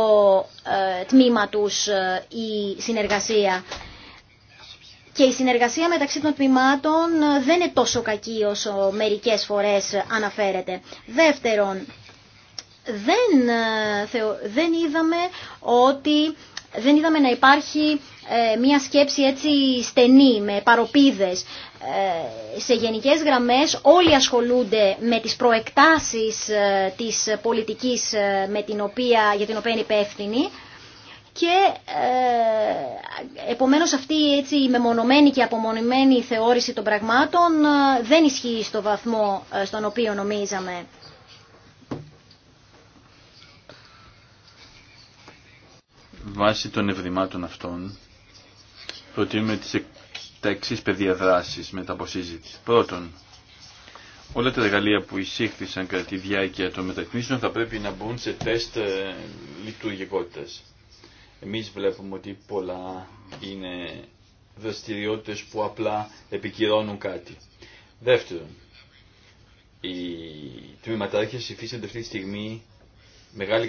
τμήμα τους η συνεργασία και η συνεργασία μεταξύ των τμήματων δεν είναι τόσο κακή όσο μερικές φορές αναφέρεται. Δεύτερον, δεν, ε, δεν είδαμε ότι δεν είδαμε να υπάρχει ε, μια σκέψη έτσι στενή με παροπίδες ε, σε γενικές γραμμές όλοι ασχολούνται με τις προεκτάσεις της πολιτικής με την οποία, για την οποία είναι υπεύθυνοι και ε, επομένως αυτή έτσι, η μεμονωμένη και απομονημένη θεώρηση των πραγμάτων ε, δεν ισχύει στο βαθμό ε, στον οποίο νομίζαμε. Βάσει των ευρημάτων αυτών προτείνουμε τις, τα εξής πεδία μετά από Πρώτον, όλα τα εργαλεία που εισήχθησαν κατά τη διάρκεια των μετακινήσεων θα πρέπει να μπουν σε τεστ ε, λειτουργικότητας εμείς βλέπουμε ότι πολλά είναι δραστηριότητες που απλά επικυρώνουν κάτι. Δεύτερον, οι τμήματάρχες υφίστανται αυτή τη στιγμή μεγάλη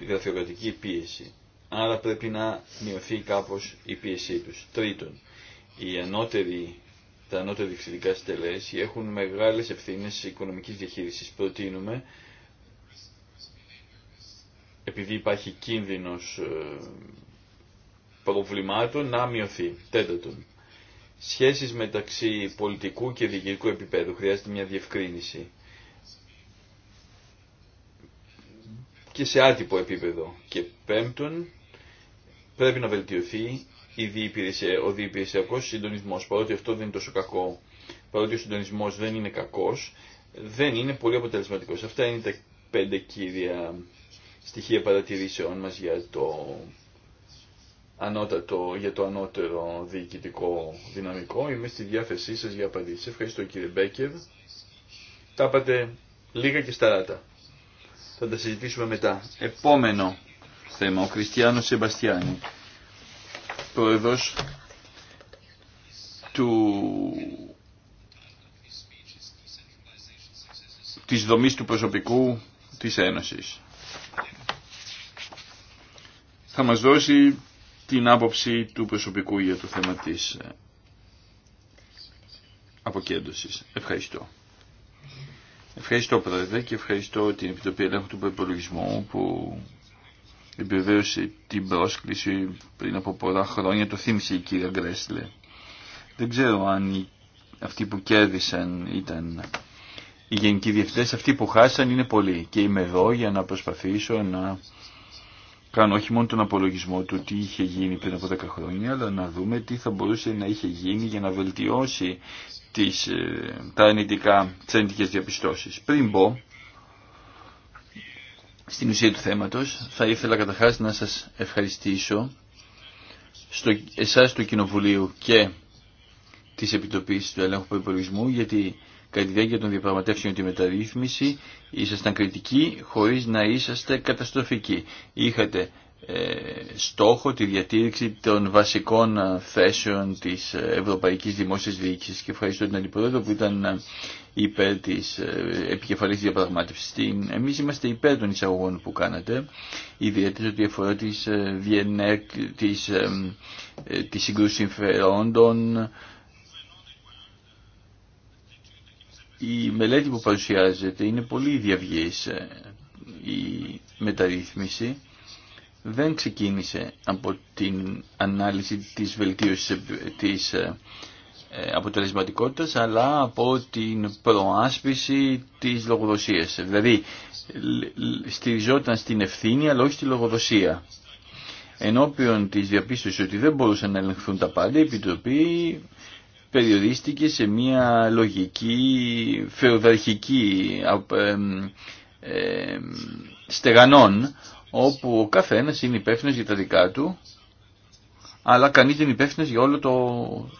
γραφειοκρατική, πίεση. Άρα πρέπει να μειωθεί κάπως η πίεσή τους. Τρίτον, οι ανώτεροι, τα ανώτερα διευθυντικά στελέση έχουν μεγάλες ευθύνες οικονομική διαχείριση. Προτείνουμε επειδή υπάρχει κίνδυνος ε, προβλημάτων να μειωθεί. Τέταρτον, σχέσεις μεταξύ πολιτικού και διοικητικού επίπεδου. Χρειάζεται μια διευκρίνηση. Και σε άτυπο επίπεδο. Και πέμπτον, πρέπει να βελτιωθεί ο διυπηρεσιακός συντονισμός. Παρότι αυτό δεν είναι τόσο κακό, παρότι ο συντονισμός δεν είναι κακός, δεν είναι πολύ αποτελεσματικός. Αυτά είναι τα πέντε κύρια στοιχεία παρατηρήσεων μας για το ανώτατο, για το ανώτερο διοικητικό δυναμικό. Είμαι στη διάθεσή σας για απαντήσεις. Ευχαριστώ κύριε Μπέκερ. Τα είπατε λίγα και σταράτα. Θα τα συζητήσουμε μετά. Επόμενο θέμα, ο Χριστιανος Σεμπαστιάνη, πρόεδρος του της δομής του προσωπικού της Ένωσης θα μας δώσει την άποψη του προσωπικού για το θέμα της ε, αποκέντρωσης. Ευχαριστώ. Ευχαριστώ Πρόεδρε και ευχαριστώ την Επιτροπή Ελέγχου του Προπολογισμού που επιβεβαίωσε την πρόσκληση πριν από πολλά χρόνια, το θύμισε η κυρία Γκρέσλε. Δεν ξέρω αν αυτοί που κέρδισαν ήταν οι γενικοί διευθυντές, αυτοί που χάσαν είναι πολλοί και είμαι εδώ για να προσπαθήσω να κάνω όχι μόνο τον απολογισμό του τι είχε γίνει πριν από 10 χρόνια, αλλά να δούμε τι θα μπορούσε να είχε γίνει για να βελτιώσει τις, ε, τα αρνητικά, διαπιστώσεις. Πριν μπω στην ουσία του θέματος, θα ήθελα καταρχάς να σας ευχαριστήσω στο, εσάς του Κοινοβουλίου και της Επιτροπής του Ελέγχου Προϋπολογισμού, γιατί κατά τη διάρκεια των διαπραγματεύσεων για τη μεταρρύθμιση ήσασταν κριτικοί χωρίς να είσαστε καταστροφικοί. Είχατε ε, στόχο τη διατήρηξη των βασικών ε, θέσεων της ε, Ευρωπαϊκής Δημόσιας Διοίκησης και ευχαριστώ την Αντιπρόεδρο που ήταν υπέρ της επικεφαλής διαπραγμάτευσης. Εμείς είμαστε υπέρ των εισαγωγών που κάνατε, ιδιαίτερα ότι αφορά τις, τις, τις συμφερόντων, Η μελέτη που παρουσιάζεται είναι πολύ διαυγής. Ε, η μεταρρύθμιση δεν ξεκίνησε από την ανάλυση της βελτίωσης ε, της ε, αποτελεσματικότητας αλλά από την προάσπιση της λογοδοσίας. Δηλαδή στηριζόταν στην ευθύνη αλλά όχι στη λογοδοσία. Ενώπιον της διαπίστωσης ότι δεν μπορούσαν να ελεγχθούν τα πάντα, η περιορίστηκε σε μια λογική ε, στεγανών όπου ο καθένας είναι υπεύθυνο για τα δικά του αλλά κανείς δεν υπεύθυνο για όλο το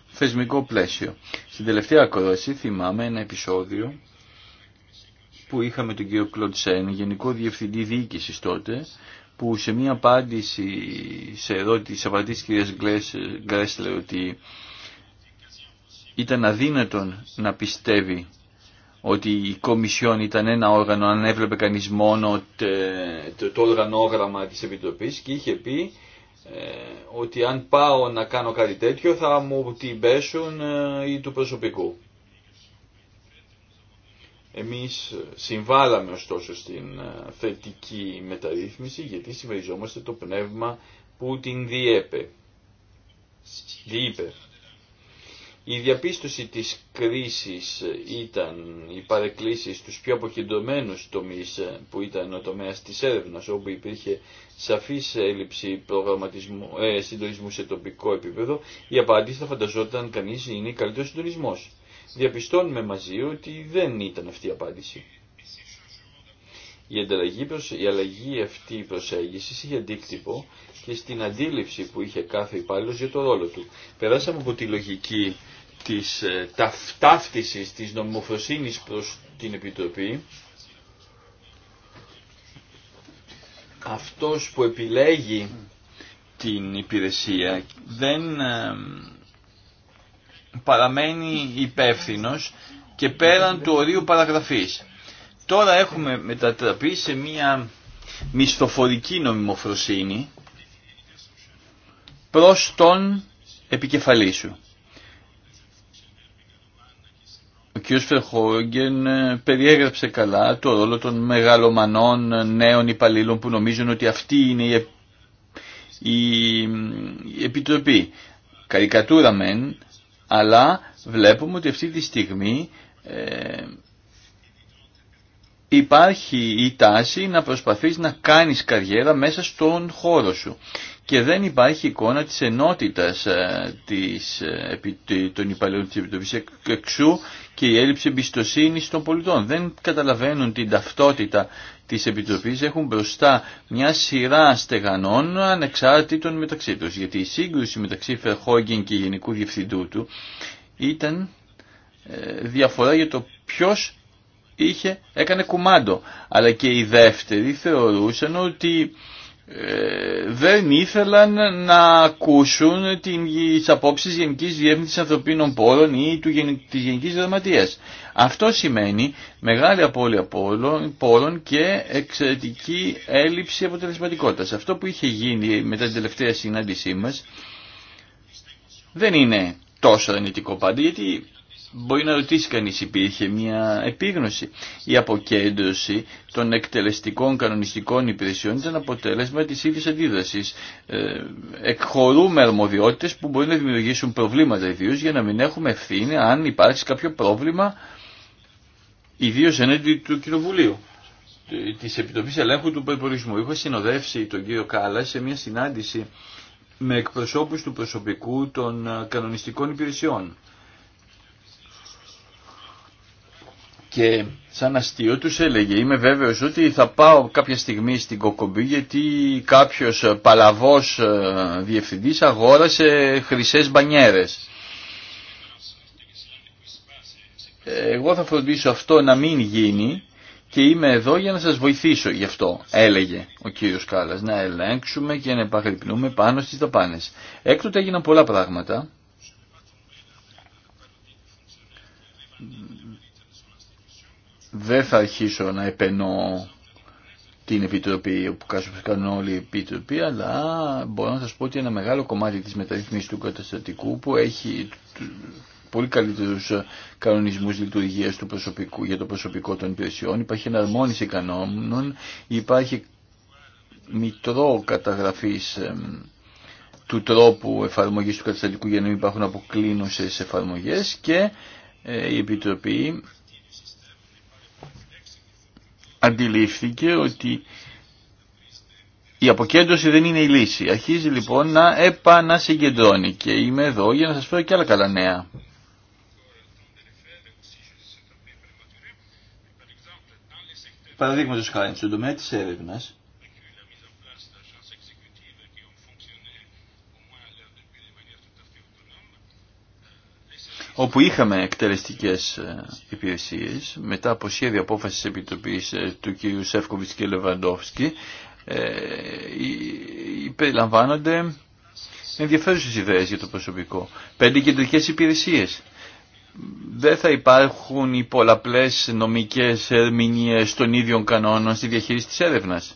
θεσμικό πλαίσιο. Στην τελευταία ακρόαση θυμάμαι ένα επεισόδιο που είχαμε τον κύριο Κλοντσέν, Γενικό Διευθυντή Διοίκηση τότε, που σε μία απάντηση σε ερώτηση, τη απαντήσει της Γκρέσλε ότι ήταν αδύνατον να πιστεύει ότι η Κομισιόν ήταν ένα όργανο, αν έβλεπε κανείς μόνο το, το οργανόγραμμα της Επιτροπής και είχε πει ε, ότι αν πάω να κάνω κάτι τέτοιο θα μου την πέσουν ή ε, του προσωπικού. Εμείς συμβάλαμε ωστόσο στην ε, θετική μεταρρύθμιση γιατί συμμεριζόμαστε το πνεύμα που την διέπε. Η διαπίστωση της κρίσης ήταν η παρεκκλήση στους πιο αποκεντρωμένους τομείς ε, που ήταν ο τομέας της έρευνας όπου υπήρχε σαφής έλλειψη ε, συντονισμού σε τοπικό επίπεδο η απάντηση θα φανταζόταν κανείς είναι καλύτερος συντονισμός. Διαπιστώνουμε μαζί ότι δεν ήταν αυτή η απάντηση. Η, ανταλλαγή, η αλλαγή αυτή η προσέγγιση είχε αντίκτυπο και στην αντίληψη που είχε κάθε υπάλληλο για το ρόλο του. Περάσαμε από τη λογική της ε, ταυτάφτισης της νομιμοφροσύνης προς την Επιτροπή, αυτός που επιλέγει την υπηρεσία δεν παραμένει υπεύθυνος και πέραν του ορίου παραγραφής. Τώρα έχουμε μετατραπεί σε μια μισθοφορική νομιμοφροσύνη προς τον επικεφαλή σου. κ. Φερχόγγεν ε, περιέγραψε καλά το ρόλο των μεγαλομανών ε, νέων υπαλλήλων που νομίζουν ότι αυτή είναι η επιτροπή. Καρικατούρα μεν, αλλά βλέπουμε ότι αυτή τη στιγμή ε, υπάρχει η τάση να προσπαθείς να κάνεις καριέρα μέσα στον χώρο σου και δεν υπάρχει εικόνα της ενότητας ε, της, ε, των υπαλλήλων της Επιτροπής εξού και η έλλειψη εμπιστοσύνη των πολιτών. Δεν καταλαβαίνουν την ταυτότητα της Επιτροπής, έχουν μπροστά μια σειρά στεγανών ανεξάρτητων μεταξύ τους. Γιατί η σύγκρουση μεταξύ Φερχόγγιν και Γενικού Διευθυντού του ήταν ε, διαφορά για το ποιος είχε, έκανε κουμάντο. Αλλά και οι δεύτεροι θεωρούσαν ότι δεν ήθελαν να ακούσουν τις απόψεις Γενικής Διεύθυνσης Ανθρωπίνων Πόρων ή του, της Γενικής Αυτό σημαίνει μεγάλη απώλεια πόρων και εξαιρετική έλλειψη αποτελεσματικότητας. Αυτό που είχε γίνει μετά την τελευταία συνάντησή μας δεν είναι τόσο αρνητικό πάντα γιατί μπορεί να ρωτήσει κανείς υπήρχε μια επίγνωση. Η αποκέντρωση των εκτελεστικών κανονιστικών υπηρεσιών ήταν αποτέλεσμα της ίδιας αντίδρασης. Ε, εκχωρούμε αρμοδιότητες που μπορεί να δημιουργήσουν προβλήματα ιδίω για να μην έχουμε ευθύνη αν υπάρξει κάποιο πρόβλημα ιδίω έναντι του Κοινοβουλίου τη Επιτροπή Ελέγχου του προπολογισμού. Είχα συνοδεύσει τον κύριο Κάλλα σε μια συνάντηση με εκπροσώπους του προσωπικού των ε, κανονιστικών υπηρεσιών και σαν αστείο τους έλεγε είμαι βέβαιο ότι θα πάω κάποια στιγμή στην Κοκομπή γιατί κάποιος παλαβός ε, διευθυντή αγόρασε χρυσέ μπανιέρες. Εγώ θα φροντίσω αυτό να μην γίνει και είμαι εδώ για να σας βοηθήσω γι' αυτό, έλεγε ο κύριος Κάλλας, να ελέγξουμε και να επαγρυπνούμε πάνω στις δαπάνε. Έκτοτε έγιναν πολλά πράγματα, δεν θα αρχίσω να επενώ την Επιτροπή, που κάνουν όλοι οι Επιτροποί, αλλά μπορώ να σας πω ότι ένα μεγάλο κομμάτι της μεταρρυθμίσης του καταστατικού που έχει πολύ καλύτερους κανονισμούς λειτουργίας του προσωπικού, για το προσωπικό των υπηρεσιών, υπάρχει εναρμόνιση κανόνων, υπάρχει μητρό καταγραφής του τρόπου εφαρμογής του καταστατικού για να μην υπάρχουν αποκλίνωσες εφαρμογές και ε, η Επιτροπή αντιλήφθηκε ότι η αποκέντρωση δεν είναι η λύση. Αρχίζει λοιπόν να επανασυγκεντρώνει και είμαι εδώ για να σας πω και άλλα καλά νέα. Παραδείγματος χάρη στον τομέα της έρευνας όπου είχαμε εκτελεστικές ε, υπηρεσίες μετά από σχέδιο απόφασης επιτροπής ε, του κ. Σεύκοβιτς και Λεβαντόφσκι ε, περιλαμβάνονται ενδιαφέρουσες ιδέες για το προσωπικό. Πέντε κεντρικές υπηρεσίες. Δεν θα υπάρχουν οι πολλαπλές νομικές ερμηνείες των ίδιων κανόνων στη διαχείριση της έρευνας.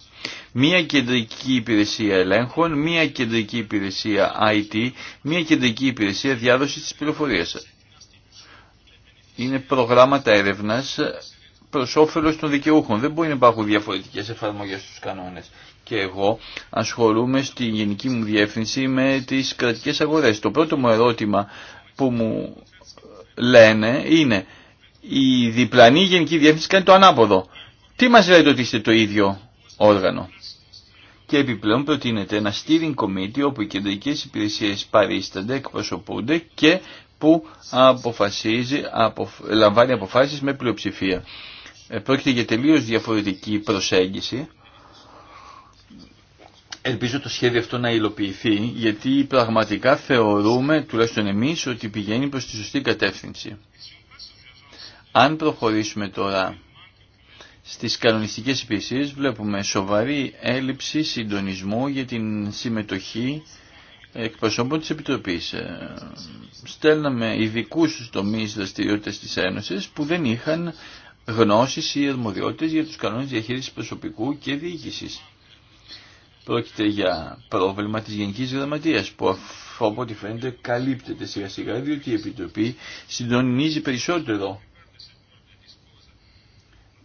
Μία κεντρική υπηρεσία ελέγχων, μία κεντρική υπηρεσία IT, μία κεντρική υπηρεσία διάδοσης της πληροφορίας είναι προγράμματα έρευνας προς όφελος των δικαιούχων. Δεν μπορεί να υπάρχουν διαφορετικές εφαρμογές στους κανόνες. Και εγώ ασχολούμαι στη γενική μου διεύθυνση με τις κρατικές αγορές. Το πρώτο μου ερώτημα που μου λένε είναι η διπλανή γενική διεύθυνση κάνει το ανάποδο. Τι μας λέτε ότι είστε το ίδιο όργανο. Και επιπλέον προτείνεται ένα steering committee όπου οι κεντρικές υπηρεσίες παρίστανται, εκπροσωπούνται και που αποφασίζει, απο, λαμβάνει αποφάσεις με πλειοψηφία. Ε, πρόκειται για τελείως διαφορετική προσέγγιση. Ελπίζω το σχέδιο αυτό να υλοποιηθεί, γιατί πραγματικά θεωρούμε, τουλάχιστον εμείς, ότι πηγαίνει προς τη σωστή κατεύθυνση. Αν προχωρήσουμε τώρα στις κανονιστικές υπηρεσίες, βλέπουμε σοβαρή έλλειψη συντονισμού για την συμμετοχή εκπροσώπων της Επιτροπής. Ε, στέλναμε ειδικού στους τομείς δραστηριότητας της Ένωσης που δεν είχαν γνώσεις ή αρμοδιότητες για τους κανόνες διαχείρισης προσωπικού και διοίκησης. Πρόκειται για πρόβλημα της Γενικής Γραμματείας που από ό,τι φαίνεται καλύπτεται σιγά σιγά διότι η Επιτροπή συντονίζει περισσότερο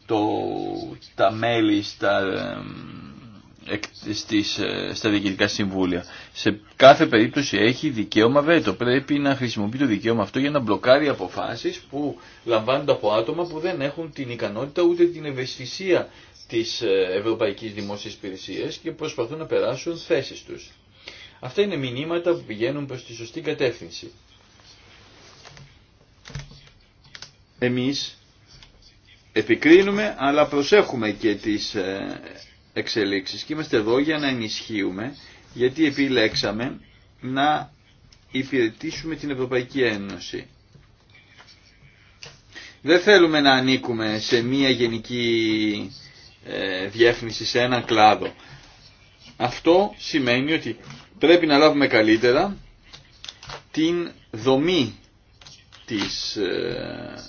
το, τα μέλη στα ε, στις, ε, στα διοικητικά συμβούλια. Σε κάθε περίπτωση έχει δικαίωμα βέτο. Πρέπει να χρησιμοποιεί το δικαίωμα αυτό για να μπλοκάρει αποφάσεις που λαμβάνονται από άτομα που δεν έχουν την ικανότητα ούτε την ευαισθησία της ε, Ευρωπαϊκής Δημόσιας Υπηρεσίας και προσπαθούν να περάσουν θέσεις τους. Αυτά είναι μηνύματα που πηγαίνουν προς τη σωστή κατεύθυνση. Εμείς επικρίνουμε αλλά προσέχουμε και τις ε, εξελίξεις και είμαστε εδώ για να ενισχύουμε γιατί επιλέξαμε να υπηρετήσουμε την Ευρωπαϊκή Ένωση. Δεν θέλουμε να ανήκουμε σε μία γενική ε, διεύθυνση, σε έναν κλάδο. Αυτό σημαίνει ότι πρέπει να λάβουμε καλύτερα την δομή της ε,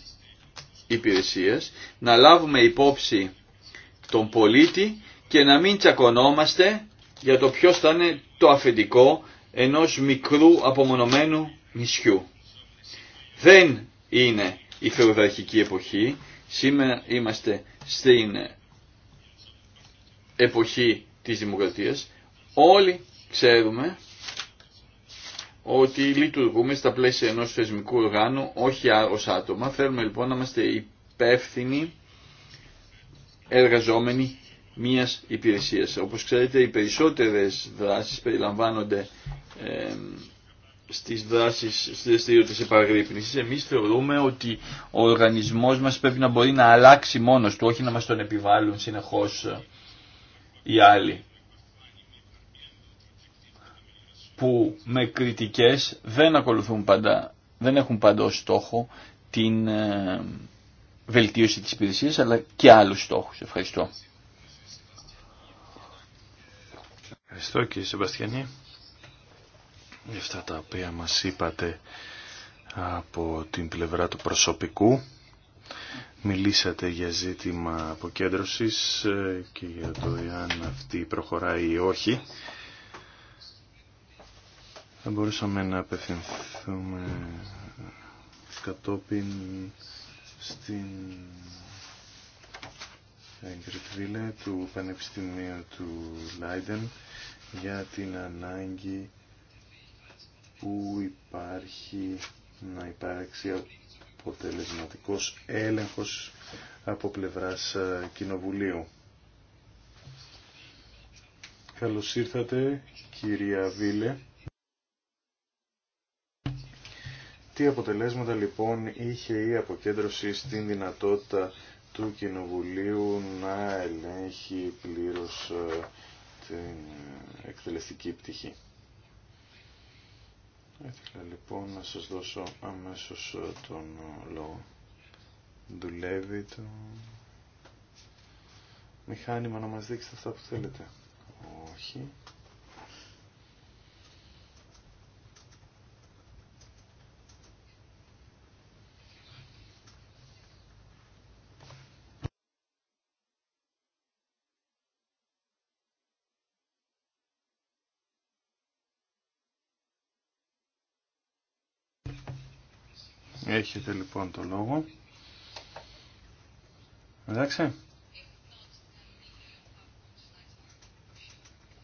υπηρεσίας, να λάβουμε υπόψη τον πολίτη και να μην τσακωνόμαστε για το ποιο θα είναι το αφεντικό ενός μικρού απομονωμένου νησιού. Δεν είναι η φεουδαρχική εποχή. Σήμερα είμαστε στην εποχή της δημοκρατίας. Όλοι ξέρουμε ότι λειτουργούμε στα πλαίσια ενός θεσμικού οργάνου, όχι ως άτομα. Θέλουμε λοιπόν να είμαστε υπεύθυνοι, εργαζόμενοι μιας υπηρεσίας. Όπως ξέρετε οι περισσότερες δράσεις περιλαμβάνονται ε, στις δράσεις, στις δραστηριότητες επαγρύπνησης. Εμείς θεωρούμε ότι ο οργανισμός μας πρέπει να μπορεί να αλλάξει μόνος του, όχι να μας τον επιβάλλουν συνεχώς ε, οι άλλοι. Που με κριτικές δεν ακολουθούν πάντα, δεν έχουν πάντα ως στόχο την ε, βελτίωση της υπηρεσίας, αλλά και άλλους στόχους. Ευχαριστώ. Ευχαριστώ κύριε Σεμπαστιανή για αυτά τα οποία μας είπατε από την πλευρά του προσωπικού. Μιλήσατε για ζήτημα αποκέντρωσης ε, και για το εάν αυτή προχωράει ή όχι. Θα μπορούσαμε να απευθυνθούμε κατόπιν στην βίλε, του Πανεπιστημίου του Λάιντεν για την ανάγκη που υπάρχει να υπάρξει αποτελεσματικός έλεγχος από πλευράς ε, Κοινοβουλίου. Καλώς ήρθατε κυρία Βίλε. Τι αποτελέσματα λοιπόν είχε η αποκέντρωση στην δυνατότητα του Κοινοβουλίου να ελέγχει πλήρως ε, την εκτελεστική πτυχή. Ήθελα λοιπόν να σας δώσω αμέσως ε, τον ε, λόγο. Δουλεύει το μηχάνημα να μας δείξετε αυτά που θέλετε. Όχι. Έχετε λοιπόν το λόγο. Εντάξει.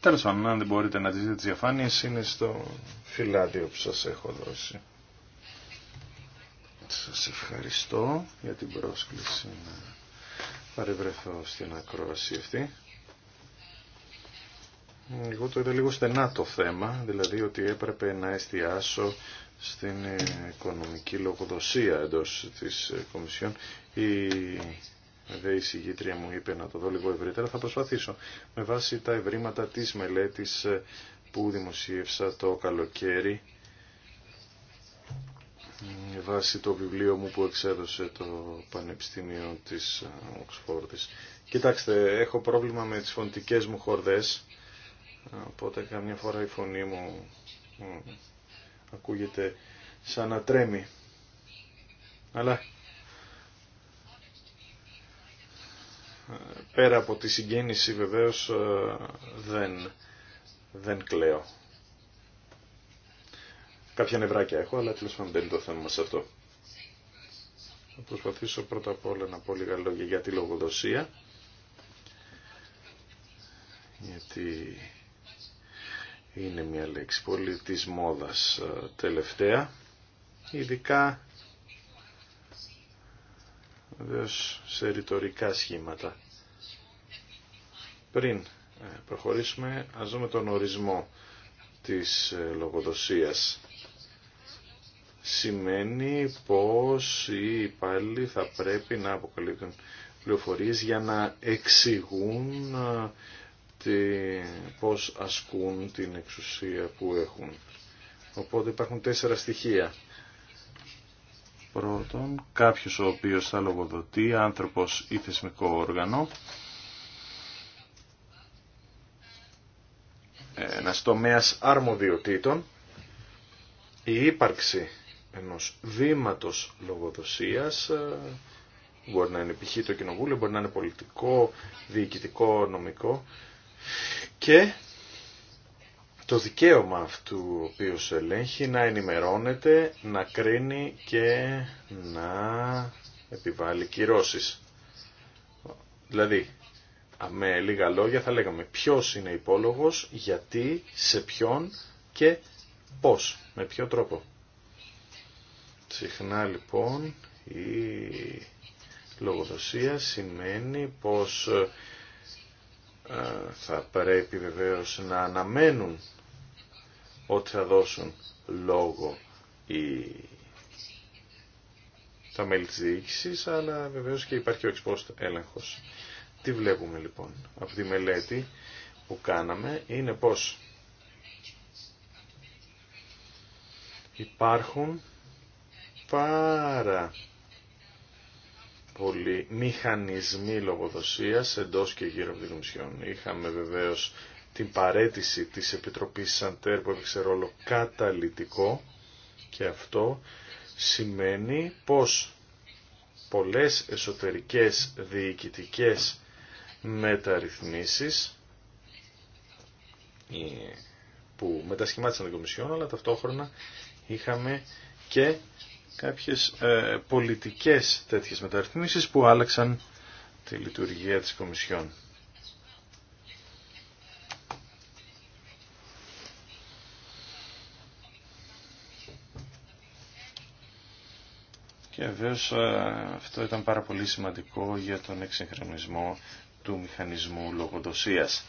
Τέλο πάντων, αν δεν μπορείτε να τη δείτε τι διαφάνειε, είναι στο φυλάδιο που σα έχω δώσει. Σα ευχαριστώ για την πρόσκληση να παρευρεθώ στην ακρόαση αυτή. Εγώ το είδα λίγο στενά το θέμα, δηλαδή ότι έπρεπε να εστιάσω στην οικονομική λογοδοσία εντός της ε, Κομισιόν. Η δε συγγήτρια μου είπε να το δω λίγο ευρύτερα. Θα προσπαθήσω με βάση τα ευρήματα της μελέτης ε, που δημοσίευσα το καλοκαίρι με βάση το βιβλίο μου που εξέδωσε το Πανεπιστήμιο της ε, Οξφόρδης. Κοιτάξτε, έχω πρόβλημα με τις φωνητικές μου χορδές, οπότε καμιά φορά η φωνή μου ακούγεται σαν να τρέμει. Αλλά ε, πέρα από τη συγκίνηση βεβαίως ε, δεν, δεν κλαίω. Κάποια νευράκια έχω, αλλά τέλος πάντων δεν είναι το θέμα μας αυτό. Θα προσπαθήσω πρώτα απ' όλα να πω λίγα λόγια για τη λογοδοσία. Γιατί είναι μια λέξη πολύ της μόδας ε, τελευταία ειδικά βεβαίως σε ρητορικά σχήματα πριν ε, προχωρήσουμε ας δούμε τον ορισμό της ε, λογοδοσίας σημαίνει πως οι υπάλληλοι θα πρέπει να αποκαλύπτουν πληροφορίες για να εξηγούν τι, πώς ασκούν την εξουσία που έχουν. Οπότε υπάρχουν τέσσερα στοιχεία. Πρώτον, κάποιος ο οποίος θα λογοδοτεί, άνθρωπος ή θεσμικό όργανο. Ένας τομέας αρμοδιοτήτων. Η ύπαρξη ενός βήματος λογοδοσίας ε, μπορεί να είναι π.χ. το κοινοβούλιο, μπορεί να είναι πολιτικό, διοικητικό, νομικό και το δικαίωμα αυτού ο οποίος ελέγχει να ενημερώνεται, να κρίνει και να επιβάλλει κυρώσεις. Δηλαδή, με λίγα λόγια θα λέγαμε ποιος είναι υπόλογος, γιατί, σε ποιον και πώς, με ποιο τρόπο. Συχνά λοιπόν η λογοδοσία σημαίνει πως ε, θα πρέπει βεβαίως να αναμένουν ότι θα δώσουν λόγο η τα μέλη της διοίκησης, αλλά βεβαίως και υπάρχει ο εξπόστ έλεγχος. Τι βλέπουμε λοιπόν από τη μελέτη που κάναμε είναι πως υπάρχουν πάρα πολλοί μηχανισμοί λογοδοσία εντός και γύρω από την Κομισιόν. Είχαμε βεβαίως την παρέτηση της Επιτροπής Σαντέρ που έπαιξε ρόλο καταλητικό και αυτό σημαίνει πως πολλές εσωτερικές διοικητικές μεταρρυθμίσεις ε, που μετασχημάτισαν την Κομισιόν αλλά ταυτόχρονα είχαμε και κάποιες ε, πολιτικές τέτοιες μεταρρυθμίσεις που άλλαξαν τη λειτουργία της Κομισιόν. Και βέβαια ε, αυτό ήταν πάρα πολύ σημαντικό για τον εξυγχρονισμό του μηχανισμού λογοδοσίας.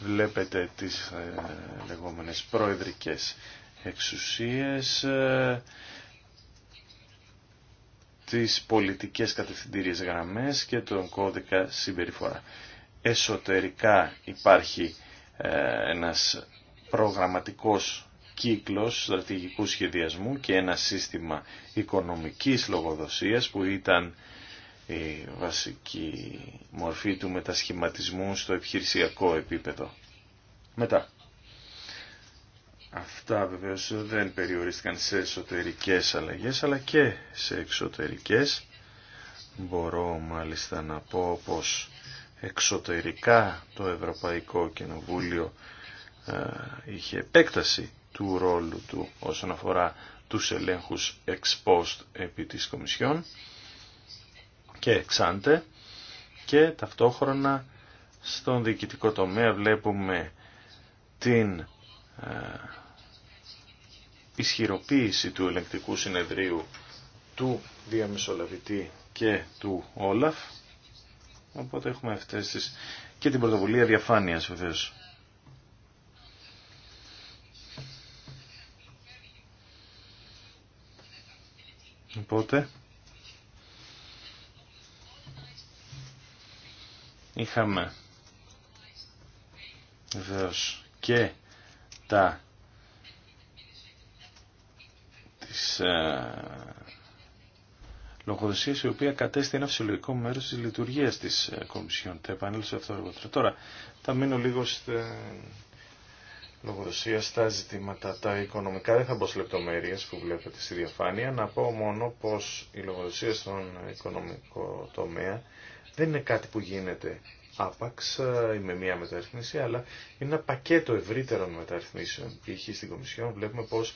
Βλέπετε τις ε, λεγόμενες προεδρικές εξουσίες, ε, τις πολιτικές κατευθυντήριες γραμμές και τον κώδικα συμπεριφορά. Εσωτερικά υπάρχει ε, ένας προγραμματικός κύκλος στρατηγικού σχεδιασμού και ένα σύστημα οικονομικής λογοδοσίας που ήταν η βασική μορφή του μετασχηματισμού στο επιχειρησιακό επίπεδο. Μετά, Αυτά βεβαίως δεν περιορίστηκαν σε εσωτερικές αλλαγές αλλά και σε εξωτερικές. Μπορώ μάλιστα να πω πως εξωτερικά το Ευρωπαϊκό Κοινοβούλιο ε, είχε επέκταση του ρόλου του όσον αφορά τους ελέγχους ex post επί της Κομισιόν και εξάντε και ταυτόχρονα στον διοικητικό τομέα βλέπουμε την ε, ισχυροποίηση του ελεγκτικού συνεδρίου του διαμεσολαβητή και του Όλαφ. Οπότε έχουμε αυτές τις... και την πρωτοβουλία διαφάνειας βεβαίως. Οπότε είχαμε βεβαίως και τα της ε, λογοδοσίες η οποία κατέστη ένα φυσιολογικό μέρος της λειτουργίας της ε, Κομισιόν. Τα επανέλθω αυτό αργότερα. Τώρα θα μείνω λίγο στη λογοδοσία στα ζητήματα τα οικονομικά. Δεν θα μπω σε λεπτομέρειες που βλέπετε στη διαφάνεια. Να πω μόνο πως η λογοδοσία στον οικονομικό τομέα δεν είναι κάτι που γίνεται άπαξ με μία μεταρρύθμιση, αλλά είναι ένα πακέτο ευρύτερων μεταρρυθμίσεων. Π.χ. στην Κομισιόν βλέπουμε πως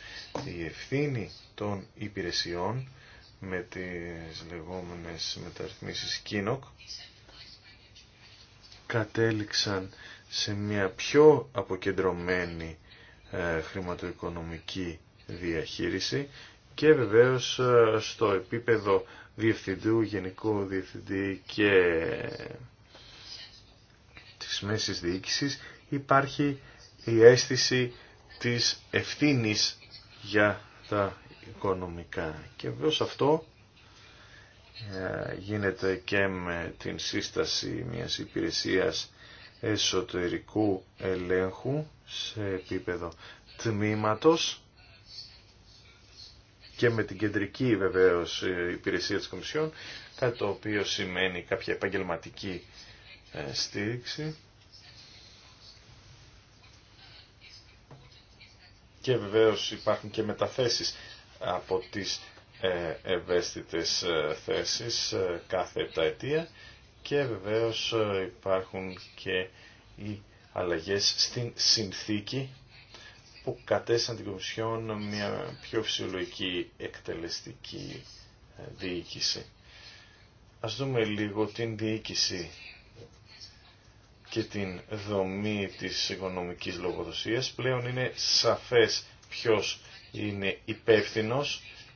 η ευθύνη των υπηρεσιών με τις λεγόμενες μεταρρυθμίσεις ΚΙΝΟΚ κατέληξαν σε μια πιο αποκεντρωμένη ε, χρηματοοικονομική διαχείριση και βεβαίως ε, στο επίπεδο διευθυντού, γενικού διευθυντή και μέσης διοίκησης υπάρχει η αίσθηση της ευθύνης για τα οικονομικά. Και βέβαια αυτό ε, γίνεται και με την σύσταση μιας υπηρεσίας εσωτερικού ελέγχου σε επίπεδο τμήματος και με την κεντρική βεβαίως ε, υπηρεσία της Κομισιόν, κάτι το οποίο σημαίνει κάποια επαγγελματική ε, στήριξη και βεβαίως υπάρχουν και μεταθέσεις από τις ε, ευαίσθητες ε, θέσεις ε, κάθε επταετία και βεβαίως υπάρχουν και οι αλλαγές στην συνθήκη που κατέστησαν την Κομισιόν μια πιο φυσιολογική εκτελεστική διοίκηση. Ας δούμε λίγο την διοίκηση και την δομή της οικονομικής λογοδοσίας, πλέον είναι σαφές ποιος είναι υπεύθυνο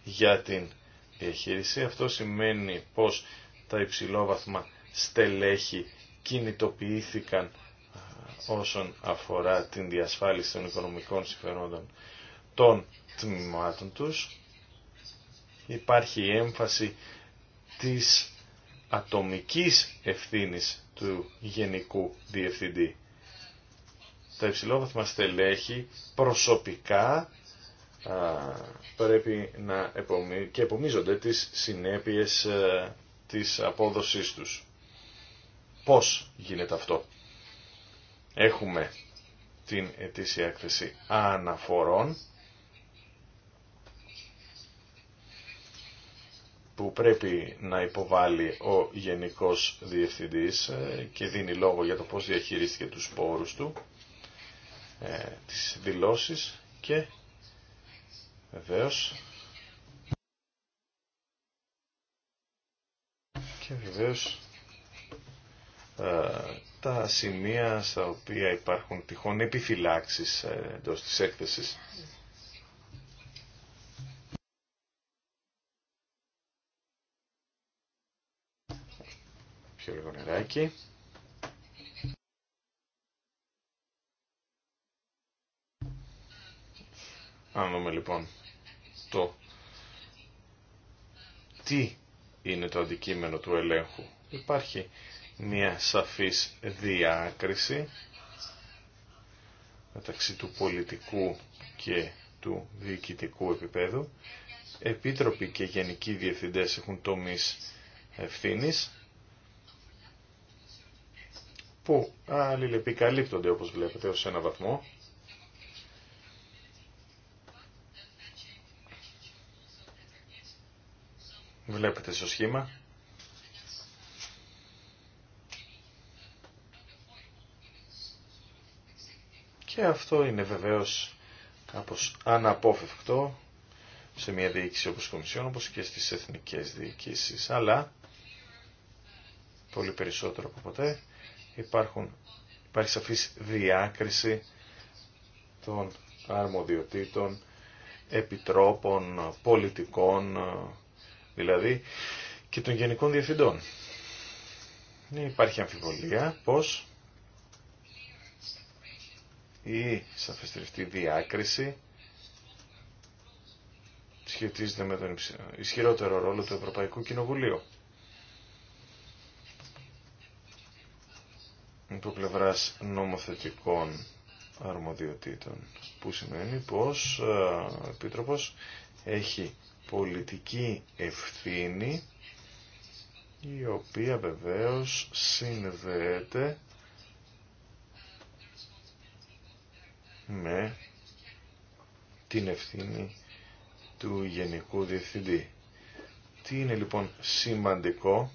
για την διαχείριση. Αυτό σημαίνει πως τα υψηλόβαθμα στελέχη κινητοποιήθηκαν όσον αφορά την διασφάλιση των οικονομικών συμφερόντων των τμήματων τους. Υπάρχει η έμφαση της ατομικής ευθύνης του Γενικού Διευθυντή. Τα υψηλόβαθμα στελέχη προσωπικά α, πρέπει να και επομίζονται τις συνέπειες της απόδοσής τους. Πώς γίνεται αυτό. Έχουμε την ετήσια έκθεση αναφορών που πρέπει να υποβάλει ο Γενικός Διευθυντής ε, και δίνει λόγο για το πώς διαχειρίστηκε τους πόρους του, ε, τις δηλώσεις και βεβαίως και ε, τα σημεία στα οποία υπάρχουν τυχόν επιφυλάξεις εντό της έκθεσης λίγο Αν δούμε λοιπόν το τι είναι το αντικείμενο του ελέγχου. Υπάρχει μια σαφής διάκριση μεταξύ του πολιτικού και του διοικητικού επίπεδου. Επίτροποι και γενικοί διευθυντές έχουν τομείς ευθύνης που αλληλεπικαλύπτονται όπως βλέπετε ως ένα βαθμό. Βλέπετε στο σχήμα. Και αυτό είναι βεβαίως κάπως αναπόφευκτο σε μια διοίκηση όπως Κομισιόν, όπως και στις εθνικές διοικήσεις, αλλά πολύ περισσότερο από ποτέ υπάρχουν, υπάρχει σαφής διάκριση των αρμοδιοτήτων, επιτρόπων, πολιτικών, δηλαδή και των γενικών διευθυντών. Ναι, υπάρχει αμφιβολία πως η σαφεστρευτή διάκριση σχετίζεται με τον ισχυρότερο ρόλο του Ευρωπαϊκού Κοινοβουλίου. από πλευρά νομοθετικών αρμοδιοτήτων που σημαίνει πως ε, ο Επίτροπος έχει πολιτική ευθύνη η οποία βεβαίως συνδέεται με την ευθύνη του Γενικού Διευθυντή. Τι είναι λοιπόν σημαντικό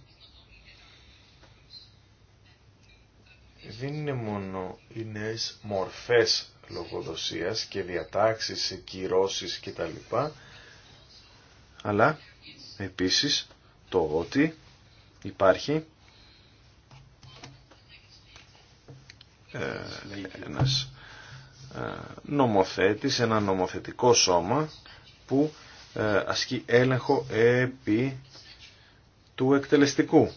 δεν είναι μόνο οι νέες μορφές λογοδοσίας και διατάξεις, κυρώσεις κτλ. Αλλά επίσης το ότι υπάρχει ε, ένας ε, νομοθέτης, ένα νομοθετικό σώμα που ε, ασκεί έλεγχο επί του εκτελεστικού.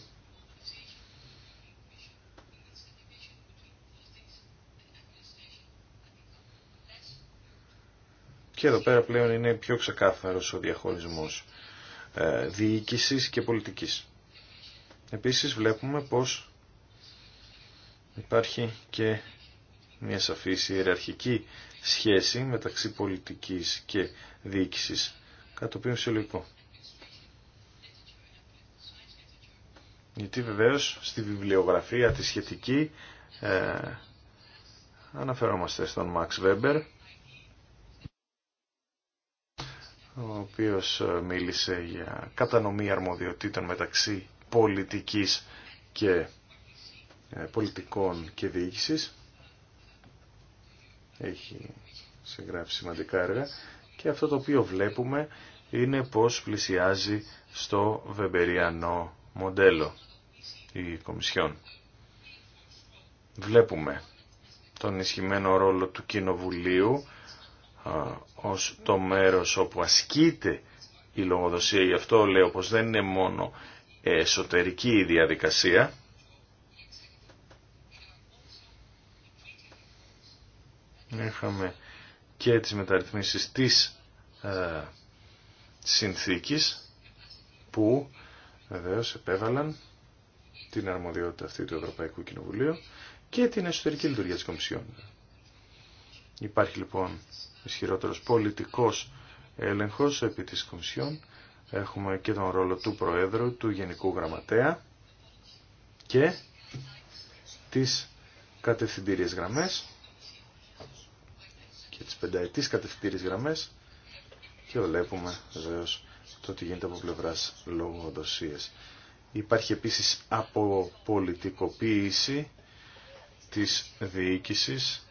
Και εδώ πέρα πλέον είναι πιο ξεκάθαρος ο διαχωρισμός ε, και πολιτικής. Επίσης βλέπουμε πως υπάρχει και μια σαφής ιεραρχική σχέση μεταξύ πολιτικής και διοίκησης, κατά το οποίο συλλογικό. Γιατί βεβαίως στη βιβλιογραφία τη σχετική ε, αναφερόμαστε στον Μαξ Βέμπερ ο οποίος ε, μίλησε για κατανομή αρμοδιοτήτων μεταξύ πολιτικής και ε, πολιτικών και διοίκησης. Έχει συγγράψει σημαντικά έργα και αυτό το οποίο βλέπουμε είναι πως πλησιάζει στο βεμπεριανό μοντέλο η Κομισιόν. Βλέπουμε τον ισχυμένο ρόλο του Κοινοβουλίου ως το μέρος όπου ασκείται η λογοδοσία. Γι' αυτό λέω πως δεν είναι μόνο εσωτερική η διαδικασία, Είχαμε και τις μεταρρυθμίσεις της ε, συνθήκης που βεβαίω επέβαλαν την αρμοδιότητα αυτή του Ευρωπαϊκού Κοινοβουλίου και την εσωτερική λειτουργία της Κομισιόν. Υπάρχει λοιπόν ισχυρότερος πολιτικός έλεγχος επί της Κομισιόν. Έχουμε και τον ρόλο του Προέδρου, του Γενικού Γραμματέα και τις κατευθυντήριες γραμμές και τις πενταετής κατευθυντήριες γραμμές και βλέπουμε βεβαίω το τι γίνεται από πλευράς λογοδοσίες. Υπάρχει επίσης αποπολιτικοποίηση της διοίκησης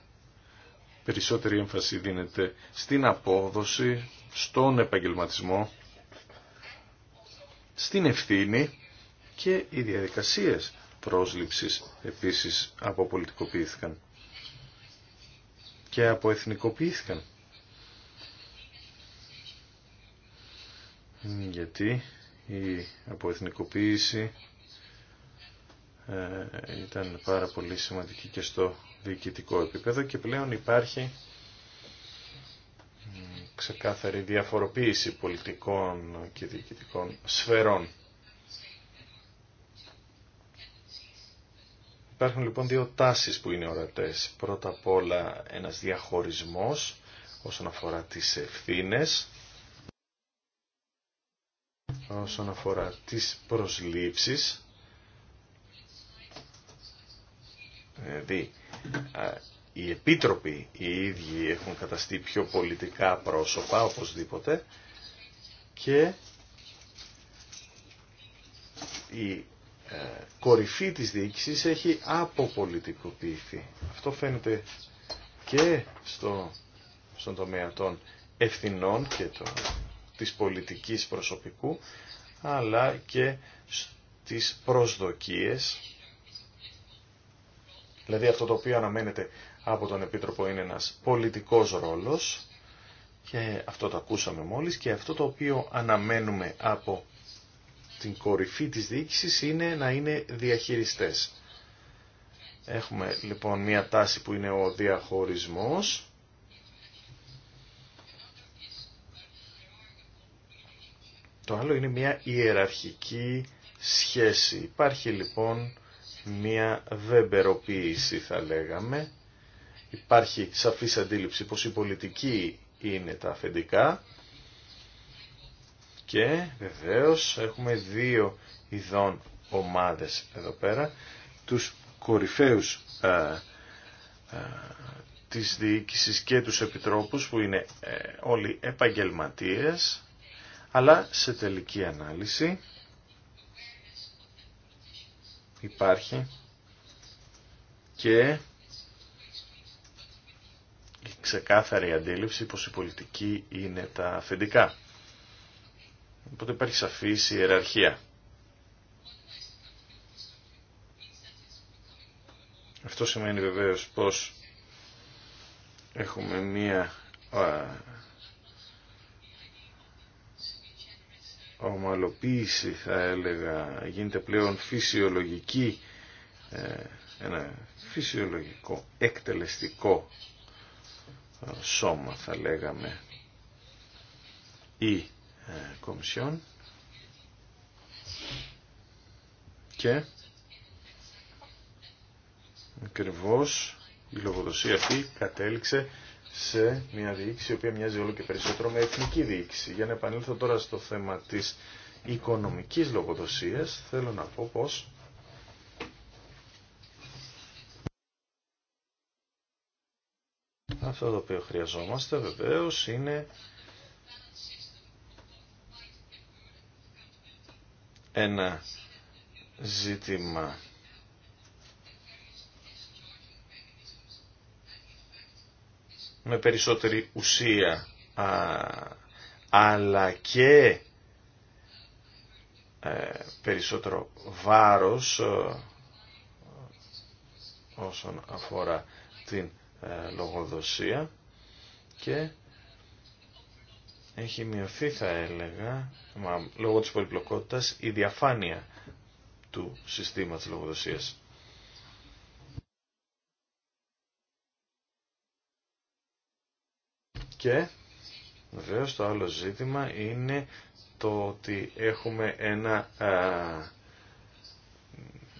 Περισσότερη έμφαση δίνεται στην απόδοση, στον επαγγελματισμό, στην ευθύνη και οι διαδικασίες πρόσληψης επίσης αποπολιτικοποιήθηκαν και αποεθνικοποιήθηκαν. Γιατί η αποεθνικοποίηση ε, ήταν πάρα πολύ σημαντική και στο διοικητικό επίπεδο και πλέον υπάρχει ξεκάθαρη διαφοροποίηση πολιτικών και διοικητικών σφαιρών. Υπάρχουν λοιπόν δύο τάσεις που είναι ορατές. Πρώτα απ' όλα ένας διαχωρισμός όσον αφορά τις ευθύνες, όσον αφορά τις προσλήψεις, δηλαδή οι επίτροποι οι ίδιοι έχουν καταστεί πιο πολιτικά πρόσωπα οπωσδήποτε και η ε, κορυφή της διοίκησης έχει αποπολιτικοποιηθεί. Αυτό φαίνεται και στο, στον τομέα των ευθυνών και το, της πολιτικής προσωπικού αλλά και στις προσδοκίες Δηλαδή αυτό το οποίο αναμένεται από τον Επίτροπο είναι ένας πολιτικός ρόλος και αυτό το ακούσαμε μόλις και αυτό το οποίο αναμένουμε από την κορυφή της διοίκησης είναι να είναι διαχειριστές. Έχουμε λοιπόν μία τάση που είναι ο διαχωρισμός. Το άλλο είναι μία ιεραρχική σχέση. Υπάρχει λοιπόν μια βεμπεροποίηση θα λέγαμε. Υπάρχει σαφής αντίληψη πως η πολιτική είναι τα αφεντικά και βεβαίως έχουμε δύο ειδών ομάδες εδώ πέρα, τους κορυφαίους α, ε, α, ε, της διοίκησης και τους επιτρόπους που είναι ε, όλοι επαγγελματίες, αλλά σε τελική ανάλυση υπάρχει και η ξεκάθαρη αντίληψη πως η πολιτική είναι τα αφεντικά. Οπότε υπάρχει σαφής ιεραρχία. Αυτό σημαίνει βεβαίως πως έχουμε μία ομαλοποίηση θα έλεγα γίνεται πλέον φυσιολογική ε, ένα φυσιολογικό εκτελεστικό ε, σώμα θα λέγαμε ή ε, κομισιόν και ακριβώ η λογοδοσία αυτή κατέληξε σε μια διοίκηση η οποία μοιάζει όλο και περισσότερο με εθνική διοίκηση. Για να επανέλθω τώρα στο θέμα της οικονομικής λογοδοσίας, θέλω να πω πως αυτό το οποίο χρειαζόμαστε βεβαίως είναι ένα ζήτημα με περισσότερη ουσία αλλά και ε, περισσότερο βάρος ε, όσον αφορά την ε, λογοδοσία και έχει μειωθεί θα έλεγα λόγω της πολυπλοκότητας η διαφάνεια του συστήματος λογοδοσίας. Και βεβαίως το άλλο ζήτημα είναι το ότι έχουμε ένα,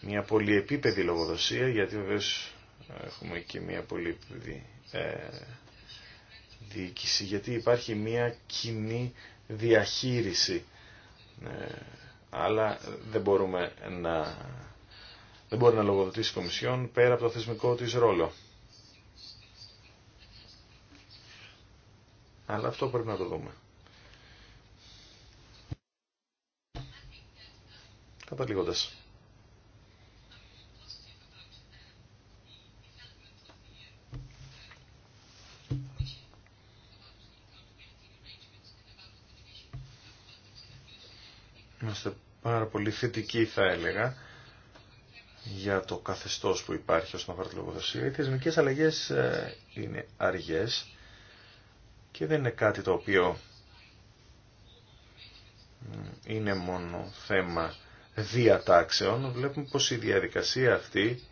μια πολυεπίπεδη λογοδοσία, γιατί βεβαίως έχουμε και μια πολυεπίπεδη ε, διοίκηση, γιατί υπάρχει μια κοινή διαχείριση, ε, αλλά δεν μπορούμε να... Δεν μπορεί να λογοδοτήσει η Κομισιόν πέρα από το θεσμικό της ρόλο. Αλλά αυτό πρέπει να το δούμε. Καταλήγοντας. Είμαστε πάρα πολύ θετικοί θα έλεγα για το καθεστώς που υπάρχει όσον αφορά τη λογοδοσία. Οι θεσμικές αλλαγές ε, είναι αργές και δεν είναι κάτι το οποίο είναι μόνο θέμα διατάξεων. Βλέπουμε πως η διαδικασία αυτή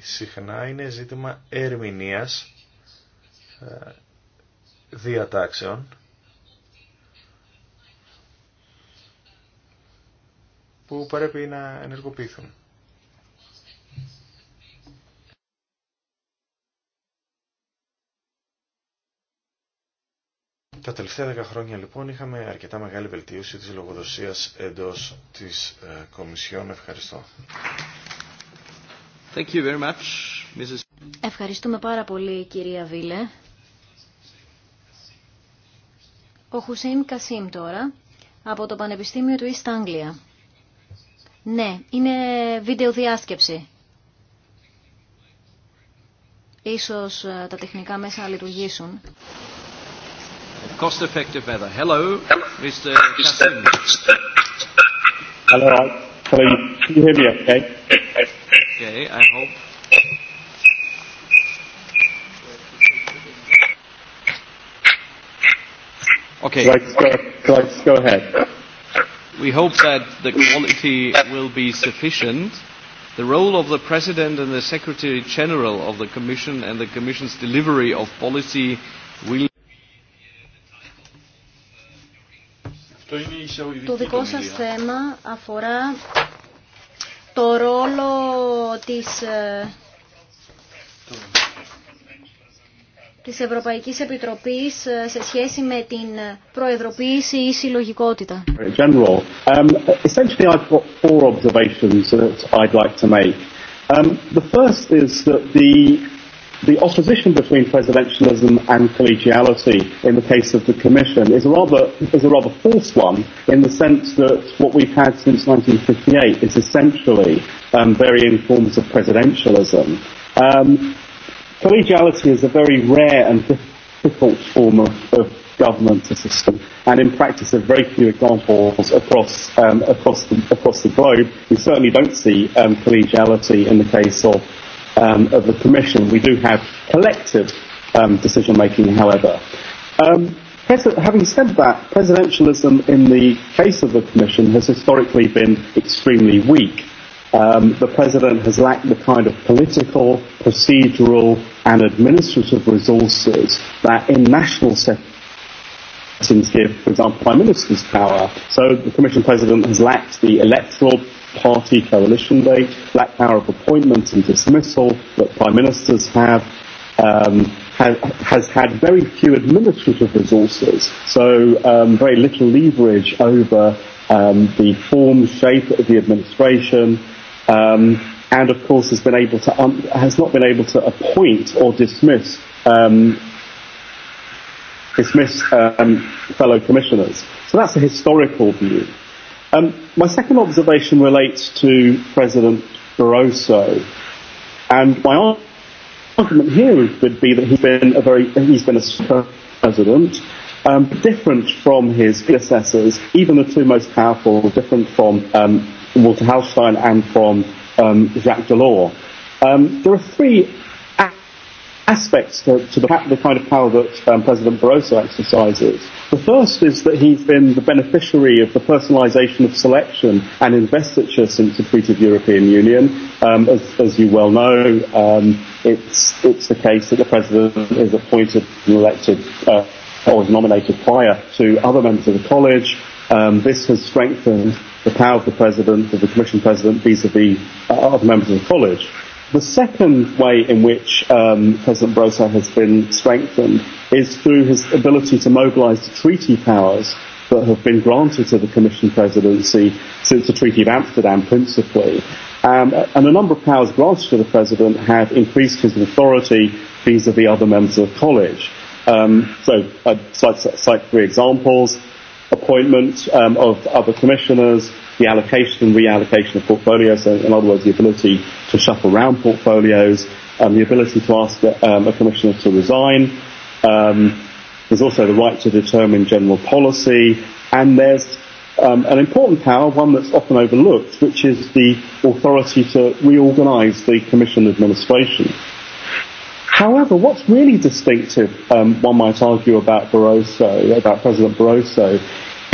συχνά είναι ζήτημα ερμηνείας ε, διατάξεων που πρέπει να ενεργοποιηθούν. Τα τελευταία δέκα χρόνια λοιπόν είχαμε αρκετά μεγάλη βελτίωση της λογοδοσίας εντός της ε, Κομισιόν. Ευχαριστώ. Thank you very much, Mrs. Ευχαριστούμε πάρα πολύ κυρία Βίλε. Ο Χουσέιν Κασίμ τώρα, από το Πανεπιστήμιο του East Anglia. Ναι, είναι βίντεο διάσκεψη. Ίσως ε, τα τεχνικά μέσα λειτουργήσουν cost-effective manner. Hello, Mr. Kassim. Hello, hello. You hear me okay? Okay, I hope. Okay. Let's go ahead. We hope that the quality will be sufficient. The role of the President and the Secretary General of the Commission and the Commission's delivery of policy will Το δικό σας θέμα αφορά το ρόλο της, ε, της Ευρωπαϊκής Επιτροπής ε, σε σχέση με την προεδροποίηση ή συλλογικότητα. General. Um, essentially I've got four observations that I'd like to make. Um, the first is that the The opposition between presidentialism and collegiality in the case of the Commission is a rather, is a rather false one in the sense that what we've had since 1958 is essentially um, varying forms of presidentialism. Um, collegiality is a very rare and difficult form of, of government system. And in practice, there are very few examples across um, across the, across the globe. We certainly don't see um, collegiality in the case of um, of the Commission. We do have collective um, decision making, however. Um, having said that, presidentialism in the case of the Commission has historically been extremely weak. Um, the President has lacked the kind of political, procedural and administrative resources that in national settings give, for example, Prime Minister's power. So the Commission President has lacked the electoral Party Coalition date, lack Power of Appointment and Dismissal that Prime Ministers have um, has had very few administrative resources, so um, very little leverage over um, the form, shape of the administration, um, and of course has been able to has not been able to appoint or dismiss um, dismiss um, fellow commissioners. So that's a historical view. Um, my second observation relates to President Barroso, and my argument here would be that he's been a very he's been a president, um, different from his predecessors, even the two most powerful, different from um, Walter Hallstein and from um, Jacques Delors. Um, there are three aspects to, to the, the kind of power that um, President Barroso exercises. The first is that he's been the beneficiary of the personalisation of selection and investiture since the Treaty of European Union. Um, as, as you well know, um, it's, it's the case that the President is appointed and elected uh, or nominated prior to other members of the College. Um, this has strengthened the power of the President, of the Commission President, vis-à-vis other members of the College. The second way in which um, President Brosa has been strengthened is through his ability to mobilise the treaty powers that have been granted to the Commission presidency since the Treaty of Amsterdam, principally. Um, and a number of powers granted to the president have increased his authority vis-à-vis other members of college. Um, so I'd cite, cite three examples. Appointment um, of other commissioners, the allocation and reallocation of portfolios, so in other words, the ability to shuffle around portfolios, um, the ability to ask um, a commissioner to resign. Um, there's also the right to determine general policy, and there's um, an important power, one that's often overlooked, which is the authority to reorganise the commission administration. However, what's really distinctive, um, one might argue, about Barroso, about President Barroso,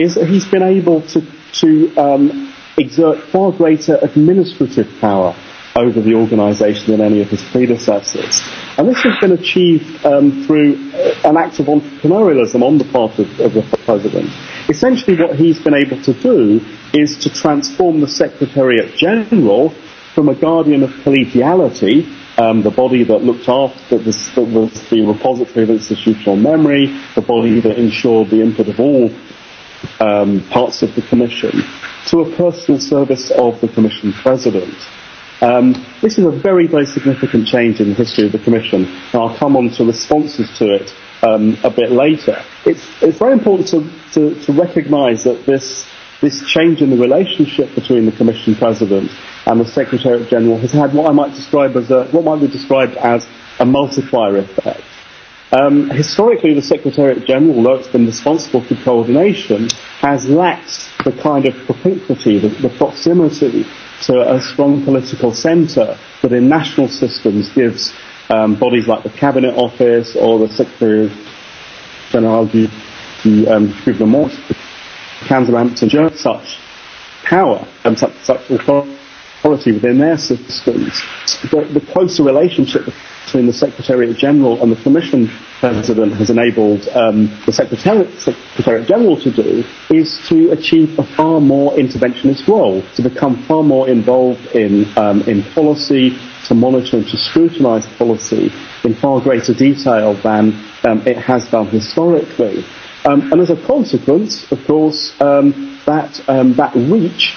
is that he's been able to to um, exert far greater administrative power over the organisation than any of his predecessors. And this has been achieved um, through an act of entrepreneurialism on the part of, of the President. Essentially what he's been able to do is to transform the Secretariat General from a guardian of collegiality um, the body that looked after that was the repository of institutional memory, the body that ensured the input of all um, parts of the Commission to a personal service of the Commission President. Um, this is a very, very significant change in the history of the Commission, and I'll come on to responses to it um, a bit later. It's, it's very important to, to, to recognise that this, this change in the relationship between the Commission President and the Secretary General has had what I might describe as a, what might be described as a multiplier effect. Um, historically, the Secretariat General, though it's been responsible for coordination, has lacked the kind of propinquity, the, the proximity to a strong political centre that in national systems gives um, bodies like the Cabinet Office or the Secretary General the um, Gouvernement, Council of and such power and such, such authority quality within their systems. The closer relationship between the Secretariat General and the Commission President has enabled the Secretariat General to do is to achieve a far more interventionist role, to become far more involved in in policy, to monitor and to scrutinise policy in far greater detail than it has done historically. And as a consequence, of course, that that reach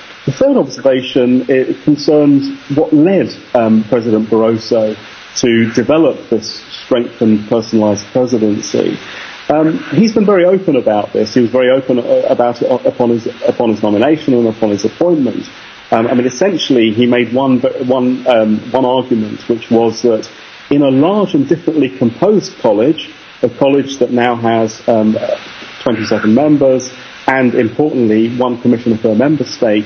The third observation concerns what led um, President Barroso to develop this strengthened personalised presidency. Um, he's been very open about this. He was very open about it upon his, upon his nomination and upon his appointment. I mean, essentially, he made one, one, um, one argument, which was that in a large and differently composed college, a college that now has um, 27 members, and importantly, one commissioner per member state,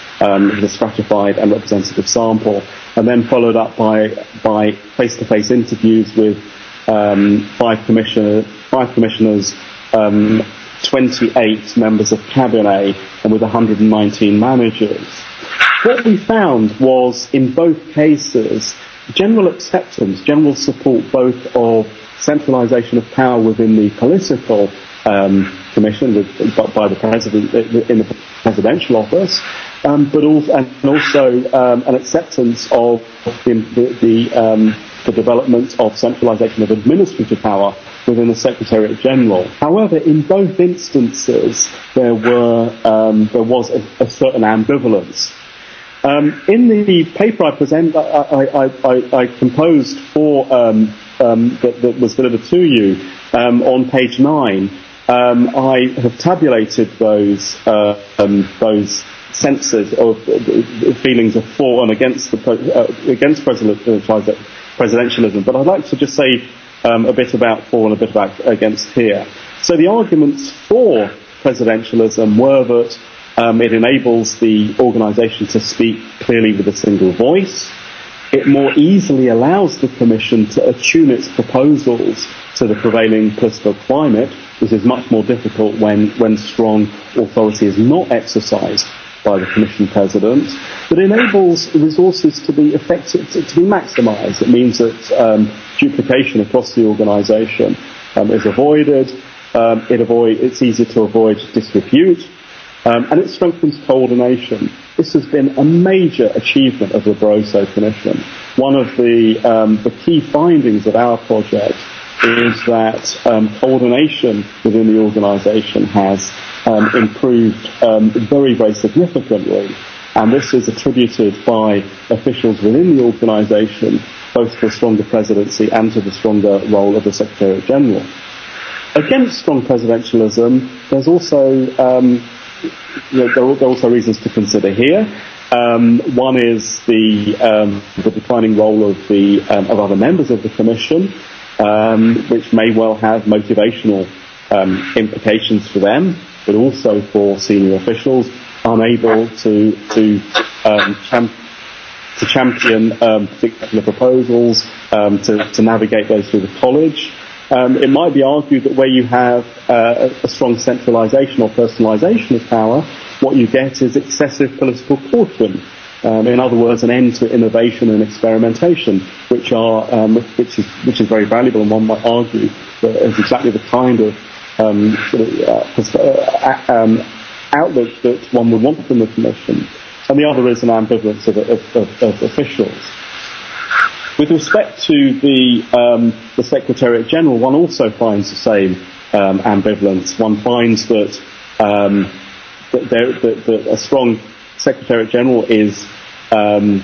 um, a stratified and representative sample, and then followed up by by face-to-face interviews with um, five commissioners, five commissioners, um, 28 members of cabinet, and with 119 managers. What we found was in both cases general acceptance, general support both of centralisation of power within the political um, commission with, by the president in the presidential office, um, but also, and also um, an acceptance of the, the, um, the development of centralisation of administrative power within the Secretariat General. However, in both instances, there were um, there was a, a certain ambivalence. Um, in the paper I present, I, I, I, I composed for um, um, that, that was delivered to you um, on page nine. Um, I have tabulated those uh, um, those censored of feelings of for and against the against presidentialism. But I'd like to just say um, a bit about for and a bit about against here. So the arguments for presidentialism were that um, it enables the organisation to speak clearly with a single voice. It more easily allows the Commission to attune its proposals to the prevailing political climate, which is much more difficult when, when strong authority is not exercised by the Commission President, that enables resources to be effective, to be maximised. It means that um, duplication across the organisation is avoided. Um, it avoid, it's easier to avoid disrepute. Um, and it strengthens coordination. This has been a major achievement of the Barroso Commission. One of the, um, the key findings of our project is that um, coordination within the organisation has um, improved um, very, very significantly. And this is attributed by officials within the organisation, both to a stronger presidency and to the stronger role of the Secretary General. Against strong presidentialism, there's also um, there are also reasons to consider here. Um, one is the um, the declining role of the um, of other members of the Commission, um, which may well have motivational um, implications for them but also for senior officials unable to to um, to champion um, particular proposals, um, to, to navigate those through the college. Um, it might be argued that where you have uh, a strong centralisation or personalisation of power, what you get is excessive political caution. Um, in other words, an end to innovation and experimentation, which are um, which is which is very valuable, and one might argue that is exactly the kind of um, um, outlook that one would want from the Commission, and the other is an ambivalence of, of, of, of officials. With respect to the, um, the Secretariat General, one also finds the same um, ambivalence. One finds that, um, that, there, that, that a strong Secretariat General is, um,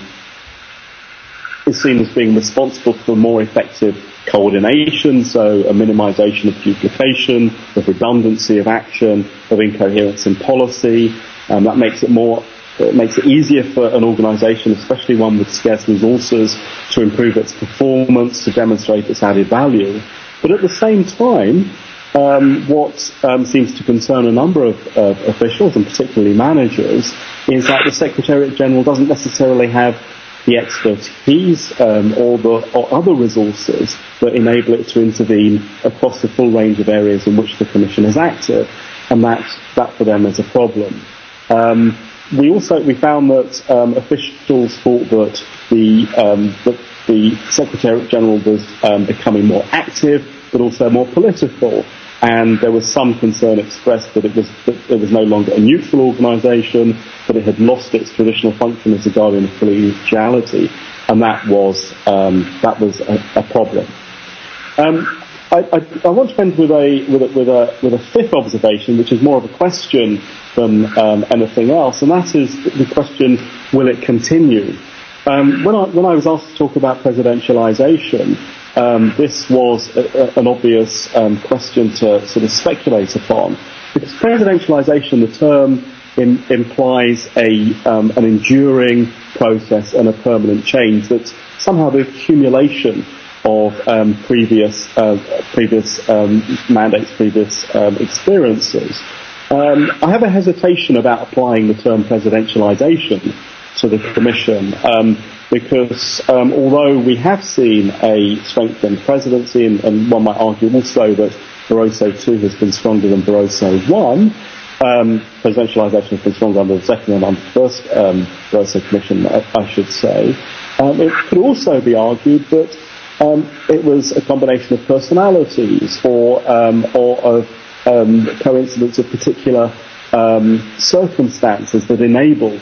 is seen as being responsible for more effective coordination, so a minimisation of duplication, of redundancy of action, of incoherence in policy. Um, that makes it more it makes it easier for an organisation, especially one with scarce resources, to improve its performance, to demonstrate its added value. But at the same time, um, what um, seems to concern a number of, of officials, and particularly managers, is that the Secretariat General doesn't necessarily have the expertise or the or other resources that enable it to intervene across the full range of areas in which the Commission is active, and that that for them is a problem. Um, we also we found that um, officials thought that the um, that the Secretary General was um, becoming more active, but also more political and there was some concern expressed that it was that it was no longer a neutral organisation, that it had lost its traditional function as a guardian of collegiality, and that was um, that was a, a problem. Um, I, I, I want to end with a, with a with a with a fifth observation, which is more of a question than um, anything else, and that is the question: Will it continue? Um, when I when I was asked to talk about presidentialization, um, this was a, an obvious um, question to sort of speculate upon. Because presidentialization, the term implies a, um, an enduring process and a permanent change that's somehow the accumulation of um, previous, uh, previous um, mandates, previous um, experiences. Um, I have a hesitation about applying the term presidentialization to the Commission. Um, because um, although we have seen a strengthened presidency, and, and one might argue also that Barroso II has been stronger than Barroso I, um, presidentialisation has been stronger under the second and under the first um, Barroso Commission, I, I should say, um, it could also be argued that um, it was a combination of personalities or, um, or of um, coincidence of particular um, circumstances that enabled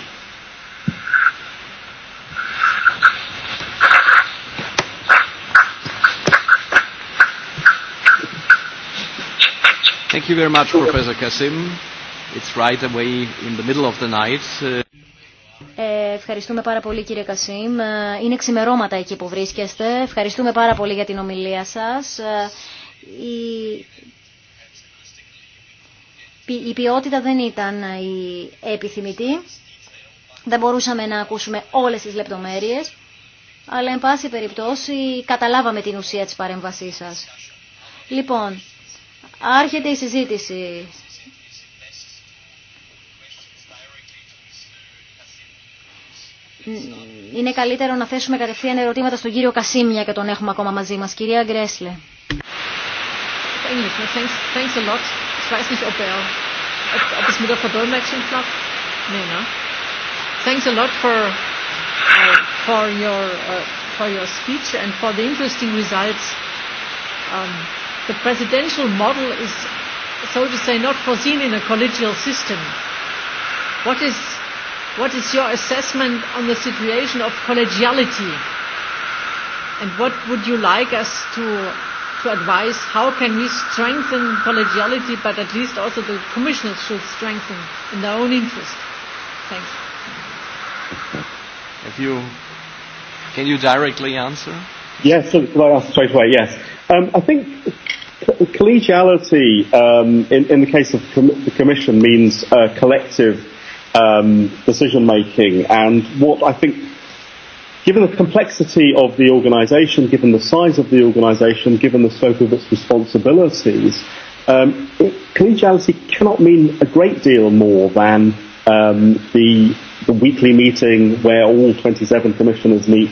Thank you very much, Professor It's right away in the middle of the night. Uh, ε, ευχαριστούμε πάρα πολύ κύριε Κασίμ. Ε, είναι ξημερώματα εκεί που βρίσκεστε. Ευχαριστούμε πάρα πολύ για την ομιλία σας. Ε, η, η ποιότητα δεν ήταν η επιθυμητή. Δεν μπορούσαμε να ακούσουμε όλες τις λεπτομέρειες. Αλλά, εν πάση περιπτώσει, καταλάβαμε την ουσία της παρέμβασής σας. Λοιπόν, Άρχεται η συζήτηση. Είναι καλύτερο να θέσουμε κατευθείαν ερωτήματα στον κύριο Κασίμια και τον έχουμε ακόμα μαζί μας. Κυρία Γκρέσλε. Thanks a lot for, uh, for, your, uh, for your speech and for the interesting results. Um, the presidential model is, so to say, not foreseen in a collegial system. What is, what is your assessment on the situation of collegiality? And what would you like us to, to advise? How can we strengthen collegiality, but at least also the commissioners should strengthen in their own interest? Thanks. If you, can you directly answer? Yes, straight away, yes. Um, I think collegiality um, in, in the case of the Commission means uh, collective um, decision making. And what I think, given the complexity of the organisation, given the size of the organisation, given the scope of its responsibilities, um, collegiality cannot mean a great deal more than um, the, the weekly meeting where all 27 commissioners meet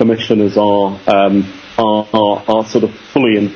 commissioners are um, are, are, sort of fully in,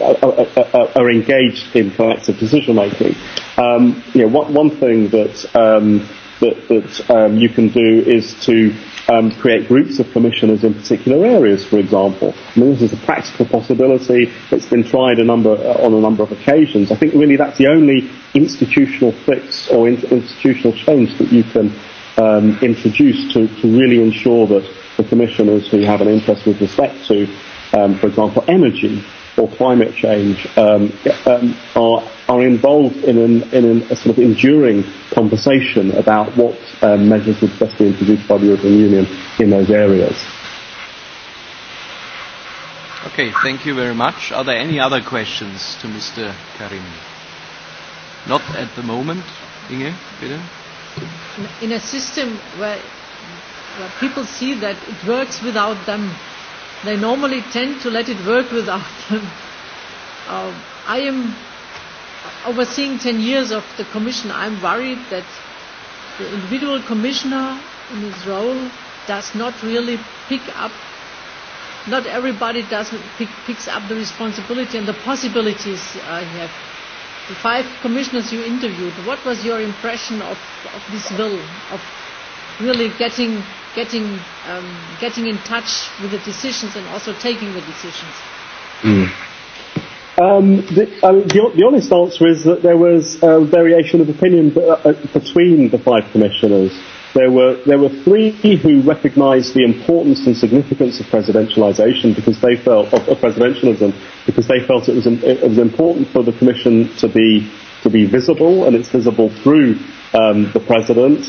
are engaged in collective decision making. Um, you know, one, one thing that um, that, that um, you can do is to um, create groups of commissioners in particular areas, for example. I mean, this is a practical possibility. It's been tried a number, on a number of occasions. I think really that's the only institutional fix or institutional change that you can um, introduce to, to really ensure that The commissioners who have an interest with respect to, um, for example, energy or climate change um, um, are, are involved in, an, in a sort of enduring conversation about what um, measures would best be introduced by the European Union in those areas. Okay, thank you very much. Are there any other questions to Mr. Karim? Not at the moment. Inge, bitte. In a system where people see that it works without them. They normally tend to let it work without them. I am overseeing 10 years of the Commission. I'm worried that the individual commissioner in his role does not really pick up not everybody doesn't picks up the responsibility and the possibilities I have. The five commissioners you interviewed, what was your impression of, of this will, of really getting getting getting in touch with the decisions and also taking the decisions? Um, the, the, the honest answer is that there was a variation of opinion between the five commissioners. There were, there were three who recognised the importance and significance of presidentialisation because they felt of, of presidentialism because they felt it was, it was important for the Commission to be to be visible and it's visible through um, the president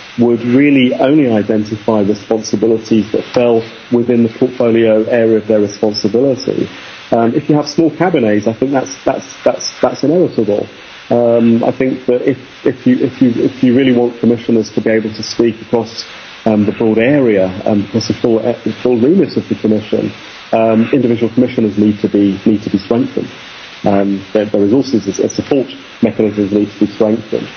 would really only identify responsibilities that fell within the portfolio area of their responsibility. if you have small cabinets, I think that's that's that's that's inevitable. Um, I think that if if you if you if you really want commissioners to be able to speak across um, the broad area and the full the full remit of the commission, um, individual commissioners need to be need to be strengthened. Um, their, resources, their support mechanisms need to be strengthened.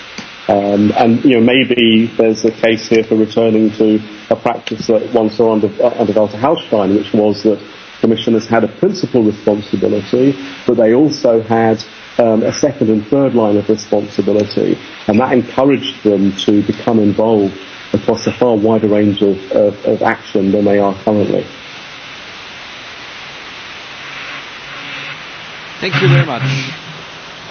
Um, and you know maybe there's a case here for returning to a practice that one saw under under Walter Hallstein, which was that commissioners had a principal responsibility, but they also had um, a second and third line of responsibility, and that encouraged them to become involved across a far wider range of, of, of action than they are currently. Thank you very much.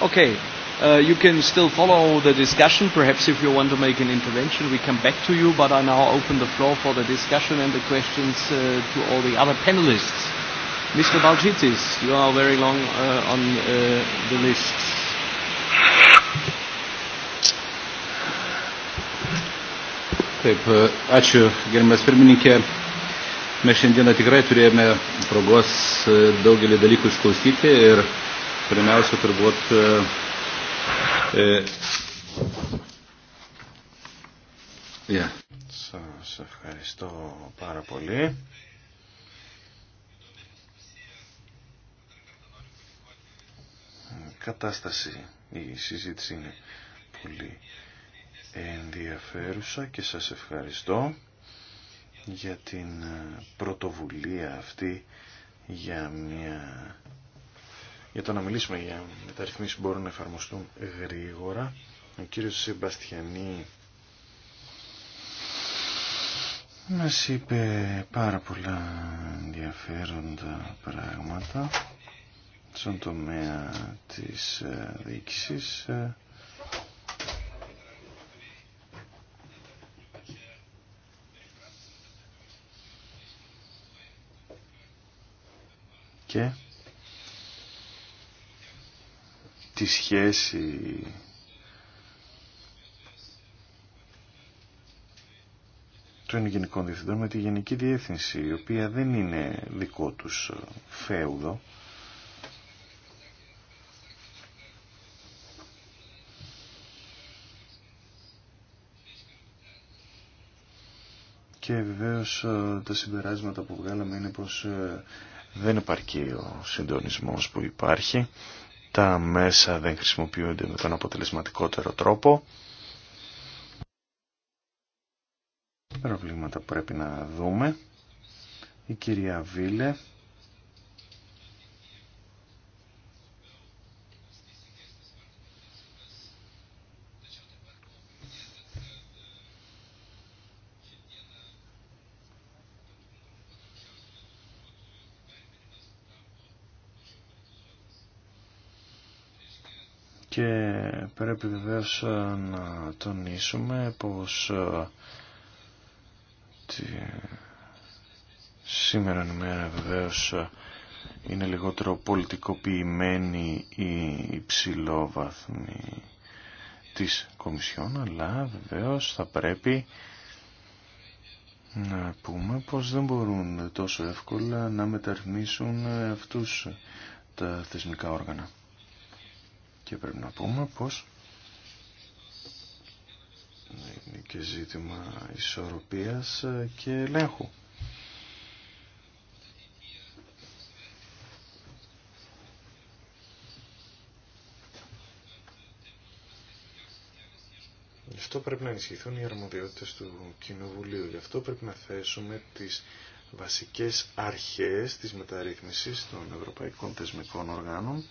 Okay. You can still follow the discussion. Perhaps if you want to make an intervention, we come back to you. But I now open the floor for the discussion and the questions to all the other panelists. Mr. Balchitis, you are very long on the list. Taip, ačiū, gerbiamas pirmininkė. Mes šiandieną tikrai turėjome progos daugelį dalykų išklausyti ir pirmiausia turbūt ε, yeah. Σας ευχαριστώ πάρα πολύ. Κατάσταση, η συζήτηση είναι πολύ ενδιαφέρουσα και σας ευχαριστώ για την πρωτοβουλία αυτή για μια για το να μιλήσουμε για μεταρρυθμίσεις που μπορούν να εφαρμοστούν γρήγορα. Ο κύριος Σεμπαστιανή μας είπε πάρα πολλά ενδιαφέροντα πράγματα στον τομέα της ε, διοίκησης. Ε, και τη σχέση των γενικών διευθυντών με τη Γενική Διεύθυνση, η οποία δεν είναι δικό τους φέουδο. Και βεβαίως ε, τα συμπεράσματα που βγάλαμε είναι πως ε, δεν επαρκεί ο συντονισμός που υπάρχει τα μέσα δεν χρησιμοποιούνται με τον αποτελεσματικότερο τρόπο. Προβλήματα πρέπει να δούμε. Η κυρία Βίλε πρέπει βεβαίως ε, να τονίσουμε πως ε, σήμερα μέρα βεβαίως ε, είναι λιγότερο πολιτικοποιημένη η υψηλόβαθμη της Κομισιόν, αλλά βεβαίως θα πρέπει να πούμε πως δεν μπορούν τόσο εύκολα να μεταρρυθμίσουν αυτούς τα θεσμικά όργανα. Και πρέπει να πούμε πως ναι, είναι και ζήτημα ισορροπίας και ελέγχου. Γι' αυτό πρέπει να ενισχυθούν οι αρμοδιότητες του Κοινοβουλίου. Γι' αυτό πρέπει να θέσουμε τις βασικές αρχές της μεταρρύθμισης των ευρωπαϊκών θεσμικών οργάνων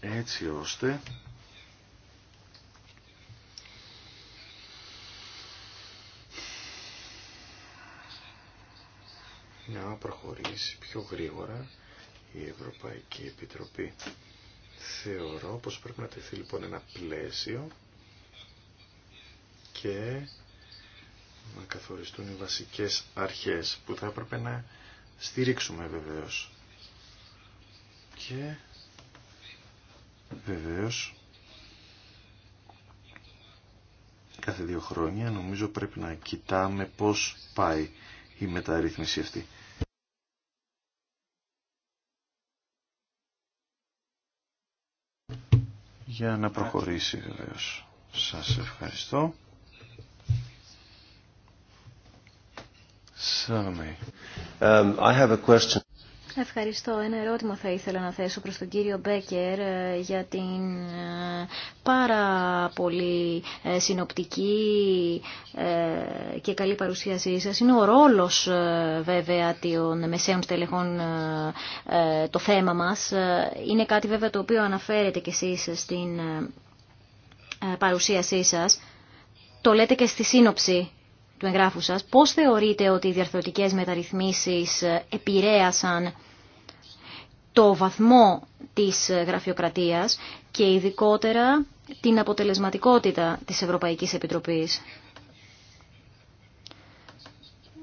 έτσι ώστε να προχωρήσει πιο γρήγορα η Ευρωπαϊκή Επιτροπή. Θεωρώ πως πρέπει να τεθεί λοιπόν ένα πλαίσιο και να καθοριστούν οι βασικές αρχές που θα έπρεπε να στηρίξουμε βεβαίως. Και βεβαίως κάθε δύο χρόνια νομίζω πρέπει να κοιτάμε πώς πάει η μεταρρύθμιση αυτή. για να προχωρήσει βεβαίως. Σας ευχαριστώ. Um, I have a question. Ευχαριστώ. Ένα ερώτημα θα ήθελα να θέσω προς τον κύριο Μπέκερ ε, για την ε, πάρα πολύ ε, συνοπτική και καλή παρουσίασή σας. Είναι ο ρόλος βέβαια των μεσαίων στελεχών το θέμα μας. Είναι κάτι βέβαια το οποίο αναφέρετε κι εσείς στην παρουσίασή σας. Το λέτε και στη σύνοψη του εγγράφου σας, πώς θεωρείτε ότι οι διαρθρωτικές μεταρρυθμίσεις επηρέασαν το βαθμό της γραφειοκρατίας και ειδικότερα την αποτελεσματικότητα της Ευρωπαϊκής Επιτροπής.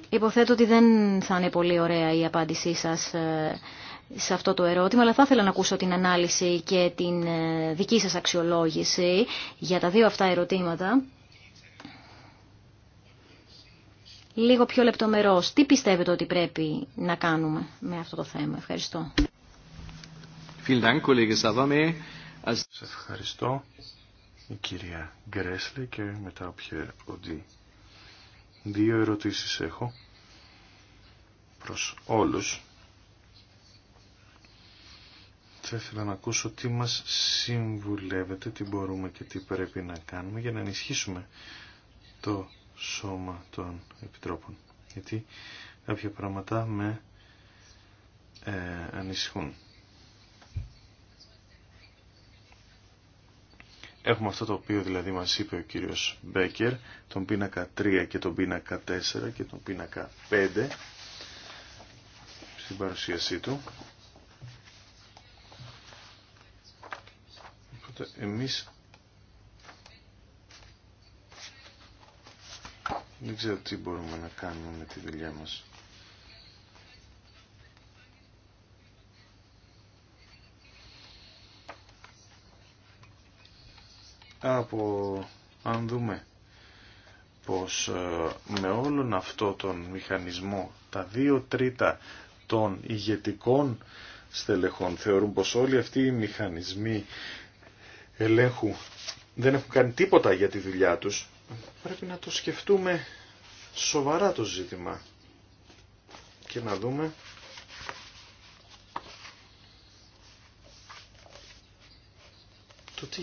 Υποθέτω ότι δεν θα είναι πολύ ωραία η απάντησή σας ε, σε αυτό το ερώτημα, αλλά θα ήθελα να ακούσω την ανάλυση και την ε, δική σας αξιολόγηση για τα δύο αυτά ερωτήματα. λίγο πιο λεπτομερώς. Τι πιστεύετε ότι πρέπει να κάνουμε με αυτό το θέμα. Ευχαριστώ. Σας ευχαριστώ η κυρία Γκρέσλη και μετά ο Πιέρ Δύο ερωτήσεις έχω προς όλους. Θα ήθελα να ακούσω τι μας συμβουλεύετε, τι μπορούμε και τι πρέπει να κάνουμε για να ενισχύσουμε το σώμα των επιτρόπων. Γιατί κάποια πράγματα με ε, ανησυχούν. Έχουμε αυτό το οποίο δηλαδή μας είπε ο κύριος Μπέκερ, τον πίνακα 3 και τον πίνακα 4 και τον πίνακα 5 στην παρουσίασή του. Οπότε εμείς Δεν ξέρω τι μπορούμε να κάνουμε με τη δουλειά μας. Από, αν δούμε πως ε, με όλον αυτό τον μηχανισμό τα δύο τρίτα των ηγετικών στελεχών θεωρούν πως όλοι αυτοί οι μηχανισμοί ελέγχου δεν έχουν κάνει τίποτα για τη δουλειά τους πρέπει να το σκεφτούμε σοβαρά το ζήτημα και να δούμε το τι,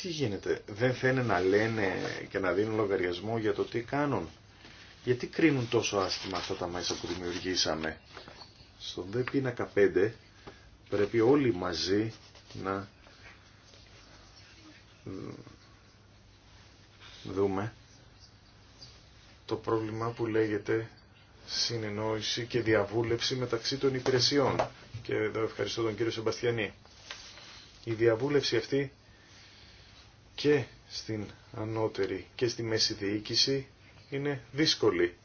τι γίνεται. Δεν θέλουν να λένε και να δίνουν λογαριασμό για το τι κάνουν. Γιατί κρίνουν τόσο άσχημα αυτά τα μέσα που δημιουργήσαμε. Στον δε 5 πρέπει όλοι μαζί να δούμε το πρόβλημα που λέγεται συνεννόηση και διαβούλευση μεταξύ των υπηρεσιών. Και εδώ ευχαριστώ τον κύριο Σεμπαστιανή. Η διαβούλευση αυτή και στην ανώτερη και στη μέση διοίκηση είναι δύσκολη.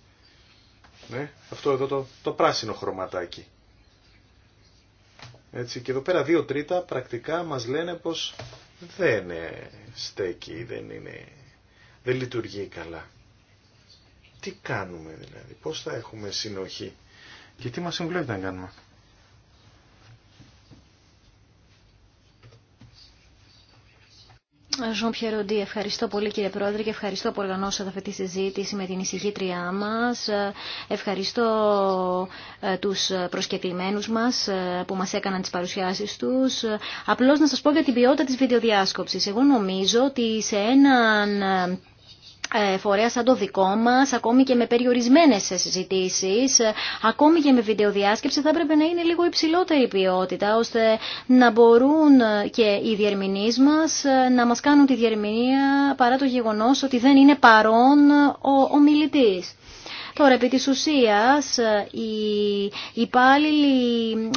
Ναι, αυτό εδώ το, το πράσινο χρωματάκι. Έτσι, και εδώ πέρα δύο τρίτα πρακτικά μας λένε πως δεν ε, στέκει, δεν είναι δεν λειτουργεί καλά. Τι κάνουμε δηλαδή, πώς θα έχουμε συνοχή και τι μας συμβουλεύεται να κάνουμε. Ζων Πιεροντή, ευχαριστώ πολύ κύριε Πρόεδρε και ευχαριστώ που οργανώσατε αυτή τη συζήτηση με την εισηγήτριά μας. Ευχαριστώ ε, τους προσκεκλημένους μας ε, που μας έκαναν τις παρουσιάσεις τους. Απλώς να σας πω για την ποιότητα της βιντεοδιάσκοψης. Εγώ νομίζω ότι σε έναν ε, ε, φορέα σαν το δικό μας, ακόμη και με περιορισμένες συζητήσει, ε, ακόμη και με βιντεοδιάσκεψη θα έπρεπε να είναι λίγο υψηλότερη ποιότητα, ώστε να μπορούν ε, και οι διερμηνείς μας να μας κάνουν τη διερμηνία παρά το γεγονός ότι δεν είναι παρόν ο ομιλητής. Τώρα, επί της ουσίας, οι υπάλληλοι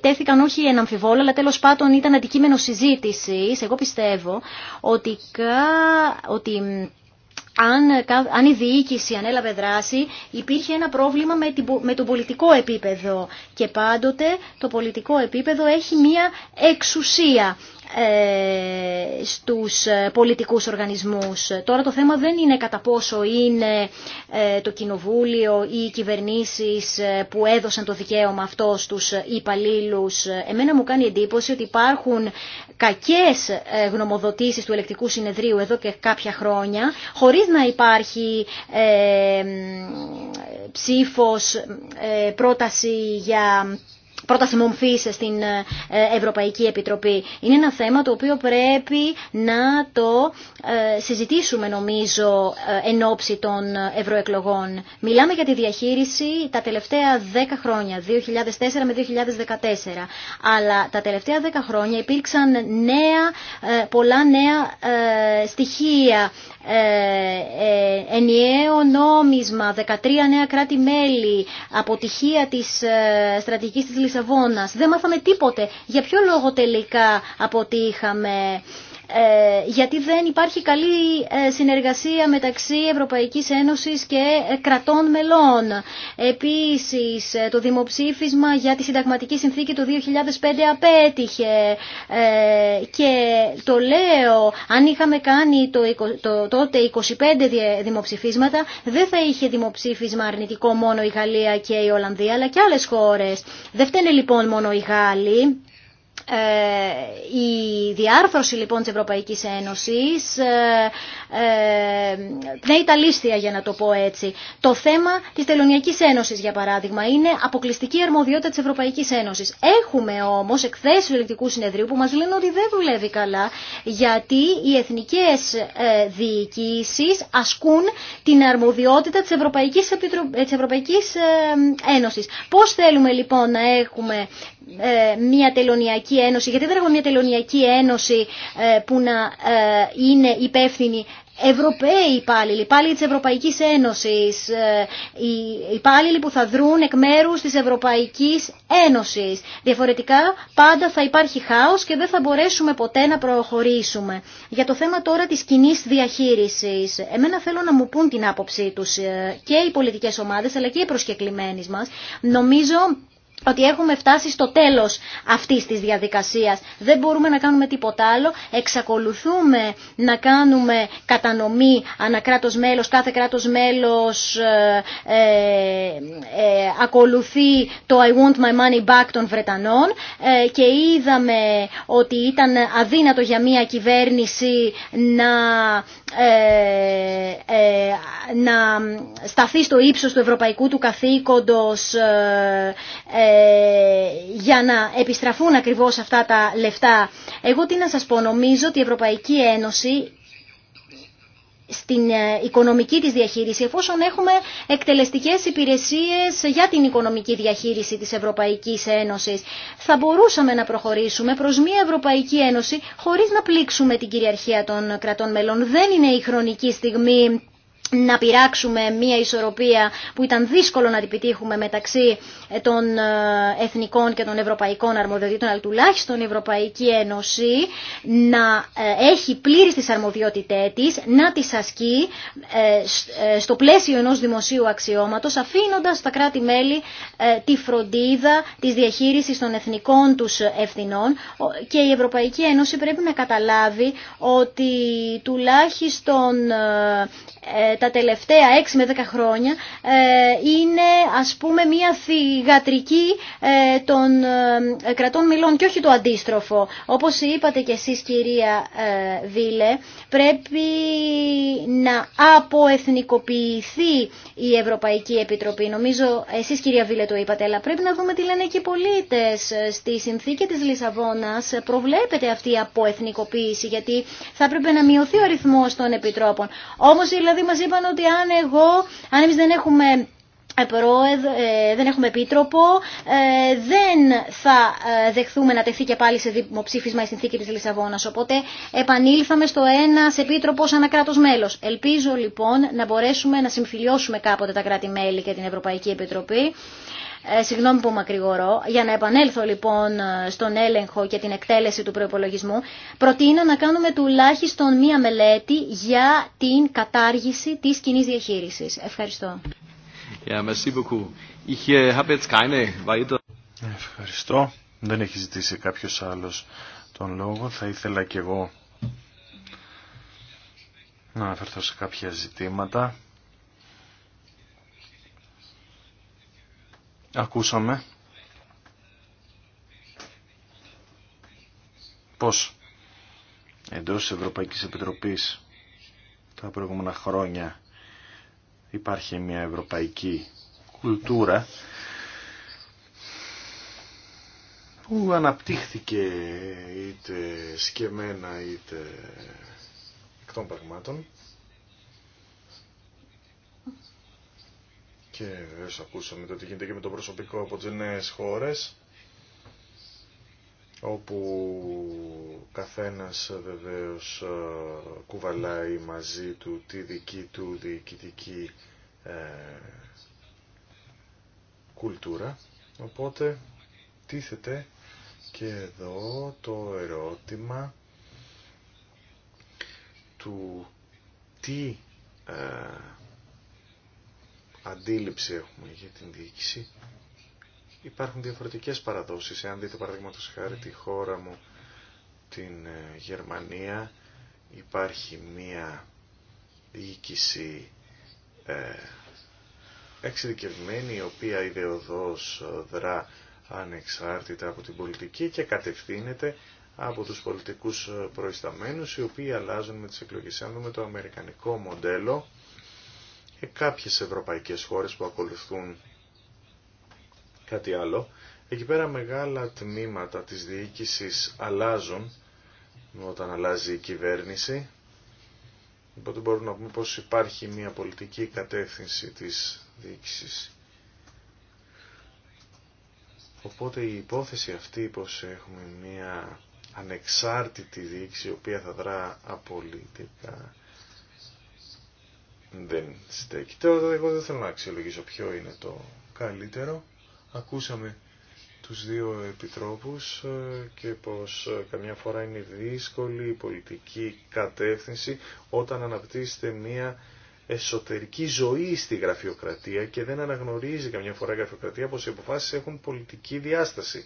τέθηκαν όχι εν αμφιβόλο, αλλά τέλος πάντων ήταν αντικείμενο συζήτησης. Εγώ πιστεύω ότι, κα, ότι αν, αν η διοίκηση ανέλαβε δράση, υπήρχε ένα πρόβλημα με, την, με το πολιτικό επίπεδο. Και πάντοτε το πολιτικό επίπεδο έχει μία εξουσία. Ε, στους ε, πολιτικούς οργανισμούς. Τώρα το θέμα δεν είναι κατά πόσο είναι ε, το Κοινοβούλιο ή οι κυβερνήσεις που έδωσαν το δικαίωμα αυτό στους υπαλλήλου. Εμένα μου κάνει εντύπωση ότι υπάρχουν κακές γνωμοδοτήσεις του ελεκτικού συνεδρίου εδώ και κάποια χρόνια, χωρίς να υπάρχει ψήφος, πρόταση για πρόταση μομφής στην ε, Ευρωπαϊκή Επιτροπή. Είναι ένα θέμα το οποίο πρέπει να το ε, συζητήσουμε νομίζω ε, εν ώψη των ευρωεκλογών. Μιλάμε για τη διαχείριση τα τελευταία 10 χρόνια, 2004 με 2014. Αλλά τα τελευταία 10 χρόνια υπήρξαν νέα, πολλά νέα στοιχεία ε, ε, ενιαίο νόμισμα, 13 νέα κράτη-μέλη, αποτυχία της ε, στρατηγικής της Λισαβόνας. Δεν μάθαμε τίποτε. Για ποιο λόγο τελικά αποτύχαμε. Ε, γιατί δεν υπάρχει καλή ε, συνεργασία μεταξύ Ευρωπαϊκής Ένωσης και ε, κρατών μελών. Επίσης, το δημοψήφισμα για τη συνταγματική συνθήκη το 2005 απέτυχε και το λέω, αν είχαμε κάνει το, το, τότε 25 δημοψηφίσματα, δεν θα είχε δημοψήφισμα αρνητικό μόνο η Γαλλία και η Ολλανδία, αλλά και άλλες χώρες. Δεν φταίνε λοιπόν μόνο οι Γάλλοι ε, η διάρθρωση λοιπόν της Ευρωπαϊκής Ένωσης ε, ε, πνέει τα λίστια για να το πω έτσι. Το θέμα της Τελωνιακής Ένωσης για παράδειγμα είναι αποκλειστική αρμοδιότητα της Ευρωπαϊκής Ένωσης. Έχουμε όμως εκθέσεις του Ελληνικού συνεδρίου που μας λένε ότι δεν δουλεύει καλά γιατί οι εθνικές διοικήσεις ασκούν την αρμοδιότητα της Ευρωπαϊκής, της Ευρωπαϊκής Ένωσης. Πώς θέλουμε λοιπόν να έχουμε ε, μια τελωνιακή ένωση, γιατί δεν έχουμε μια τελωνιακή ένωση ε, που να ε, είναι υπεύθυνη Ευρωπαίοι υπάλληλοι, υπάλληλοι της Ευρωπαϊκής Ένωσης, οι υπάλληλοι που θα δρούν εκ μέρους της Ευρωπαϊκής Ένωσης. Διαφορετικά πάντα θα υπάρχει χάος και δεν θα μπορέσουμε ποτέ να προχωρήσουμε. Για το θέμα τώρα της κοινή διαχείρισης, εμένα θέλω να μου πούν την άποψή τους και οι πολιτικές ομάδες αλλά και οι προσκεκλημένοι μας. Νομίζω ότι έχουμε φτάσει στο τέλος αυτής της διαδικασίας. Δεν μπορούμε να κάνουμε τίποτα άλλο. Εξακολουθούμε να κάνουμε κατανομή ανακράτος μέλος. Κάθε κράτος μέλος ε, ε, ε, ακολουθεί το I want my money back των Βρετανών ε, και είδαμε ότι ήταν αδύνατο για μια κυβέρνηση να ε, ε, να σταθεί στο ύψος του ευρωπαϊκού του καθήκοντος ε, για να επιστραφούν ακριβώς αυτά τα λεφτά. Εγώ τι να σας πω, νομίζω ότι η Ευρωπαϊκή Ένωση στην ε, οικονομική της διαχείριση, εφόσον έχουμε εκτελεστικές υπηρεσίες για την οικονομική διαχείριση της Ευρωπαϊκής Ένωσης. Θα μπορούσαμε να προχωρήσουμε προς μια Ευρωπαϊκή Ένωση χωρίς να πλήξουμε την κυριαρχία των κρατών μελών. Δεν είναι η χρονική στιγμή να πειράξουμε μια ισορροπία που ήταν δύσκολο να την επιτύχουμε μεταξύ ε, των ε, εθνικών και των ευρωπαϊκών αρμοδιοτήτων, αλλά τουλάχιστον η Ευρωπαϊκή Ένωση να ε, έχει πλήρη τις αρμοδιότητές της, να τις ασκεί στο πλαίσιο ενός δημοσίου αξιώματος, αφήνοντας στα κράτη-μέλη τη φροντίδα της διαχείρισης των εθνικών τους ευθυνών και η Ευρωπαϊκή Ένωση πρέπει να καταλάβει ότι τουλάχιστον ε, τα τελευταία 6 με 10 χρόνια ε, είναι ας πούμε μια θηγατρική ε, των κρατών μιλών και όχι το αντίστροφο. Όπως είπατε και εσείς κυρία Βίλε, πρέπει να αποεθνικοποιηθεί η Ευρωπαϊκή Επιτροπή. Νομίζω εσείς κυρία Βίλε το είπατε, αλλά πρέπει να δούμε τι λένε και οι πολίτες. Στη συνθήκη της Λισαβόνας προβλέπεται αυτή η αποεθνικοποίηση, γιατί θα έπρεπε να μειωθεί ο αριθμός των επιτρόπων. Όμως η Δηλαδή μας είπαν ότι αν εγώ, αν εμείς δεν έχουμε ε, ε, δεν έχουμε επίτροπο, ε, δεν θα δεχθούμε να τεθεί και πάλι σε δημοψήφισμα η συνθήκη της Λισαβόνας. Οπότε επανήλθαμε στο ένα επίτροπο σαν κράτος μέλος. Ελπίζω λοιπόν να μπορέσουμε να συμφιλιώσουμε κάποτε τα κράτη-μέλη και την Ευρωπαϊκή Επιτροπή ε, συγγνώμη που μακρηγορώ. Για να επανέλθω λοιπόν στον έλεγχο και την εκτέλεση του προπολογισμού, προτείνω να κάνουμε τουλάχιστον μία μελέτη για την κατάργηση της κοινή διαχείριση. Ευχαριστώ. Äh, Ευχαριστώ. Δεν έχει ζητήσει κάποιο άλλος τον λόγο. Θα ήθελα κι εγώ να αναφερθώ σε κάποια ζητήματα ακούσαμε πως εντός της Ευρωπαϊκής Επιτροπής τα προηγούμενα χρόνια υπάρχει μια ευρωπαϊκή κουλτούρα που αναπτύχθηκε είτε σκεμμένα είτε εκ των πραγμάτων Και βέβαια ακούσαμε το τι γίνεται και με το προσωπικό από τις νέες χώρες όπου καθένας βεβαίως ε, κουβαλάει μαζί του τη δική του διοικητική ε, κουλτούρα. Οπότε τίθεται και εδώ το ερώτημα του τι ε, αντίληψη έχουμε για την διοίκηση. Υπάρχουν διαφορετικές παραδόσεις. Εάν δείτε παραδείγματο χάρη τη χώρα μου, την ε, Γερμανία, υπάρχει μία διοίκηση ε, εξειδικευμένη, η οποία ιδεοδός ε, δρά ανεξάρτητα από την πολιτική και κατευθύνεται από τους πολιτικούς ε, προϊσταμένους, οι οποίοι αλλάζουν με τις εκλογές. Αν δούμε το αμερικανικό μοντέλο, και κάποιες ευρωπαϊκές χώρες που ακολουθούν κάτι άλλο. Εκεί πέρα μεγάλα τμήματα της διοίκησης αλλάζουν όταν αλλάζει η κυβέρνηση. Οπότε μπορούμε να πούμε πως υπάρχει μια πολιτική κατεύθυνση της διοίκησης. Οπότε η υπόθεση αυτή πως έχουμε μια ανεξάρτητη διοίκηση η οποία θα δρά απολυτικά δεν στέκει. Τώρα εγώ δεν θέλω να αξιολογήσω ποιο είναι το καλύτερο. Ακούσαμε τους δύο επιτρόπους ε, και πως ε, καμιά φορά είναι δύσκολη η πολιτική κατεύθυνση όταν αναπτύσσεται μια εσωτερική ζωή στη γραφειοκρατία και δεν αναγνωρίζει καμιά φορά η γραφειοκρατία πως οι αποφάσεις έχουν πολιτική διάσταση.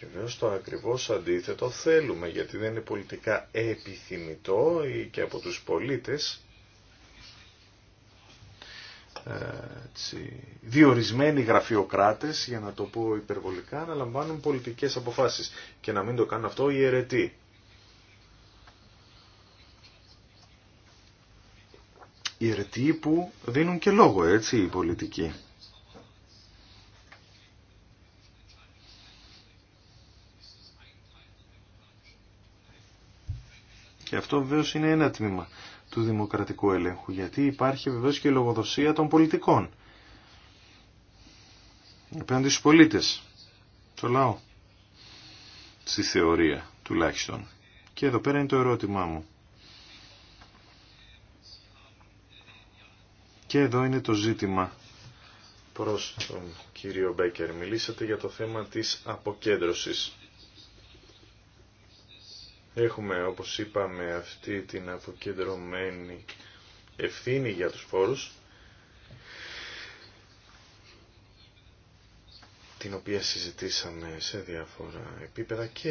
Και βέβαια το ακριβώς αντίθετο θέλουμε, γιατί δεν είναι πολιτικά επιθυμητό ή και από τους πολίτες ε, έτσι, διορισμένοι γραφειοκράτες, για να το πω υπερβολικά, να λαμβάνουν πολιτικές αποφάσεις και να μην το κάνουν αυτό οι αιρετοί. Οι αιρετοί που δίνουν και λόγο, έτσι, οι πολιτικοί. Και αυτό βεβαίω είναι ένα τμήμα του δημοκρατικού ελέγχου, γιατί υπάρχει βεβαίω και η λογοδοσία των πολιτικών. Επέναντι στους πολίτες, το λαό, στη θεωρία τουλάχιστον. Και εδώ πέρα είναι το ερώτημά μου. Και εδώ είναι το ζήτημα προς τον κύριο Μπέκερ. Μιλήσατε για το θέμα της αποκέντρωσης. Έχουμε, όπως είπαμε, αυτή την αποκεντρωμένη ευθύνη για τους φόρους, την οποία συζητήσαμε σε διάφορα επίπεδα και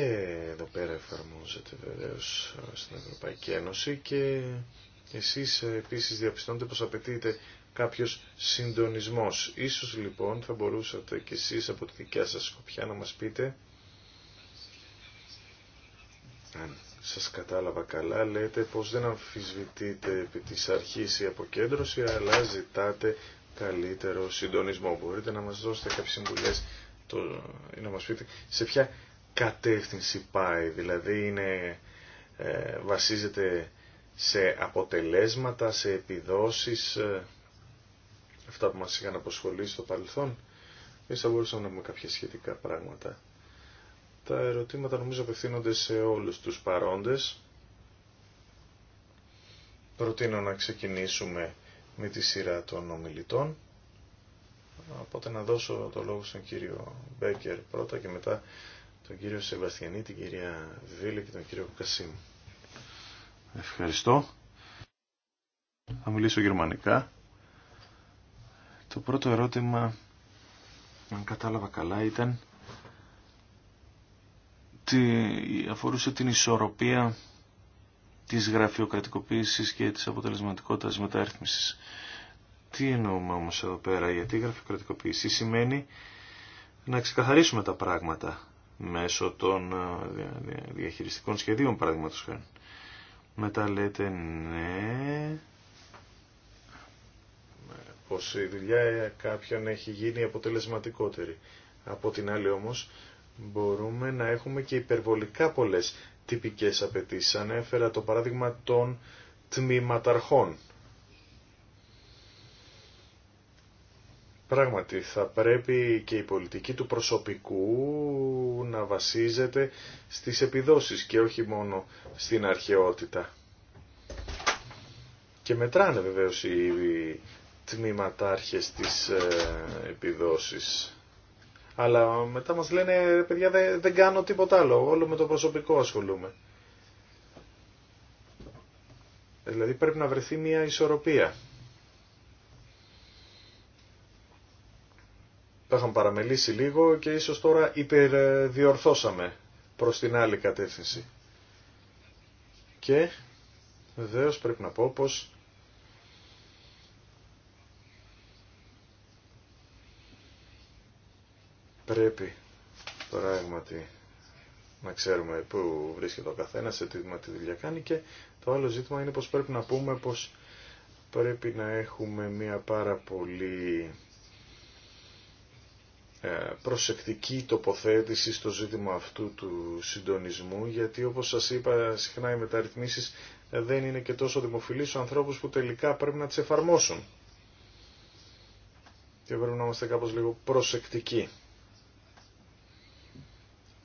εδώ πέρα εφαρμόζεται βεβαίως στην Ευρωπαϊκή Ένωση και εσείς επίσης διαπιστώνετε πως απαιτείται κάποιος συντονισμός. Ίσως λοιπόν θα μπορούσατε κι εσείς από τη δικιά σας σκοπιά να μας πείτε αν σας κατάλαβα καλά, λέτε πως δεν αμφισβητείτε επί της αρχής η αποκέντρωση, αλλά ζητάτε καλύτερο συντονισμό. Μπορείτε να μας δώσετε κάποιες συμβουλές το, ή να μας πείτε σε ποια κατεύθυνση πάει. Δηλαδή είναι, ε, βασίζεται σε αποτελέσματα, σε επιδόσεις, ε, αυτά που μας είχαν αποσχολήσει στο παρελθόν. Εμείς θα μπορούσαμε να έχουμε κάποια σχετικά πράγματα. Τα ερωτήματα νομίζω απευθύνονται σε όλους τους παρόντες. Προτείνω να ξεκινήσουμε με τη σειρά των ομιλητών. Οπότε να δώσω το λόγο στον κύριο Μπέκερ πρώτα και μετά τον κύριο Σεβαστιανή, την κυρία Βίλη και τον κύριο Κασίμ. Ευχαριστώ. Θα μιλήσω γερμανικά. Το πρώτο ερώτημα, αν κατάλαβα καλά, ήταν αφορούσε την ισορροπία της γραφειοκρατικοποίησης και της αποτελεσματικότητας μεταρρύθμισης. Τι εννοούμε όμως εδώ πέρα, γιατί η γραφειοκρατικοποίηση σημαίνει να ξεκαθαρίσουμε τα πράγματα μέσω των ε, διαχειριστικών σχεδίων παραδείγματος χάρη. Μετά λέτε ναι, πως η δουλειά κάποιον έχει γίνει αποτελεσματικότερη. Από την άλλη όμως μπορούμε να έχουμε και υπερβολικά πολλές τυπικές απαιτήσει. Ανέφερα το παράδειγμα των τμήματαρχών. Πράγματι, θα πρέπει και η πολιτική του προσωπικού να βασίζεται στις επιδόσεις και όχι μόνο στην αρχαιότητα. Και μετράνε βεβαίως οι τμήματάρχες τις ε, επιδόσεις. Αλλά μετά μας λένε παιδιά δεν, κάνω τίποτα άλλο, όλο με το προσωπικό ασχολούμαι. Ε, δηλαδή πρέπει να βρεθεί μια ισορροπία. Τα είχαμε παραμελήσει λίγο και ίσως τώρα υπερδιορθώσαμε προς την άλλη κατεύθυνση. Και βεβαίω πρέπει να πω πως πρέπει πράγματι να ξέρουμε πού βρίσκεται ο καθένας, σε τι δουλειά κάνει και το άλλο ζήτημα είναι πως πρέπει να πούμε πως πρέπει να έχουμε μια πάρα πολύ ε, προσεκτική τοποθέτηση στο ζήτημα αυτού του συντονισμού γιατί όπως σας είπα συχνά οι μεταρρυθμίσεις ε, δεν είναι και τόσο δημοφιλείς στους ανθρώπους που τελικά πρέπει να τις εφαρμόσουν και πρέπει να είμαστε κάπως λίγο προσεκτικοί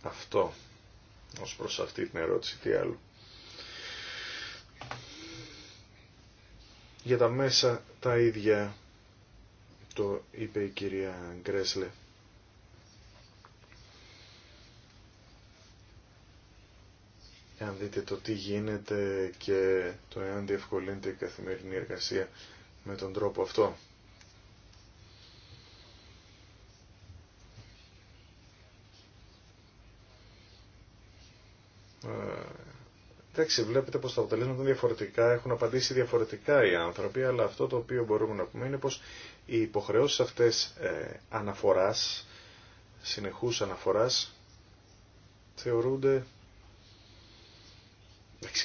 αυτό ως προς αυτή την ερώτηση τι άλλο. Για τα μέσα τα ίδια το είπε η κυρία Γκρέσλε. Αν δείτε το τι γίνεται και το εάν διευκολύνεται η καθημερινή εργασία με τον τρόπο αυτό. Εντάξει, βλέπετε πως τα αποτελέσματα είναι διαφορετικά, έχουν απαντήσει διαφορετικά οι άνθρωποι, αλλά αυτό το οποίο μπορούμε να πούμε είναι πως οι υποχρεώσεις αυτές ε, αναφοράς, συνεχούς αναφοράς, θεωρούνται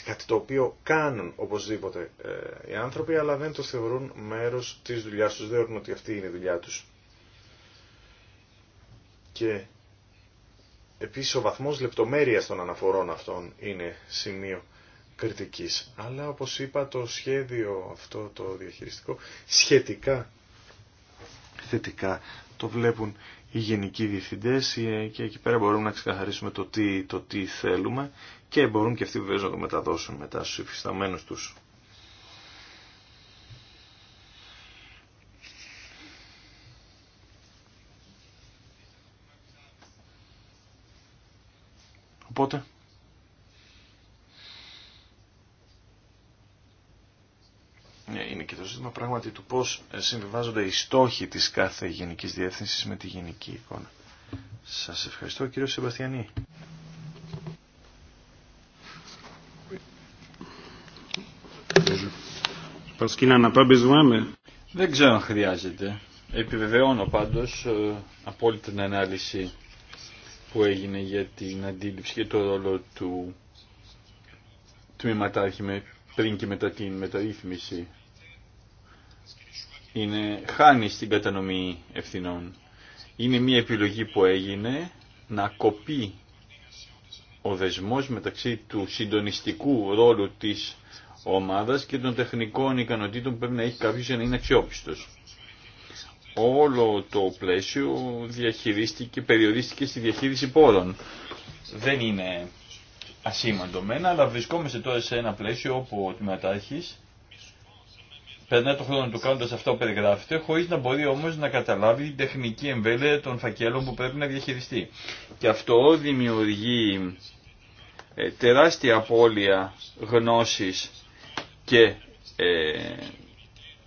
κάτι το οποίο κάνουν οπωσδήποτε ε, οι άνθρωποι, αλλά δεν το θεωρούν μέρος της δουλειάς τους, δεν ότι αυτή είναι η δουλειά τους. Και Επίσης ο βαθμός λεπτομέρειας των αναφορών αυτών είναι σημείο κριτικής. Αλλά όπως είπα το σχέδιο αυτό το διαχειριστικό σχετικά θετικά το βλέπουν οι γενικοί διευθυντές ε, και εκεί πέρα μπορούμε να ξεκαθαρίσουμε το τι, το τι θέλουμε και μπορούν και αυτοί βεβαίως να το μεταδώσουν μετά στους υφισταμένους τους. Οπότε... Ναι, είναι και το ζήτημα πράγματι του πώς ε, συμβιβάζονται οι στόχοι της κάθε γενικής διεύθυνσης με τη γενική εικόνα. Σας ευχαριστώ κύριο Σεμπαστιανή. Δεν ξέρω αν χρειάζεται. Επιβεβαιώνω πάντως ε, απόλυτη την ανάλυση που έγινε για την αντίληψη και το ρόλο του τμήματάρχη με, πριν και μετά την μεταρρύθμιση είναι χάνη στην κατανομή ευθυνών. Είναι μια επιλογή που έγινε να κοπεί ο δεσμός μεταξύ του συντονιστικού ρόλου της ομάδας και των τεχνικών ικανοτήτων που πρέπει να έχει κάποιος για να είναι αξιόπιστος όλο το πλαίσιο διαχειρίστηκε, περιορίστηκε στη διαχείριση πόρων. Δεν είναι ασήμαντο μένα, αλλά βρισκόμαστε τώρα σε ένα πλαίσιο όπου ο τμηματάρχης περνάει το χρόνο του κάνοντας αυτό που περιγράφεται, χωρίς να μπορεί όμως να καταλάβει την τεχνική εμβέλεια των φακέλων που πρέπει να διαχειριστεί. Και αυτό δημιουργεί ε, τεράστια απώλεια γνώσης και ε,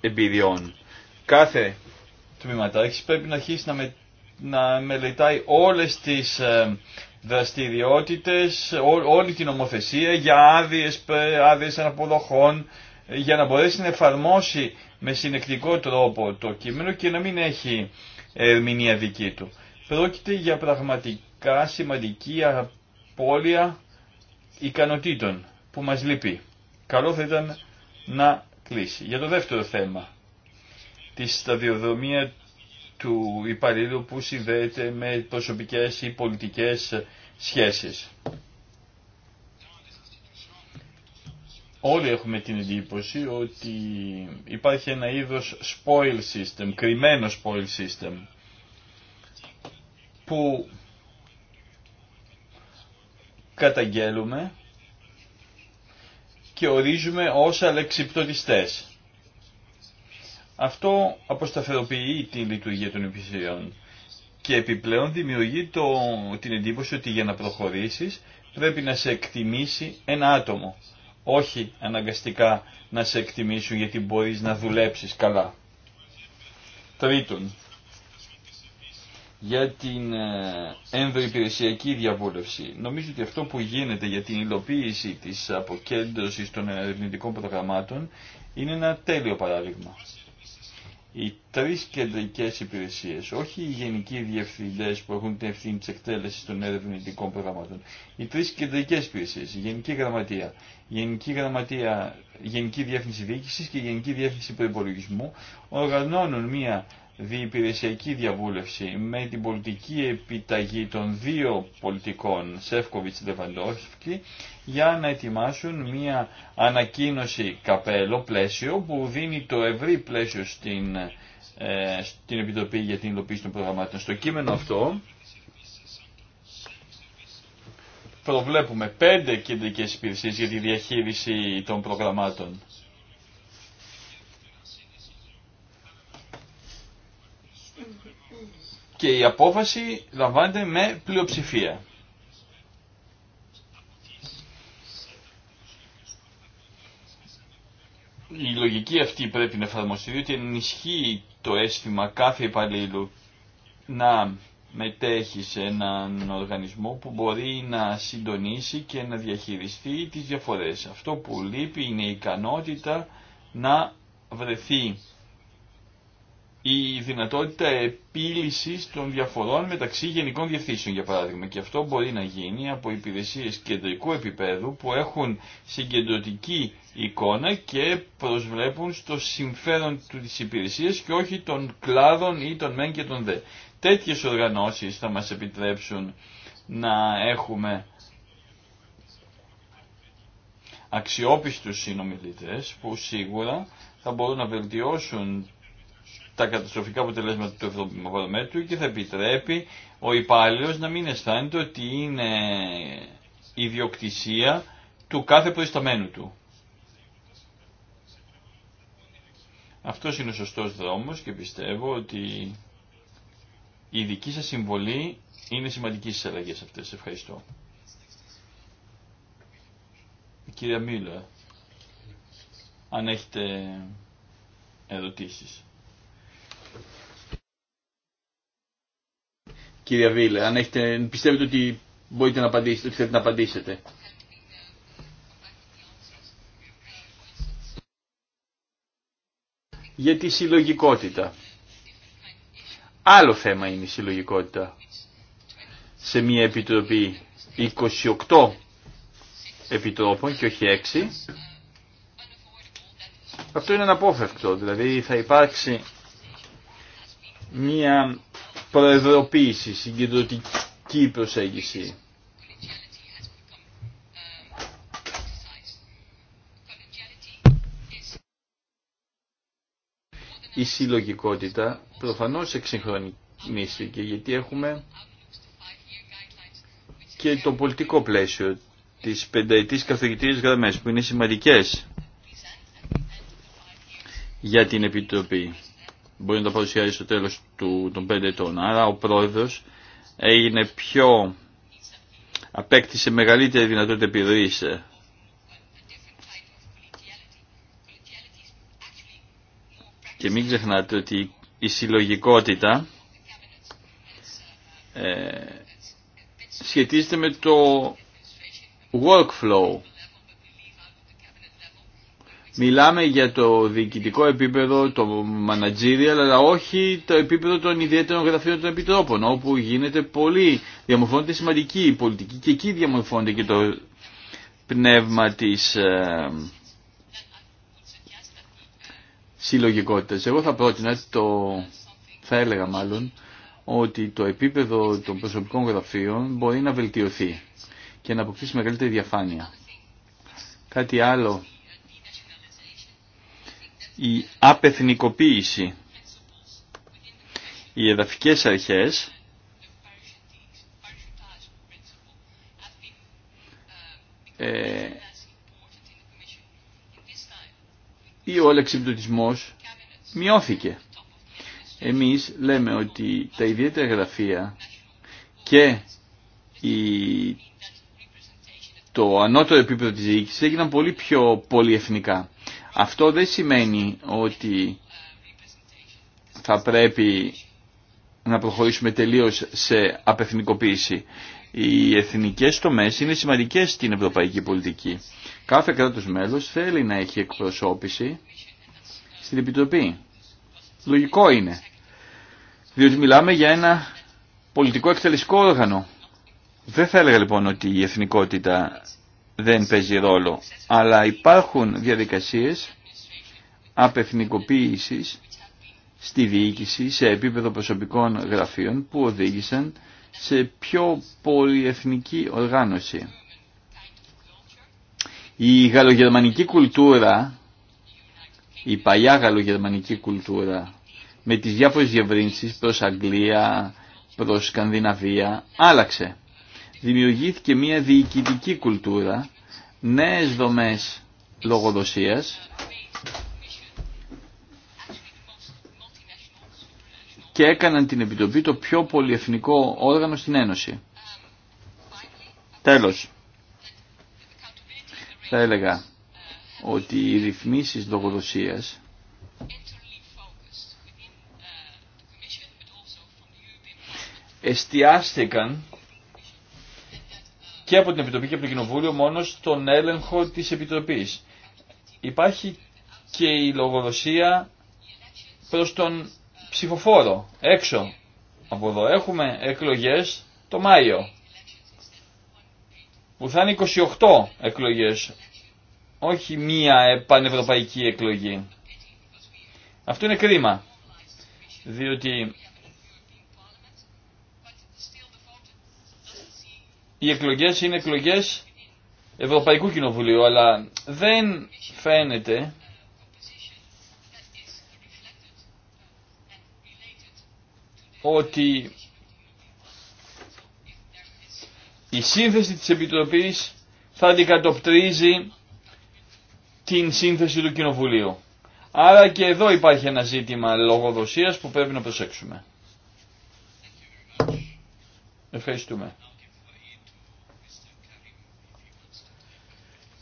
εμπειριών. Κάθε πρέπει να αρχίσει να, με, να μελετάει όλες τις ε, δραστηριότητες, όλη την ομοθεσία για άδειες, άδειες αναποδοχών, για να μπορέσει να εφαρμόσει με συνεκτικό τρόπο το κείμενο και να μην έχει ερμηνεία δική του. Πρόκειται για πραγματικά σημαντική απώλεια ικανοτήτων που μας λείπει. Καλό θα ήταν να κλείσει. Για το δεύτερο θέμα, τη σταδιοδρομία του υπαλλήλου που συνδέεται με προσωπικές ή πολιτικές σχέσεις. Όλοι έχουμε την εντύπωση ότι υπάρχει ένα είδος spoil system, κρυμμένο spoil system, που καταγγέλουμε και ορίζουμε ως αλεξιπτωτιστές. Αυτό αποσταθεροποιεί τη λειτουργία των υπηρεσιών και επιπλέον δημιουργεί το, την εντύπωση ότι για να προχωρήσεις πρέπει να σε εκτιμήσει ένα άτομο. Όχι αναγκαστικά να σε εκτιμήσουν γιατί μπορείς να δουλέψεις καλά. Τρίτον, για την ε, ενδοϊπηρεσιακή διαβούλευση. Νομίζω ότι αυτό που γίνεται για την υλοποίηση της αποκέντρωσης των ερευνητικών προγραμμάτων είναι ένα τέλειο παράδειγμα οι τρει κεντρικέ υπηρεσίες, όχι οι γενικοί διευθυντέ που έχουν την ευθύνη τη εκτέλεση των ερευνητικών προγραμμάτων, οι τρει κεντρικέ υπηρεσίε, η Γενική Γραμματεία, η Γενική, Γραμματεία, Γενική Διεύθυνση Διοίκηση και η Γενική Διεύθυνση προπολογισμού, οργανώνουν μία διυπηρεσιακή διαβούλευση με την πολιτική επιταγή των δύο πολιτικών Σεύκοβιτς Λεβαντόφσκι για να ετοιμάσουν μια ανακοίνωση καπέλο πλαίσιο που δίνει το ευρύ πλαίσιο στην, ε, στην Επιτροπή για την υλοποίηση των προγραμμάτων. Στο κείμενο αυτό προβλέπουμε πέντε κεντρικές υπηρεσίες για τη διαχείριση των προγραμμάτων και η απόφαση λαμβάνεται με πλειοψηφία. Η λογική αυτή πρέπει να εφαρμοστεί, διότι ενισχύει το αίσθημα κάθε υπαλλήλου να μετέχει σε έναν οργανισμό που μπορεί να συντονίσει και να διαχειριστεί τις διαφορές. Αυτό που λείπει είναι η ικανότητα να βρεθεί η δυνατότητα επίλυσης των διαφορών μεταξύ γενικών διευθύνσεων για παράδειγμα και αυτό μπορεί να γίνει από υπηρεσίες κεντρικού επίπεδου που έχουν συγκεντρωτική εικόνα και προσβλέπουν στο συμφέρον της υπηρεσίας και όχι των κλάδων ή των μεν και των δε. Τέτοιες οργανώσεις θα μας επιτρέψουν να έχουμε αξιόπιστους συνομιλητές που σίγουρα θα μπορούν να βελτιώσουν τα καταστροφικά αποτελέσματα του 70 και θα επιτρέπει ο υπάλληλο να μην αισθάνεται ότι είναι ιδιοκτησία του κάθε προϊσταμένου του. Αυτό είναι ο σωστός δρόμος και πιστεύω ότι η δική σας συμβολή είναι σημαντική στις αλλαγές αυτές. Ευχαριστώ. Κύριε κυρία αν έχετε ερωτήσεις. κυρία Βίλε, αν έχετε, πιστεύετε ότι μπορείτε να απαντήσετε, ότι θέλετε να απαντήσετε. Για τη συλλογικότητα. Άλλο θέμα είναι η συλλογικότητα. Σε μια επιτροπή 28 επιτρόπων και όχι 6. Αυτό είναι αναπόφευκτο, δηλαδή θα υπάρξει μια προεδροποίηση, συγκεντρωτική προσέγγιση. Η συλλογικότητα προφανώς εξυγχρονίστηκε γιατί έχουμε και το πολιτικό πλαίσιο της πενταετής καθοδητήριας γραμμές που είναι σημαντικές για την Επιτροπή μπορεί να τα παρουσιάσει στο τέλος του, των πέντε ετών. Άρα ο πρόεδρος έγινε πιο, απέκτησε μεγαλύτερη δυνατότητα επιρροής. Ε, Και μην ξεχνάτε ότι η συλλογικότητα ε, σχετίζεται με το workflow Μιλάμε για το διοικητικό επίπεδο, το managerial, αλλά όχι το επίπεδο των ιδιαίτερων γραφείων των επιτρόπων, όπου γίνεται πολύ, διαμορφώνεται σημαντική πολιτική και εκεί διαμορφώνεται και το πνεύμα της ε, συλλογικότητας. Εγώ θα πρότεινα, το, θα έλεγα μάλλον, ότι το επίπεδο των προσωπικών γραφείων μπορεί να βελτιωθεί και να αποκτήσει μεγαλύτερη διαφάνεια. Κάτι άλλο η απεθνικοποίηση. Οι εδαφικές αρχές ε, ή ο αλεξιπτωτισμός μειώθηκε. Εμείς λέμε ότι τα ιδιαίτερα γραφεία και το ανώτερο επίπεδο της διοίκησης έγιναν πολύ πιο πολυεθνικά. Αυτό δεν σημαίνει ότι θα πρέπει να προχωρήσουμε τελείως σε απεθνικοποίηση. Οι εθνικές τομές είναι σημαντικές στην ευρωπαϊκή πολιτική. Κάθε κράτος μέλος θέλει να έχει εκπροσώπηση στην Επιτροπή. Λογικό είναι. Διότι μιλάμε για ένα πολιτικό εκτελεστικό όργανο. Δεν θα έλεγα λοιπόν ότι η εθνικότητα δεν παίζει ρόλο. Αλλά υπάρχουν διαδικασίες απεθνικοποίησης στη διοίκηση, σε επίπεδο προσωπικών γραφείων που οδήγησαν σε πιο πολυεθνική οργάνωση. Η γαλλογερμανική κουλτούρα, η παλιά γαλλογερμανική κουλτούρα με τις διάφορες διευρύνσεις προς Αγγλία, προς Σκανδιναβία άλλαξε δημιουργήθηκε μια διοικητική κουλτούρα, νέες δομές λογοδοσίας και έκαναν την Επιτροπή το πιο πολυεθνικό όργανο στην Ένωση. Τέλος, θα έλεγα ότι οι ρυθμίσεις λογοδοσίας εστιάστηκαν και από την Επιτροπή και από το Κοινοβούλιο μόνο στον έλεγχο της Επιτροπής. Υπάρχει και η λογοδοσία προς τον ψηφοφόρο, έξω από εδώ. Έχουμε εκλογές το Μάιο, που θα είναι 28 εκλογές, όχι μία πανευρωπαϊκή εκλογή. Αυτό είναι κρίμα, διότι οι εκλογέ είναι εκλογέ Ευρωπαϊκού Κοινοβουλίου, αλλά δεν φαίνεται ότι η σύνθεση της Επιτροπής θα αντικατοπτρίζει την σύνθεση του Κοινοβουλίου. Άρα και εδώ υπάρχει ένα ζήτημα λογοδοσίας που πρέπει να προσέξουμε. Ευχαριστούμε.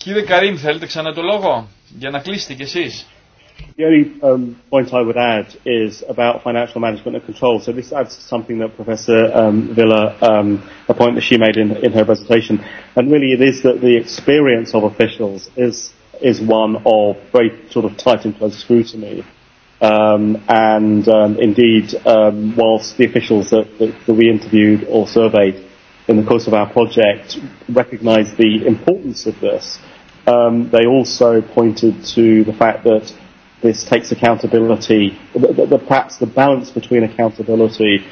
Κύριε Καρίμ, θέλετε ξανά το λόγο για να κλείσετε κι εσείς. The only um, point I would add is about financial management and control. So this adds to something that Professor Villa, um, a point that she made in, in her presentation. And really it is that the experience of officials is, is one of very sort of tight and close scrutiny. Um, and indeed, um, whilst the officials that, that, that we interviewed or surveyed in the course of our project recognised the importance of this, Um, they also pointed to the fact that this takes accountability, that perhaps the balance between accountability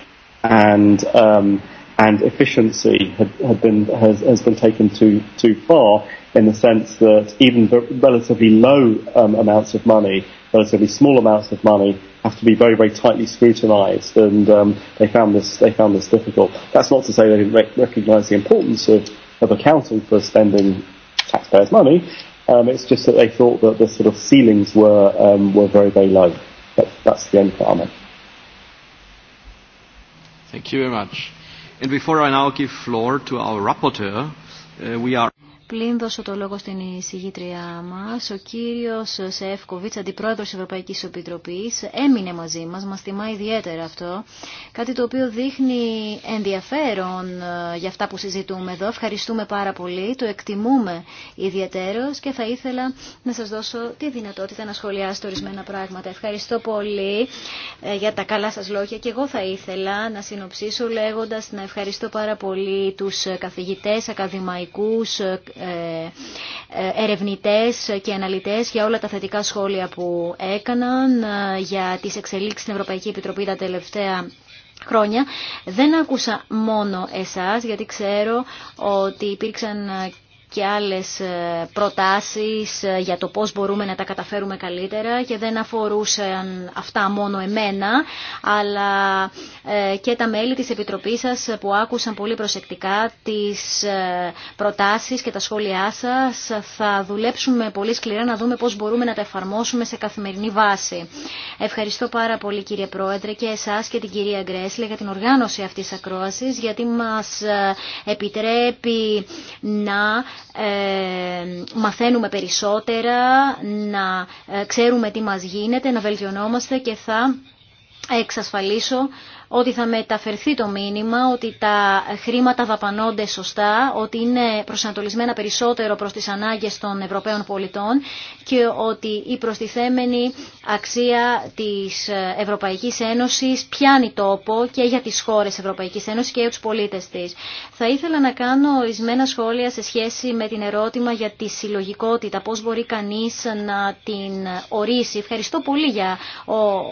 and um, and efficiency had, had been has, has been taken too too far in the sense that even relatively low um, amounts of money, relatively small amounts of money, have to be very very tightly scrutinised, and um, they found this they found this difficult. That's not to say they didn't recognise the importance of of accounting for spending taxpayers' money. Um, it's just that they thought that the sort of ceilings were um, were very very low. but that's the end comment. Thank you very much. And before I now give floor to our rapporteur, we are. Πλην δώσω το λόγο στην εισηγήτριά μας, ο κύριος Σεύκοβιτς, αντιπρόεδρος Ευρωπαϊκής Επιτροπής, έμεινε μαζί μας, μας τιμά ιδιαίτερα αυτό, κάτι το οποίο δείχνει ενδιαφέρον ε, για αυτά που συζητούμε εδώ. Ευχαριστούμε πάρα πολύ, το εκτιμούμε ιδιαίτερος και θα ήθελα να σας δώσω τη δυνατότητα να σχολιάσετε ορισμένα πράγματα. Ευχαριστώ πολύ ε, για τα καλά σας λόγια και εγώ θα ήθελα να συνοψίσω λέγοντα να ευχαριστώ πάρα πολύ τους καθηγητές, ακαδημαϊκούς, ε, ε, ερευνητές και αναλυτές για όλα τα θετικά σχόλια που έκαναν ε, για τις εξελίξεις στην Ευρωπαϊκή Επιτροπή τα τελευταία χρόνια. Δεν άκουσα μόνο εσάς, γιατί ξέρω ότι υπήρξαν και άλλες ε, προτάσεις ε, για το πώς μπορούμε να τα καταφέρουμε καλύτερα και δεν αφορούσαν αυτά μόνο εμένα, αλλά ε, και τα μέλη της Επιτροπής σας που άκουσαν πολύ προσεκτικά τις προτάσεις και τα σχόλιά σας. Θα δουλέψουμε πολύ σκληρά να δούμε πώς μπορούμε να τα εφαρμόσουμε σε καθημερινή βάση. Ευχαριστώ πάρα πολύ κύριε Πρόεδρε και εσάς και την κυρία Γκρέσλε για την οργάνωση αυτής ακρόασης, γιατί μας επιτρέπει να ε, μαθαίνουμε περισσότερα, να ε, ξέρουμε τι μας γίνεται, να βελτιωνόμαστε και θα εξασφαλίσω ότι θα μεταφερθεί το μήνυμα ότι τα χρήματα δαπανώνται σωστά, ότι είναι προσανατολισμένα περισσότερο προς τις ανάγκες των Ευρωπαίων πολιτών και ότι η προστιθέμενη αξία της Ευρωπαϊκής Ένωσης πιάνει τόπο και για τις χώρες Ευρωπαϊκής Ένωσης και για τους πολίτες της. Θα ήθελα να κάνω ορισμένα σχόλια σε σχέση με την ερώτημα για τη συλλογικότητα, πώς μπορεί κανείς να την ορίσει. Ευχαριστώ πολύ για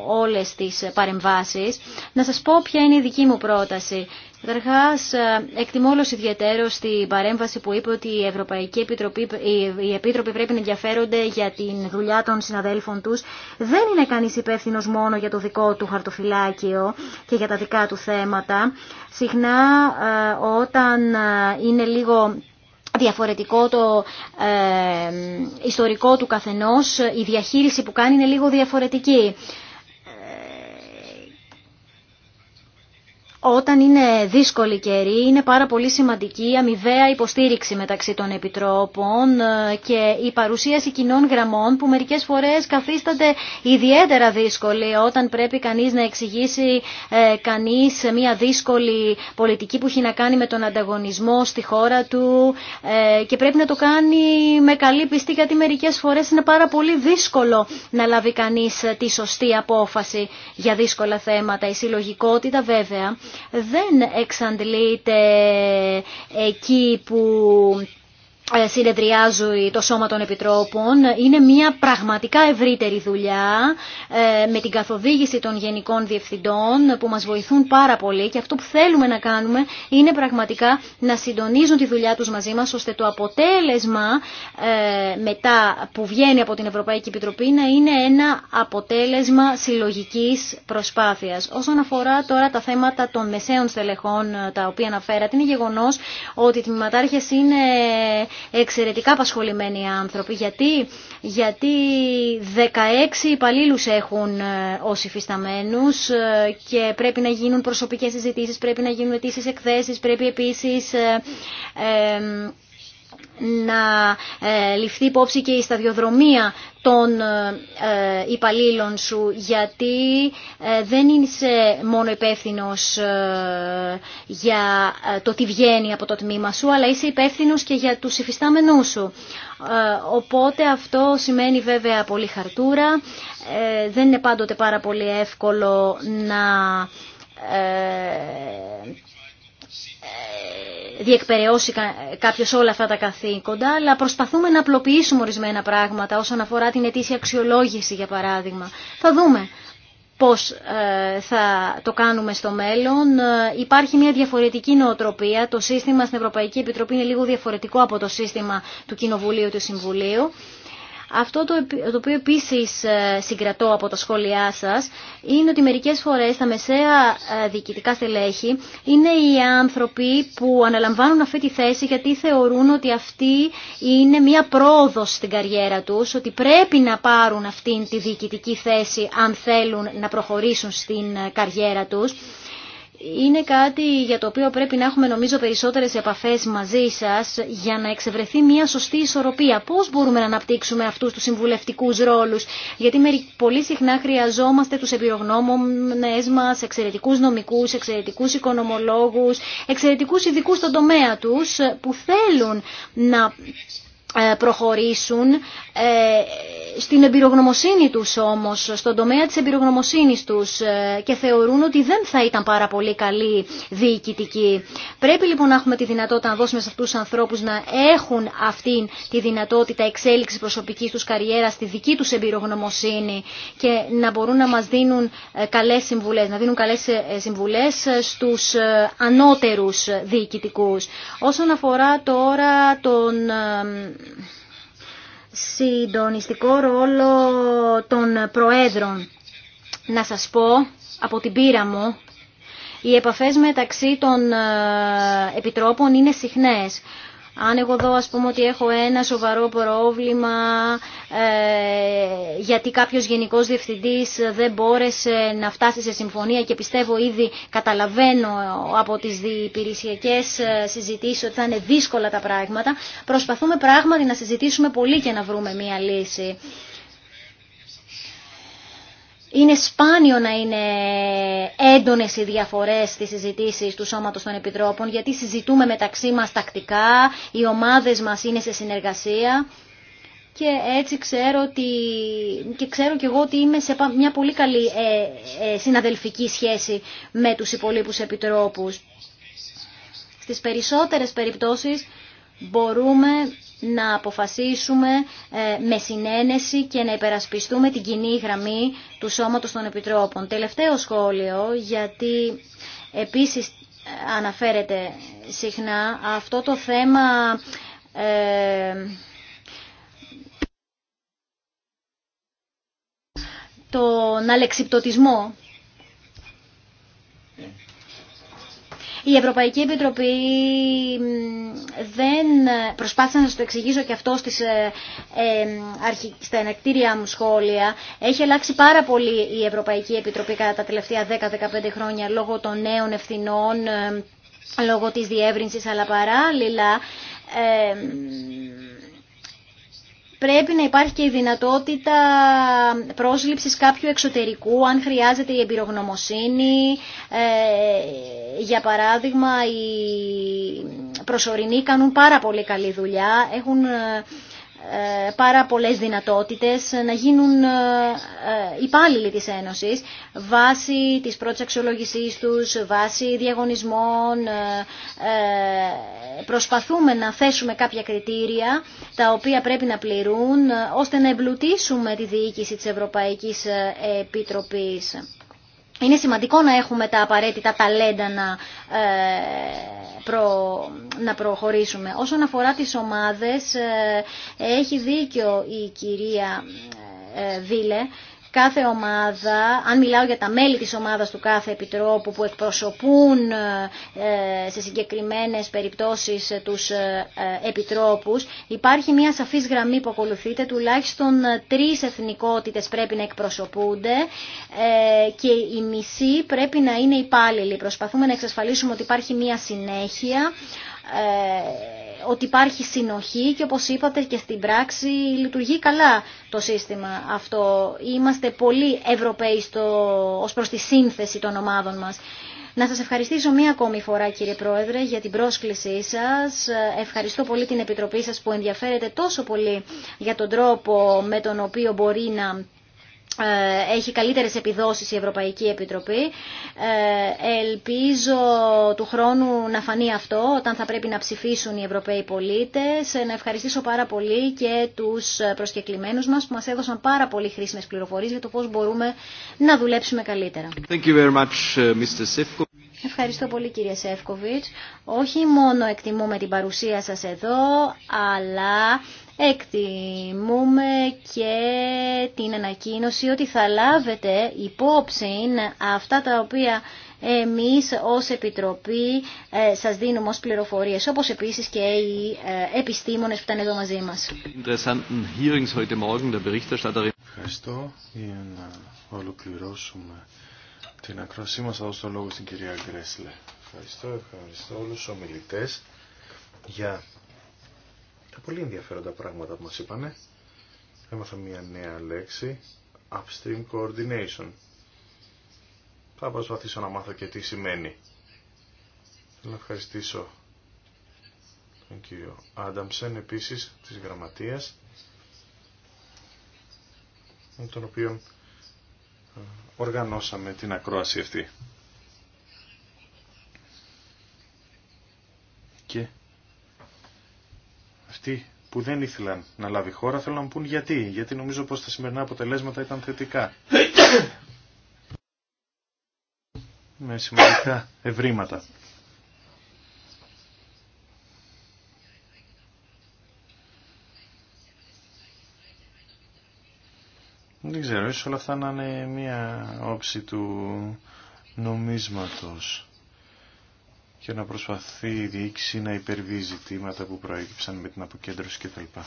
όλες τις παρεμβάσεις. Να σας πω ποια είναι η δική μου πρόταση. Καταρχά, ε, εκτιμώ όλο ιδιαίτερω την παρέμβαση που είπε ότι η Ευρωπαϊκή Επιτροπή, οι Επίτροποι πρέπει να ενδιαφέρονται για την δουλειά των συναδέλφων του. Δεν είναι κανεί υπεύθυνο μόνο για το δικό του χαρτοφυλάκιο και για τα δικά του θέματα. Συχνά ε, όταν ε, είναι λίγο διαφορετικό το ε, ιστορικό του καθενός, η διαχείριση που κάνει είναι λίγο διαφορετική. όταν είναι δύσκολη καιρή είναι πάρα πολύ σημαντική η αμοιβαία υποστήριξη μεταξύ των επιτρόπων ε, και η παρουσίαση κοινών γραμμών που μερικές φορές καθίστανται ιδιαίτερα δύσκολη όταν πρέπει κανείς να εξηγήσει ε, κανείς μια δύσκολη πολιτική που έχει να κάνει με τον ανταγωνισμό στη χώρα του ε, και πρέπει να το κάνει με καλή πιστή γιατί μερικές φορές είναι πάρα πολύ δύσκολο να λάβει κανείς τη σωστή απόφαση για δύσκολα θέματα. Η συλλογικότητα βέβαια δεν εξαντλείται εκεί που ε, συνεδριάζει το Σώμα των Επιτρόπων. Είναι μια πραγματικά ευρύτερη δουλειά ε, με την καθοδήγηση των γενικών διευθυντών που μας βοηθούν πάρα πολύ και αυτό που θέλουμε να κάνουμε είναι πραγματικά να συντονίζουν τη δουλειά τους μαζί μας ώστε το αποτέλεσμα ε, μετά που βγαίνει από την Ευρωπαϊκή Επιτροπή να είναι ένα αποτέλεσμα συλλογικής προσπάθειας. Όσον αφορά τώρα τα θέματα των μεσαίων στελεχών τα οποία αναφέρατε, είναι γεγονός ότι οι τμηματάρχες είναι εξαιρετικά απασχολημένοι άνθρωποι. Γιατί, γιατί 16 υπαλλήλου έχουν ε, ω υφισταμένου ε, και πρέπει να γίνουν προσωπικές συζητήσει, πρέπει να γίνουν αιτήσει εκθέσεις, πρέπει επίσης... Ε, να ε, ληφθεί υπόψη και η σταδιοδρομία των ε, ε, υπαλλήλων σου γιατί δεν είσαι μόνο υπεύθυνο για το τι βγαίνει από το τμήμα σου αλλά είσαι υπεύθυνο και για τους υφιστάμενούς σου. Οπότε αυτό σημαίνει βέβαια πολύ χαρτούρα. Δεν είναι πάντοτε πάρα πολύ εύκολο να διεκπαιρεώσει κάποιο όλα αυτά τα καθήκοντα, αλλά προσπαθούμε να απλοποιήσουμε ορισμένα πράγματα όσον αφορά την ετήσια αξιολόγηση, για παράδειγμα. Θα δούμε πώς ε, θα το κάνουμε στο μέλλον. Ε, υπάρχει μια διαφορετική νοοτροπία. Το σύστημα στην Ευρωπαϊκή Επιτροπή είναι λίγο διαφορετικό από το σύστημα του Κοινοβουλίου του Συμβουλίου. Αυτό το οποίο επίσης ε, συγκρατώ από τα σχόλιά σας είναι ότι μερικές φορές τα μεσαία ε, διοικητικά στελέχη είναι οι άνθρωποι που αναλαμβάνουν αυτή τη θέση γιατί θεωρούν ότι αυτή είναι μια πρόοδος στην καριέρα τους, ότι πρέπει να πάρουν αυτή τη διοικητική θέση αν θέλουν να προχωρήσουν στην ε, καριέρα τους είναι κάτι για το οποίο πρέπει να έχουμε νομίζω περισσότερες επαφές μαζί σας για να εξευρεθεί μια σωστή ισορροπία. Πώς μπορούμε να αναπτύξουμε αυτούς τους συμβουλευτικούς ρόλους, γιατί πολύ συχνά χρειαζόμαστε τους εμπειρογνώμονες μας, εξαιρετικούς νομικούς, εξαιρετικούς οικονομολόγους, εξαιρετικούς ειδικού στον τομέα τους που θέλουν να ε, προχωρήσουν ε, στην εμπειρογνωμοσύνη τους όμως, στον τομέα της εμπειρογνωμοσύνης τους ε, και θεωρούν ότι δεν θα ήταν πάρα πολύ καλή διοικητική. Πρέπει λοιπόν να έχουμε τη δυνατότητα να δώσουμε σε αυτούς τους ανθρώπους να έχουν αυτή τη δυνατότητα εξέλιξης προσωπικής τους καριέρας στη δική τους εμπειρογνωμοσύνη και να μπορούν να μας δίνουν καλές συμβουλές, να δίνουν καλές συμβουλές στους ανώτερους διοικητικούς. Όσον αφορά τώρα τον συντονιστικό ρόλο των προέδρων. Να σας πω από την πείρα μου οι επαφές μεταξύ των ε, επιτρόπων είναι συχνές. Αν εγώ δω ας πούμε ότι έχω ένα σοβαρό πρόβλημα ε, γιατί κάποιος γενικός διευθυντής δεν μπόρεσε να φτάσει σε συμφωνία και πιστεύω ήδη καταλαβαίνω από τις διπηρησιακές ε, συζητήσεις ότι θα είναι δύσκολα τα πράγματα, προσπαθούμε πράγματι να συζητήσουμε πολύ και να βρούμε μία λύση. Είναι σπάνιο να είναι έντονες οι διαφορές στις συζητήσεις του Σώματος των Επιτρόπων, γιατί συζητούμε μεταξύ μας τακτικά, οι ομάδες μας είναι σε συνεργασία και έτσι ξέρω ότι, και ξέρω και εγώ ότι είμαι σε μια πολύ καλή ε, ε, συναδελφική σχέση με τους υπολείπους επιτρόπους. Στις περισσότερες περιπτώσεις μπορούμε να αποφασίσουμε ε, με συνένεση και να υπερασπιστούμε την κοινή γραμμή του Σώματος των Επιτρόπων. Τελευταίο σχόλιο, γιατί επίσης ε, αναφέρεται συχνά αυτό το θέμα... Ε, τον αλεξιπτοτισμό Η Ευρωπαϊκή Επιτροπή δεν προσπάθησε να σας το εξηγήσω και αυτό στις, ε, στα ενακτήρια μου σχόλια. Έχει αλλάξει πάρα πολύ η Ευρωπαϊκή Επιτροπή κατά τα τελευταία 10-15 χρόνια λόγω των νέων ευθυνών, ε, λόγω της διεύρυνσης, αλλά παράλληλα ε, πρέπει να υπάρχει και η δυνατότητα πρόσληψης κάποιου εξωτερικού, αν χρειάζεται η εμπειρογνωμοσύνη. Ε, για παράδειγμα, οι προσωρινοί κάνουν πάρα πολύ καλή δουλειά, έχουν ε, ε, πάρα πολλές δυνατότητες να γίνουν ε, ε, υπάλληλοι της Ένωσης βάσει της πρώτης αξιολόγησής τους, βάσει διαγωνισμών. Προσπαθούμε να θέσουμε κάποια κριτήρια τα οποία πρέπει να πληρούν ώστε να εμπλουτίσουμε τη διοίκηση της Ευρωπαϊκής Επιτροπής είναι σημαντικό να έχουμε τα απαραίτητα ταλέντα να, ε, να προχωρήσουμε. Όσον αφορά τις ομάδες, ε, έχει δίκιο η κυρία ε, Βίλε κάθε ομάδα, αν μιλάω για τα μέλη της ομάδας του κάθε επιτρόπου που εκπροσωπούν ε, σε συγκεκριμένες περιπτώσεις ε, τους ε, επιτρόπους, υπάρχει μια σαφής γραμμή που ακολουθείται, τουλάχιστον τρεις εθνικότητες πρέπει να εκπροσωπούνται και η μισή πρέπει να είναι υπάλληλοι. Προσπαθούμε να εξασφαλίσουμε ότι υπάρχει μια συνέχεια ότι υπάρχει συνοχή και όπως είπατε και στην πράξη λειτουργεί καλά το σύστημα αυτό. Είμαστε πολύ Ευρωπαίοι στο, ως προς τη σύνθεση των ομάδων μας. Να σας ευχαριστήσω μία ακόμη φορά κύριε Πρόεδρε για την πρόσκλησή σας. Ευχαριστώ πολύ την Επιτροπή σας που ενδιαφέρεται τόσο πολύ για τον τρόπο με τον οποίο μπορεί να ε, έχει καλύτερες επιδόσεις η Ευρωπαϊκή Επιτροπή. Ε, ελπίζω του χρόνου να φανεί αυτό όταν θα πρέπει να ψηφίσουν οι Ευρωπαίοι πολίτες. Ε, να ευχαριστήσω πάρα πολύ και τους προσκεκλημένους μας που μας έδωσαν πάρα πολύ χρήσιμες πληροφορίες για το πώς μπορούμε να δουλέψουμε καλύτερα. Thank you very much, Mr. Ευχαριστώ πολύ κύριε Σεύκοβιτς. Όχι μόνο εκτιμούμε την παρουσία σας εδώ, αλλά Εκτιμούμε και την ανακοίνωση ότι θα λάβετε υπόψη αυτά τα οποία εμείς ως Επιτροπή ε, σας δίνουμε ως πληροφορίες, όπως επίσης και οι ε, επιστήμονες που ήταν εδώ μαζί μας. Ευχαριστώ για να ολοκληρώσουμε την ακρόασή μας. Θα δώσω το λόγο στην κυρία Γκρέσλε. Ευχαριστώ, ευχαριστώ όλους τους ομιλητές για πολύ ενδιαφέροντα πράγματα που μας είπανε. Έμαθα μια νέα λέξη, upstream coordination. Θα προσπαθήσω να μάθω και τι σημαίνει. Θέλω να ευχαριστήσω τον κύριο Άνταμσεν επίσης της γραμματείας με τον οποίο ε, οργανώσαμε την ακρόαση αυτή. Και αυτοί που δεν ήθελαν να λάβει χώρα θέλουν να μου πούν γιατί. Γιατί νομίζω πως τα σημερινά αποτελέσματα ήταν θετικά. Με σημαντικά ευρήματα. Δεν ξέρω, ίσως όλα αυτά να είναι μία όψη του νομίσματος και να προσπαθεί η διοίκηση να υπερβεί ζητήματα που προέκυψαν με την αποκέντρωση κτλ.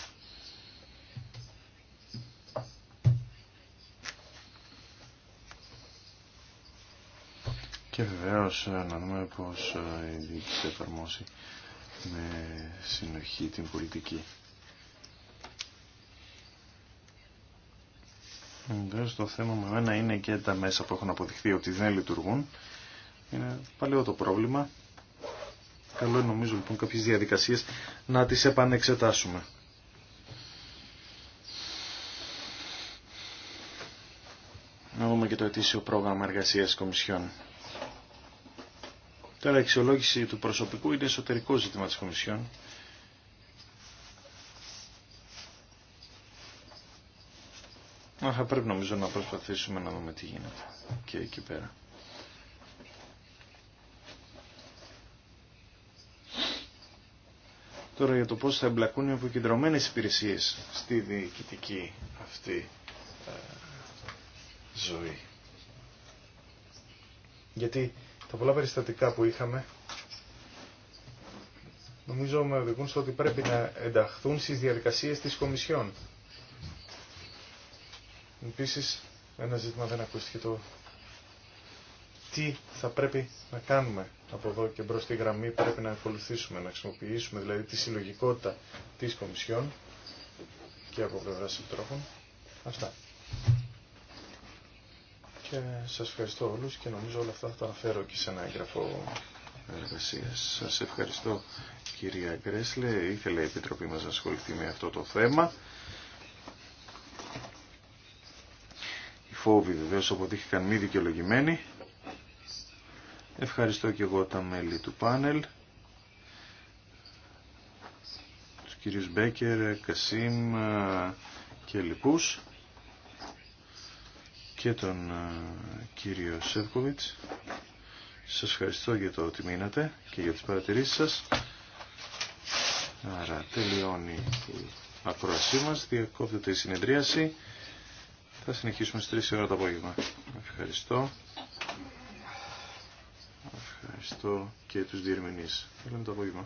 Και βεβαίως ε, να δούμε πως ε, η διοίκηση εφαρμόσει με συνοχή την πολιτική. Βεβαίως το θέμα με εμένα είναι και τα μέσα που έχουν αποδειχθεί ότι δεν λειτουργούν. Είναι παλαιό το πρόβλημα. Καλό νομίζω λοιπόν κάποιες διαδικασίες να τις επανεξετάσουμε. Να δούμε και το ετήσιο πρόγραμμα εργασίας Κομισιόν. Τώρα η αξιολόγηση του προσωπικού είναι εσωτερικό ζήτημα της Κομισιόν. θα πρέπει νομίζω να προσπαθήσουμε να δούμε τι γίνεται και εκεί πέρα. Τώρα για το πώς θα εμπλακούν οι αποκεντρωμένες υπηρεσίες στη διοικητική αυτή ε, ζωή. Γιατί τα πολλά περιστατικά που είχαμε νομίζω με οδηγούν στο ότι πρέπει να ενταχθούν στις διαδικασίες της Κομισιόν. Επίσης, ένα ζήτημα δεν ακούστηκε το τι θα πρέπει να κάνουμε από εδώ και μπρος τη γραμμή πρέπει να ακολουθήσουμε, να χρησιμοποιήσουμε δηλαδή τη συλλογικότητα της Κομισιόν και από πλευρά συντρόφων. Αυτά. Και σας ευχαριστώ όλους και νομίζω όλα αυτά θα τα αναφέρω και σε ένα έγγραφο εργασίας. Σας ευχαριστώ κυρία Γκρέσλε. Ήθελε η Επιτροπή μας να ασχοληθεί με αυτό το θέμα. Οι φόβοι βεβαίως αποδείχθηκαν μη δικαιολογημένοι. Ευχαριστώ και εγώ τα μέλη του πάνελ, τους κυρίους Μπέκερ, Κασίμ ε, και λοιπούς και τον ε, κύριο Σεύκοβιτς. Σας ευχαριστώ για το ότι μείνατε και για τις παρατηρήσεις σας. Άρα τελειώνει η ακροασή μας, διακόπτεται η συνεδρίαση. Θα συνεχίσουμε στις 3 ώρα το απόγευμα. Ευχαριστώ. Ευχαριστώ και τους διερμηνείς. Καλό το απόγευμα.